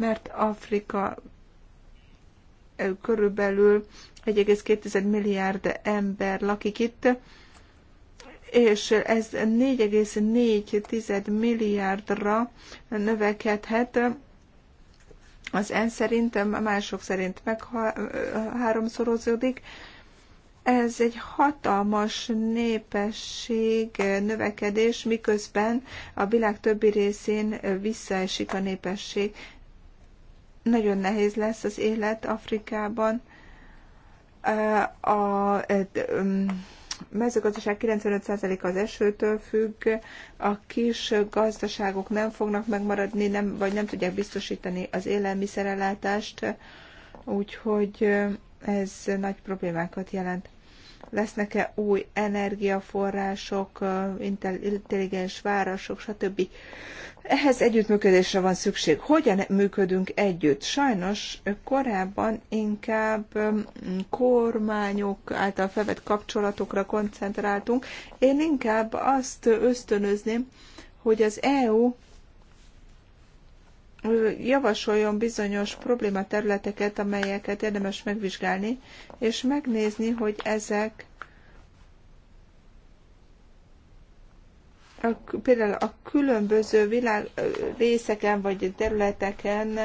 mert Afrika körülbelül 1,2 milliárd ember lakik itt, és ez 4,4 milliárdra növekedhet, az en szerint, mások szerint meg háromszorozódik. Ez egy hatalmas népesség növekedés, miközben a világ többi részén visszaesik a népesség. Nagyon nehéz lesz az élet Afrikában. A mezőgazdaság 95 az esőtől függ, a kis gazdaságok nem fognak megmaradni, nem, vagy nem tudják biztosítani az élelmiszerellátást, úgyhogy ez nagy problémákat jelent lesznek-e új energiaforrások, intelligens városok, stb. Ehhez együttműködésre van szükség. Hogyan működünk együtt? Sajnos korábban inkább kormányok által felvett kapcsolatokra koncentráltunk. Én inkább azt ösztönözném, hogy az EU javasoljon bizonyos problématerületeket, amelyeket érdemes megvizsgálni, és megnézni, hogy ezek a, például a különböző világ részeken vagy területeken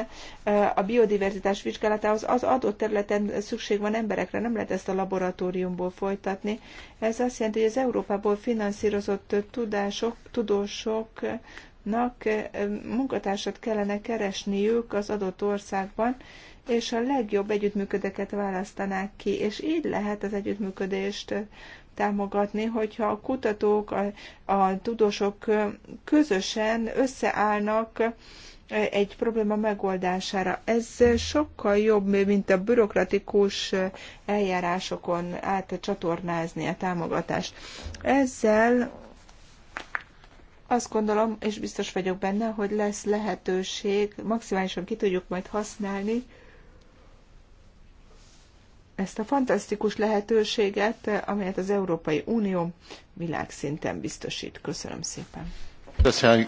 a biodiverzitás vizsgálatához az adott területen szükség van emberekre, nem lehet ezt a laboratóriumból folytatni. Ez azt jelenti, hogy az Európából finanszírozott tudások, tudósok nak munkatársat kellene keresniük az adott országban, és a legjobb együttműködeket választanák ki, és így lehet az együttműködést támogatni, hogyha a kutatók, a, a tudósok közösen összeállnak egy probléma megoldására. Ez sokkal jobb, mint a bürokratikus eljárásokon át csatornázni a támogatást. Ezzel azt gondolom, és biztos vagyok benne, hogy lesz lehetőség, maximálisan ki tudjuk majd használni ezt a fantasztikus lehetőséget, amelyet az Európai Unió világszinten biztosít. Köszönöm szépen. Köszönöm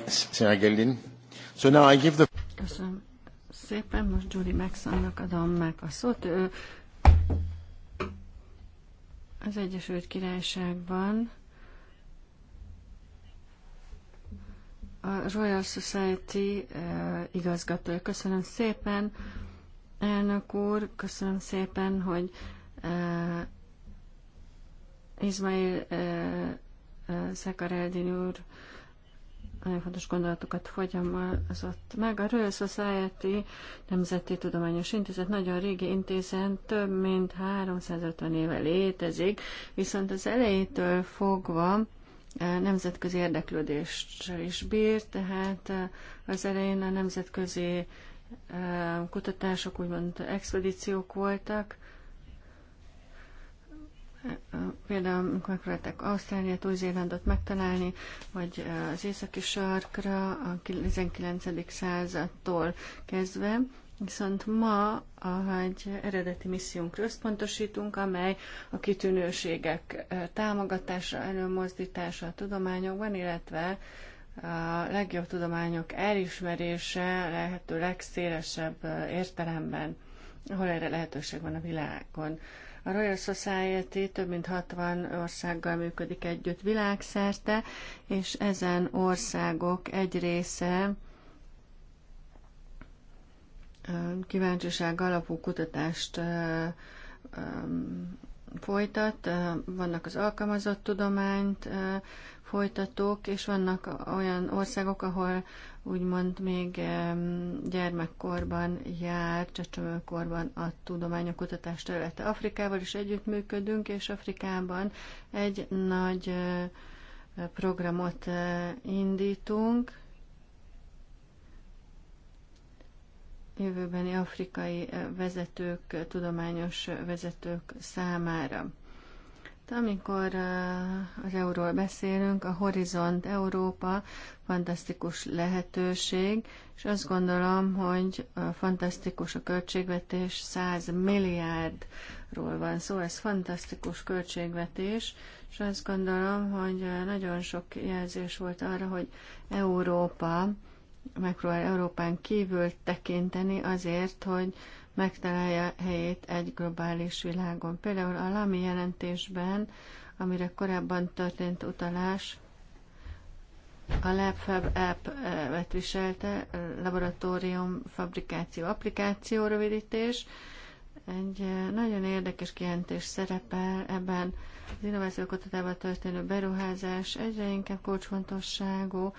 szépen, most Julie Maxonnak adom meg a szót. Ő az Egyesült Királyságban a Royal Society igazgatója. Köszönöm szépen, elnök úr, köszönöm szépen, hogy Izmail Szekareldin úr nagyon fontos gondolatokat fogyamazott meg. A Royal Society Nemzeti Tudományos Intézet nagyon régi intézet, több mint 350 éve létezik, viszont az elejétől fogva nemzetközi érdeklődést is bír, tehát eh, az elején a nemzetközi eh, kutatások úgymond expedíciók voltak, Például, amikor megpróbálták Ausztráliát, Új-Zélandot megtalálni, vagy eh, az északi sarkra a 19. századtól kezdve, Viszont ma egy eredeti missziónkra összpontosítunk, amely a kitűnőségek támogatása, előmozdítása a tudományokban, illetve a legjobb tudományok elismerése lehető legszélesebb értelemben, ahol erre lehetőség van a világon. A Royal Society több mint 60 országgal működik együtt világszerte, és ezen országok egy része kíváncsiság alapú kutatást folytat, vannak az alkalmazott tudományt folytatók, és vannak olyan országok, ahol úgymond még gyermekkorban jár, csecsemőkorban a tudományok kutatás területe. Afrikával is együttműködünk, és Afrikában egy nagy programot indítunk, jövőbeni afrikai eh, vezetők, eh, tudományos eh, vezetők számára. De amikor az euról beszélünk, a Horizont Európa fantasztikus lehetőség, és azt gondolom, hogy fantasztikus a költségvetés, 100 milliárdról van szó, szóval ez fantasztikus költségvetés, és azt gondolom, hogy nagyon sok jelzés volt arra, hogy Európa megpróbál Európán kívül tekinteni azért, hogy megtalálja helyét egy globális világon. Például a LAMI jelentésben, amire korábban történt utalás, a LabFab app-et eh, viselte, eh, laboratórium fabrikáció applikáció rövidítés. Egy eh, nagyon érdekes kijelentés szerepel ebben az innovációkutatába történő beruházás egyre inkább kulcsfontosságú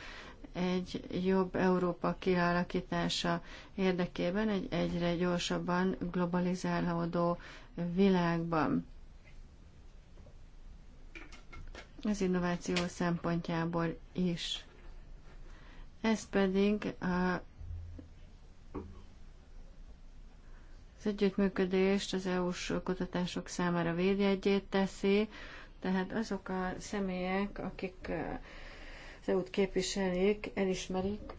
egy jobb Európa kialakítása érdekében egy egyre gyorsabban globalizálódó világban. Az innováció szempontjából is. Ez pedig a az együttműködést az EU-s kutatások számára védjegyét teszi, tehát azok a személyek, akik az EU-t képviselik, elismerik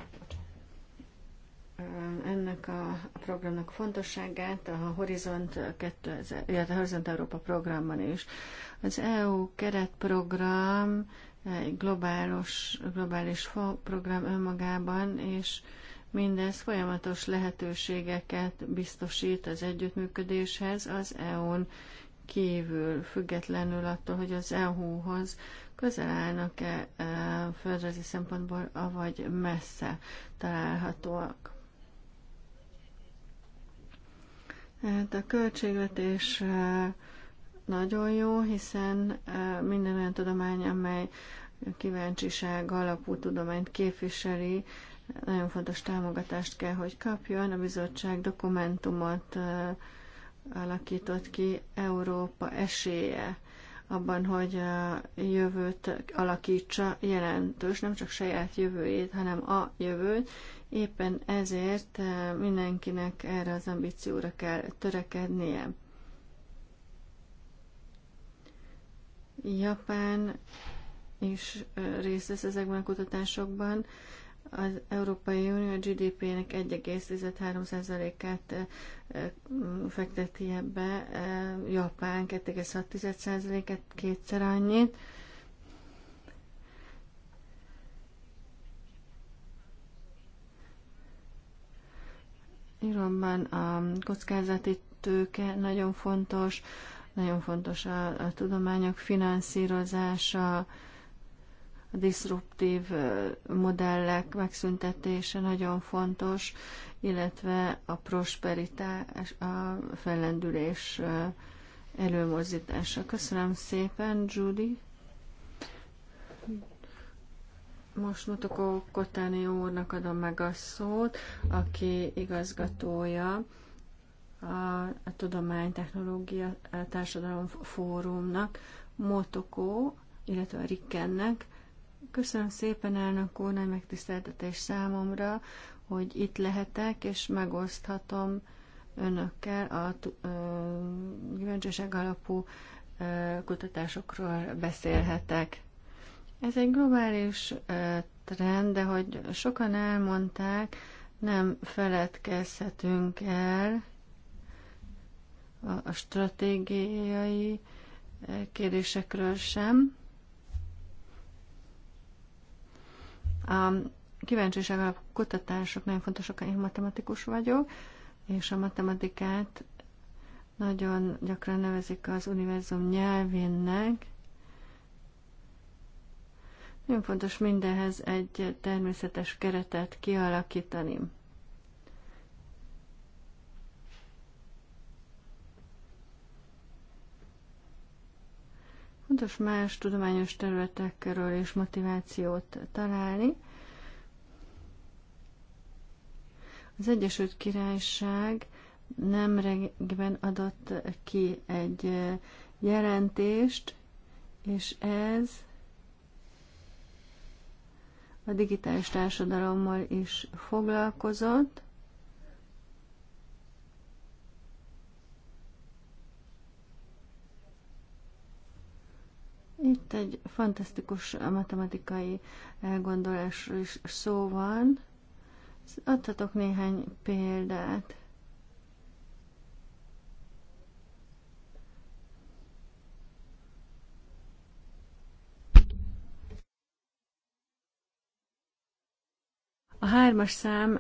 ennek a programnak fontosságát a Horizont, 2000, illetve Horizont Európa programban is. Az EU keretprogram egy globális, globális program önmagában, és mindez folyamatos lehetőségeket biztosít az együttműködéshez az EU-n kívül, függetlenül attól, hogy az EU-hoz közel állnak-e e, földrajzi szempontból, avagy messze találhatóak. Hát a költségvetés e, nagyon jó, hiszen e, minden olyan tudomány, amely kíváncsiság alapú tudományt képviseli, nagyon fontos támogatást kell, hogy kapjon. A bizottság dokumentumot alakított ki Európa esélye abban, hogy a jövőt alakítsa jelentős, nem csak saját jövőjét, hanem a jövőt. Éppen ezért eh, mindenkinek erre az ambícióra kell törekednie. Japán is eh, részt vesz ezekben a kutatásokban, az Európai Unió GDP-nek 1,13%-át fekteti ebbe, Japán 2,6%-át, kétszer annyit. Iromban a kockázati tőke nagyon fontos, nagyon fontos a, a tudományok finanszírozása, a diszruptív modellek megszüntetése nagyon fontos, illetve a prosperitás, a fellendülés előmozdítása. Köszönöm szépen, Judy. Most Notoko Kotáni úrnak adom meg a szót, aki igazgatója a, Tudomány Tudománytechnológia Társadalom Fórumnak, Motoko, illetve a Rikkennek. Köszönöm szépen, elnök úr, nagy megtiszteltetés számomra, hogy itt lehetek, és megoszthatom önökkel a kíváncsiság alapú kutatásokról beszélhetek. Ez egy globális trend, de hogy sokan elmondták, nem feledkezhetünk el a stratégiai kérdésekről sem. A kíváncsiság a kutatások nagyon fontosak, én matematikus vagyok, és a matematikát nagyon gyakran nevezik az univerzum nyelvének. Nagyon fontos mindenhez egy természetes keretet kialakítani. Fontos más tudományos területekről és motivációt találni. Az Egyesült Királyság nemrégben adott ki egy jelentést, és ez a digitális társadalommal is foglalkozott. Itt egy fantasztikus matematikai elgondolás is szó van. Adhatok néhány példát. A hármas szám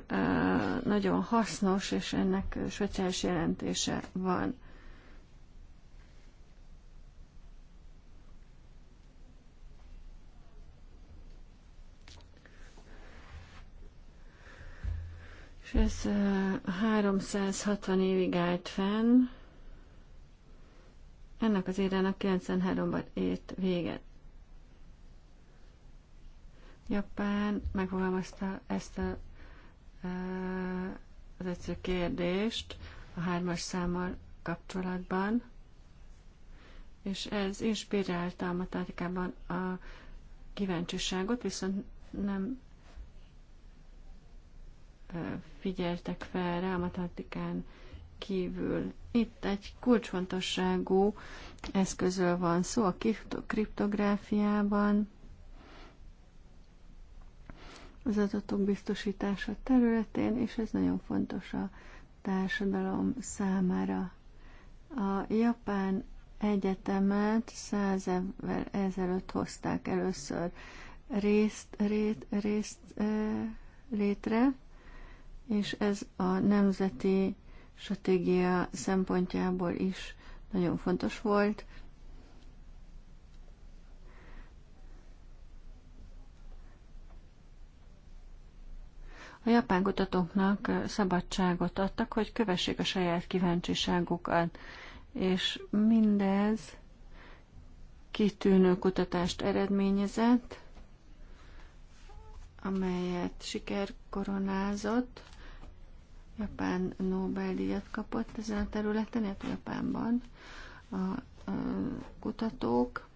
nagyon hasznos, és ennek speciális jelentése van. És ez 360 évig állt fenn. Ennek az érának 93-ban ért véget. Japán megfogalmazta ezt a, az egyszerű kérdést a hármas számmal kapcsolatban, és ez inspirálta a matematikában a kíváncsiságot, viszont nem figyeltek fel rá a matematikán kívül. Itt egy kulcsfontosságú eszközről van szó a kriptográfiában, az adatok biztosítása területén, és ez nagyon fontos a társadalom számára. A japán egyetemet száz évvel ezelőtt hozták először részt, rét, részt, létre, és ez a nemzeti stratégia szempontjából is nagyon fontos volt. A japán kutatóknak szabadságot adtak, hogy kövessék a saját kíváncsiságukat, és mindez kitűnő kutatást eredményezett, amelyet siker koronázott Japán Nobel-díjat kapott ezen a területen, illetve Japánban a, a kutatók.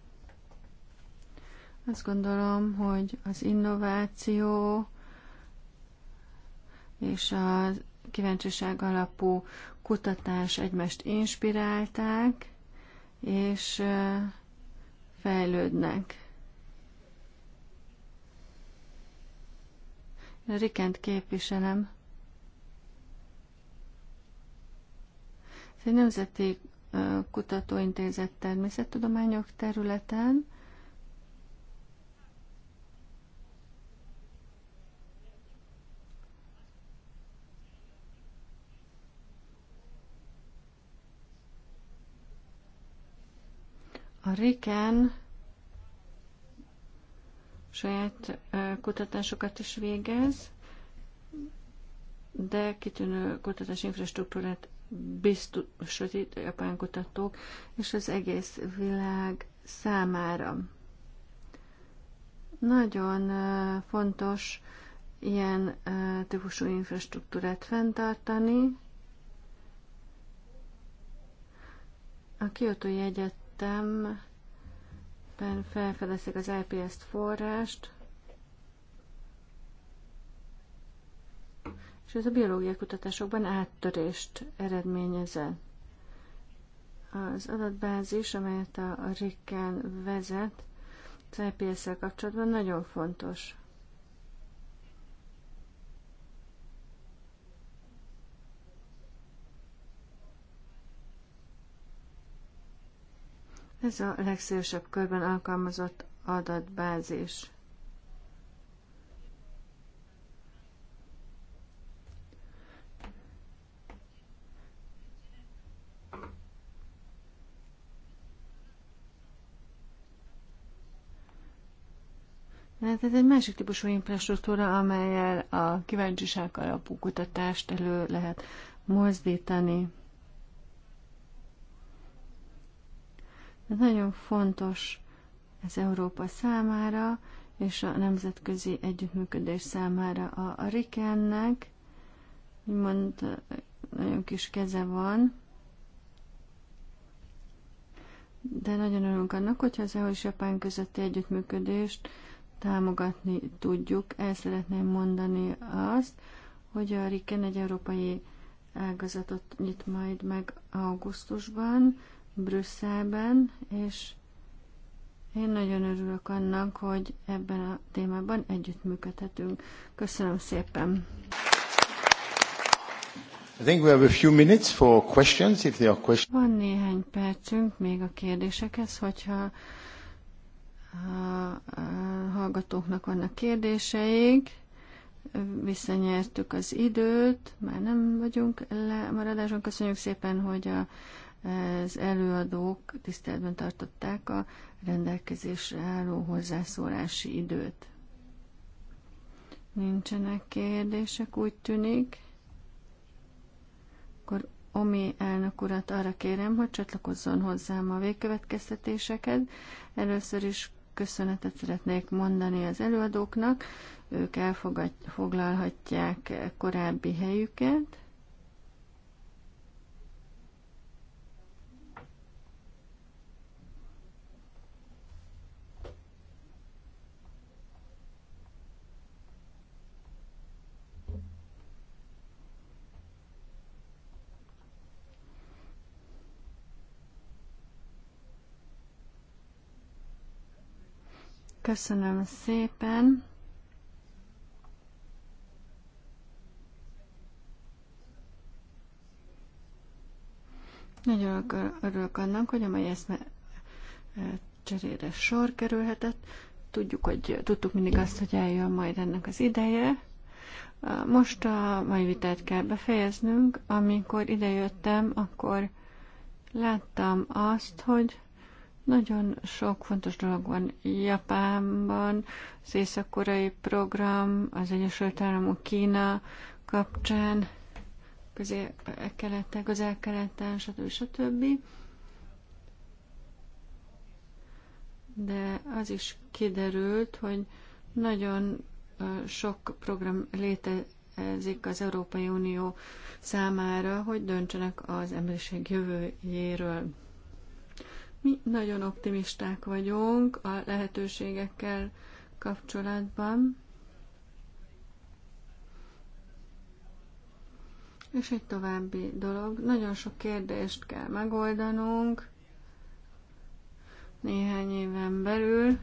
Azt gondolom, hogy az innováció és a kíváncsiság alapú kutatás egymást inspirálták, és fejlődnek. Rikent képviselem Ez egy nemzeti kutatóintézet természettudományok területen, A Riken saját kutatásokat is végez, de kitűnő kutatási infrastruktúrát biztosít a japán kutatók és az egész világ számára. Nagyon fontos ilyen típusú infrastruktúrát fenntartani. A Kyoto Egyetemben felfedezik az IPS-t forrást, és ez a biológiai kutatásokban áttörést eredményezett. Az adatbázis, amelyet a RIKEN vezet, az IPS-szel kapcsolatban nagyon fontos. Ez a legszélesebb körben alkalmazott adatbázis. Hát ez egy másik típusú infrastruktúra, amelyel a kíváncsiság alapú kutatást elő lehet mozdítani. Ez nagyon fontos ez Európa számára, és a nemzetközi együttműködés számára a, Rikennek, úgymond nagyon kis keze van, de nagyon örülünk annak, hogyha az EU és Japán közötti együttműködést támogatni tudjuk. El szeretném mondani azt, hogy a Riken egy európai ágazatot nyit majd meg augusztusban, Brüsszelben, és én nagyon örülök annak, hogy ebben a témában együttműködhetünk. Köszönöm szépen! I think we have a few minutes for questions, if there are questions. Van néhány percünk még a kérdésekhez, hogyha ha hallgatóknak vannak kérdéseik, visszanyertük az időt, már nem vagyunk lemaradáson. Köszönjük szépen, hogy a, az előadók tiszteletben tartották a rendelkezésre álló hozzászólási időt. Nincsenek kérdések, úgy tűnik. Akkor Omi elnök urat arra kérem, hogy csatlakozzon hozzám a végkövetkeztetéseket. Először is köszönetet szeretnék mondani az előadóknak. Ők elfoglalhatják korábbi helyüket. Köszönöm szépen. Nagyon örülök annak, hogy a mai eszme e, cserére sor kerülhetett. Tudjuk, hogy tudtuk mindig azt, hogy eljön majd ennek az ideje. Most a mai vitát kell befejeznünk. Amikor idejöttem, akkor láttam azt, hogy nagyon sok fontos dolog van Japánban, az észak-koreai program, az Egyesült Államok Kína kapcsán, közé keleten közel-keleten, stb. stb. De az is kiderült, hogy nagyon sok program létezik az Európai Unió számára, hogy döntsenek az emberiség jövőjéről. Mi nagyon optimisták vagyunk a lehetőségekkel kapcsolatban. És egy további dolog, nagyon sok kérdést kell megoldanunk néhány éven belül.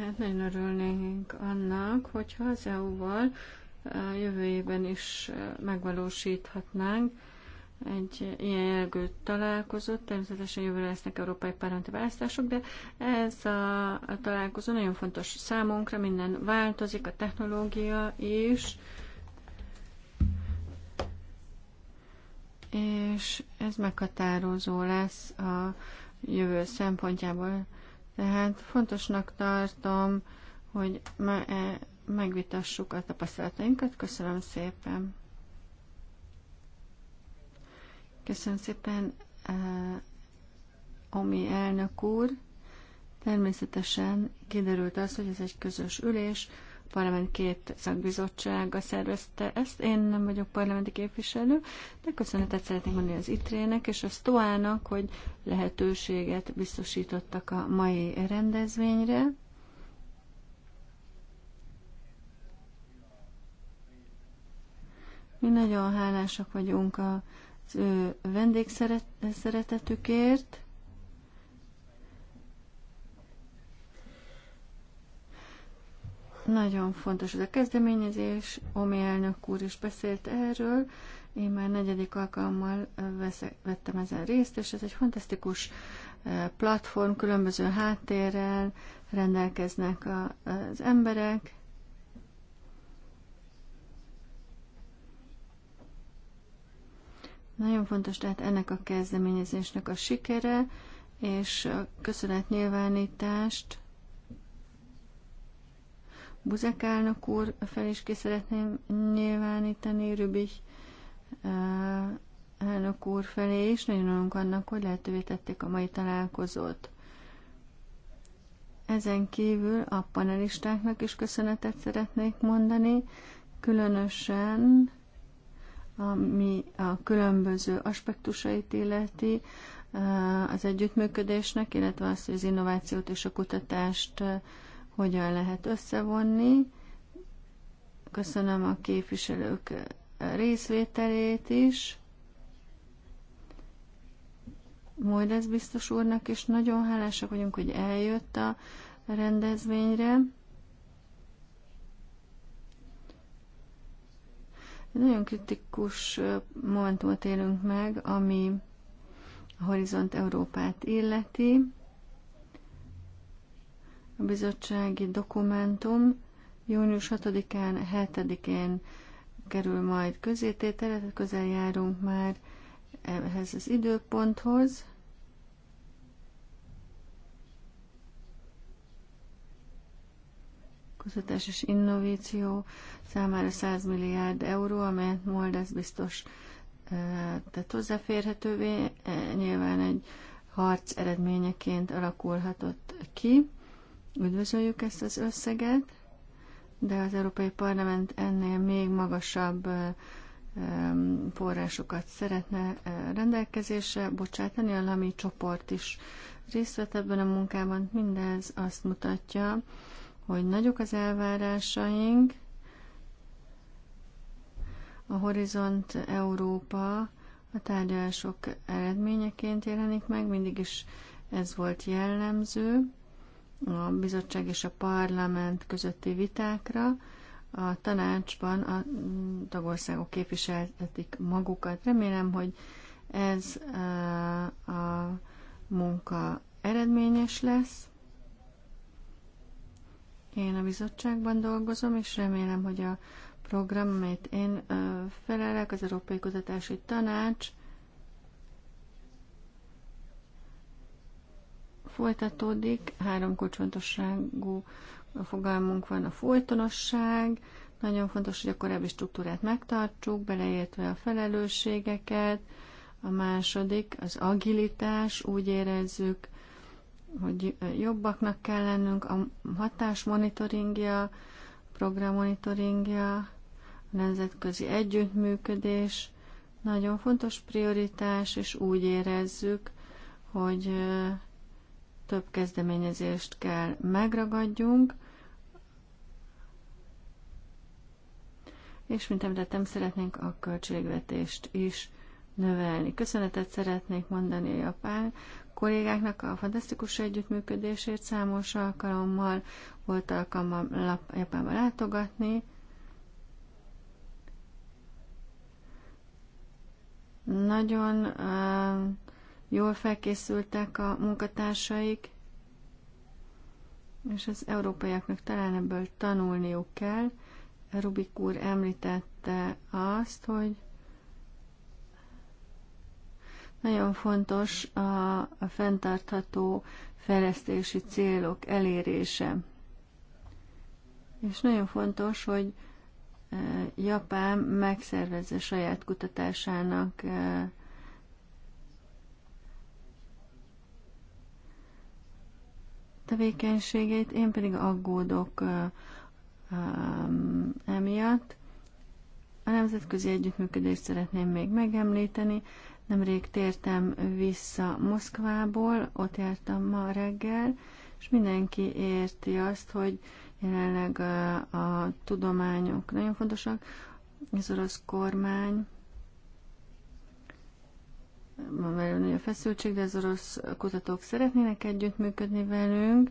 Hát nagyon örülnénk annak, hogyha az EU-val jövő évben is megvalósíthatnánk egy ilyen jellegű találkozott, Természetesen jövőre lesznek európai parlamenti választások, de ez a, a találkozó nagyon fontos számunkra, minden változik, a technológia is. És ez meghatározó lesz a jövő szempontjából. Tehát fontosnak tartom, hogy megvitassuk a tapasztalatainkat. Köszönöm szépen! Köszönöm szépen, eh, Omi elnök úr. Természetesen kiderült az, hogy ez egy közös ülés, a parlament két szakbizottsága szervezte ezt, én nem vagyok parlamenti képviselő, de köszönetet szeretnék mondani az ITRÉ-nek és a STOA-nak, hogy lehetőséget biztosítottak a mai rendezvényre. Mi nagyon hálásak vagyunk a vendégszeretetükért. Nagyon fontos ez a kezdeményezés, Omi elnök úr is beszélt erről, én már negyedik alkalommal veszek, vettem ezen részt, és ez egy fantasztikus platform, különböző háttérrel rendelkeznek az emberek, Nagyon fontos tehát ennek a kezdeményezésnek a sikere, és a köszönetnyilvánítást Buzek elnök úr fel is ki szeretném nyilvánítani, Rübich eh, elnök úr felé is. Nagyon örülünk annak, hogy lehetővé tették a mai találkozót. Ezen kívül a panelistáknak is köszönetet szeretnék mondani, különösen ami a különböző aspektusait illeti eh, az együttműködésnek, illetve az, hogy az innovációt és a kutatást eh, hogyan lehet összevonni. Köszönöm a képviselők eh, részvételét is. Majd ez biztos úrnak, és nagyon hálásak vagyunk, hogy eljött a rendezvényre. Nagyon kritikus momentumot élünk meg, ami a Horizont Európát illeti. A bizottsági dokumentum június 6-án, 7-én kerül majd közététele, tehát közel járunk már ehhez az időponthoz. kutatás és innováció számára 100 milliárd euró, amelyet Moldesz biztos tett hozzáférhetővé. E, nyilván egy harc eredményeként alakulhatott ki. Üdvözöljük ezt az összeget, de az Európai Parlament ennél még magasabb forrásokat szeretne rendelkezésre bocsátani, a LAMI csoport is részt vett ebben a munkában. Mindez azt mutatja, hogy nagyok az elvárásaink, a Horizont Európa a tárgyalások eredményeként jelenik meg, mindig is ez volt jellemző a bizottság és a parlament közötti vitákra. A tanácsban a tagországok képviseltetik magukat. Remélem, hogy ez eh, a munka eredményes lesz. Én a bizottságban dolgozom, és remélem, hogy a program, amelyet én felelek, az Európai Kutatási Tanács, folytatódik. Három kulcsfontosságú fogalmunk van a folytonosság. Nagyon fontos, hogy a korábbi struktúrát megtartsuk, beleértve a felelősségeket. A második, az agilitás. Úgy érezzük, hogy jobbaknak kell lennünk, a hatás monitoringja, program monitoringja, a nemzetközi együttműködés nagyon fontos prioritás, és úgy érezzük, hogy több kezdeményezést kell megragadjunk, és mint említettem, szeretnénk a költségvetést is növelni. Köszönetet szeretnék mondani a pár kollégáknak a fantasztikus együttműködését Számos alkalommal volt alkalmam Japánba látogatni. Nagyon uh, jól felkészültek a munkatársaik, és az európaiaknak talán ebből tanulniuk kell. Rubik úr említette azt, hogy nagyon fontos a, a fenntartható fejlesztési célok elérése. És nagyon fontos, hogy e, Japán megszervezze saját kutatásának e, tevékenységét, én pedig aggódok e, emiatt. A nemzetközi együttműködést szeretném még megemlíteni. Nemrég tértem vissza Moszkvából, ott jártam ma reggel, és mindenki érti azt, hogy jelenleg a, a tudományok nagyon fontosak. Az orosz kormány, van velük nagy a feszültség, de az orosz kutatók szeretnének együttműködni velünk.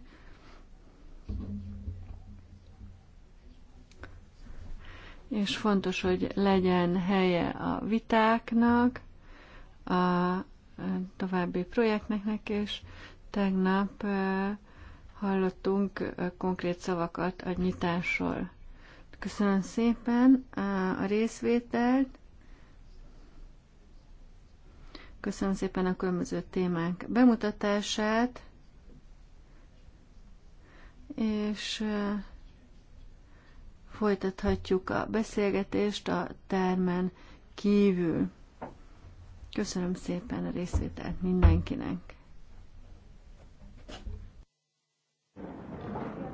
És fontos, hogy legyen helye a vitáknak a további projektnek, és tegnap hallottunk konkrét szavakat a nyitásról. Köszönöm szépen a részvételt, köszönöm szépen a különböző témák bemutatását, és folytathatjuk a beszélgetést a termen kívül. Köszönöm szépen a részvételt mindenkinek.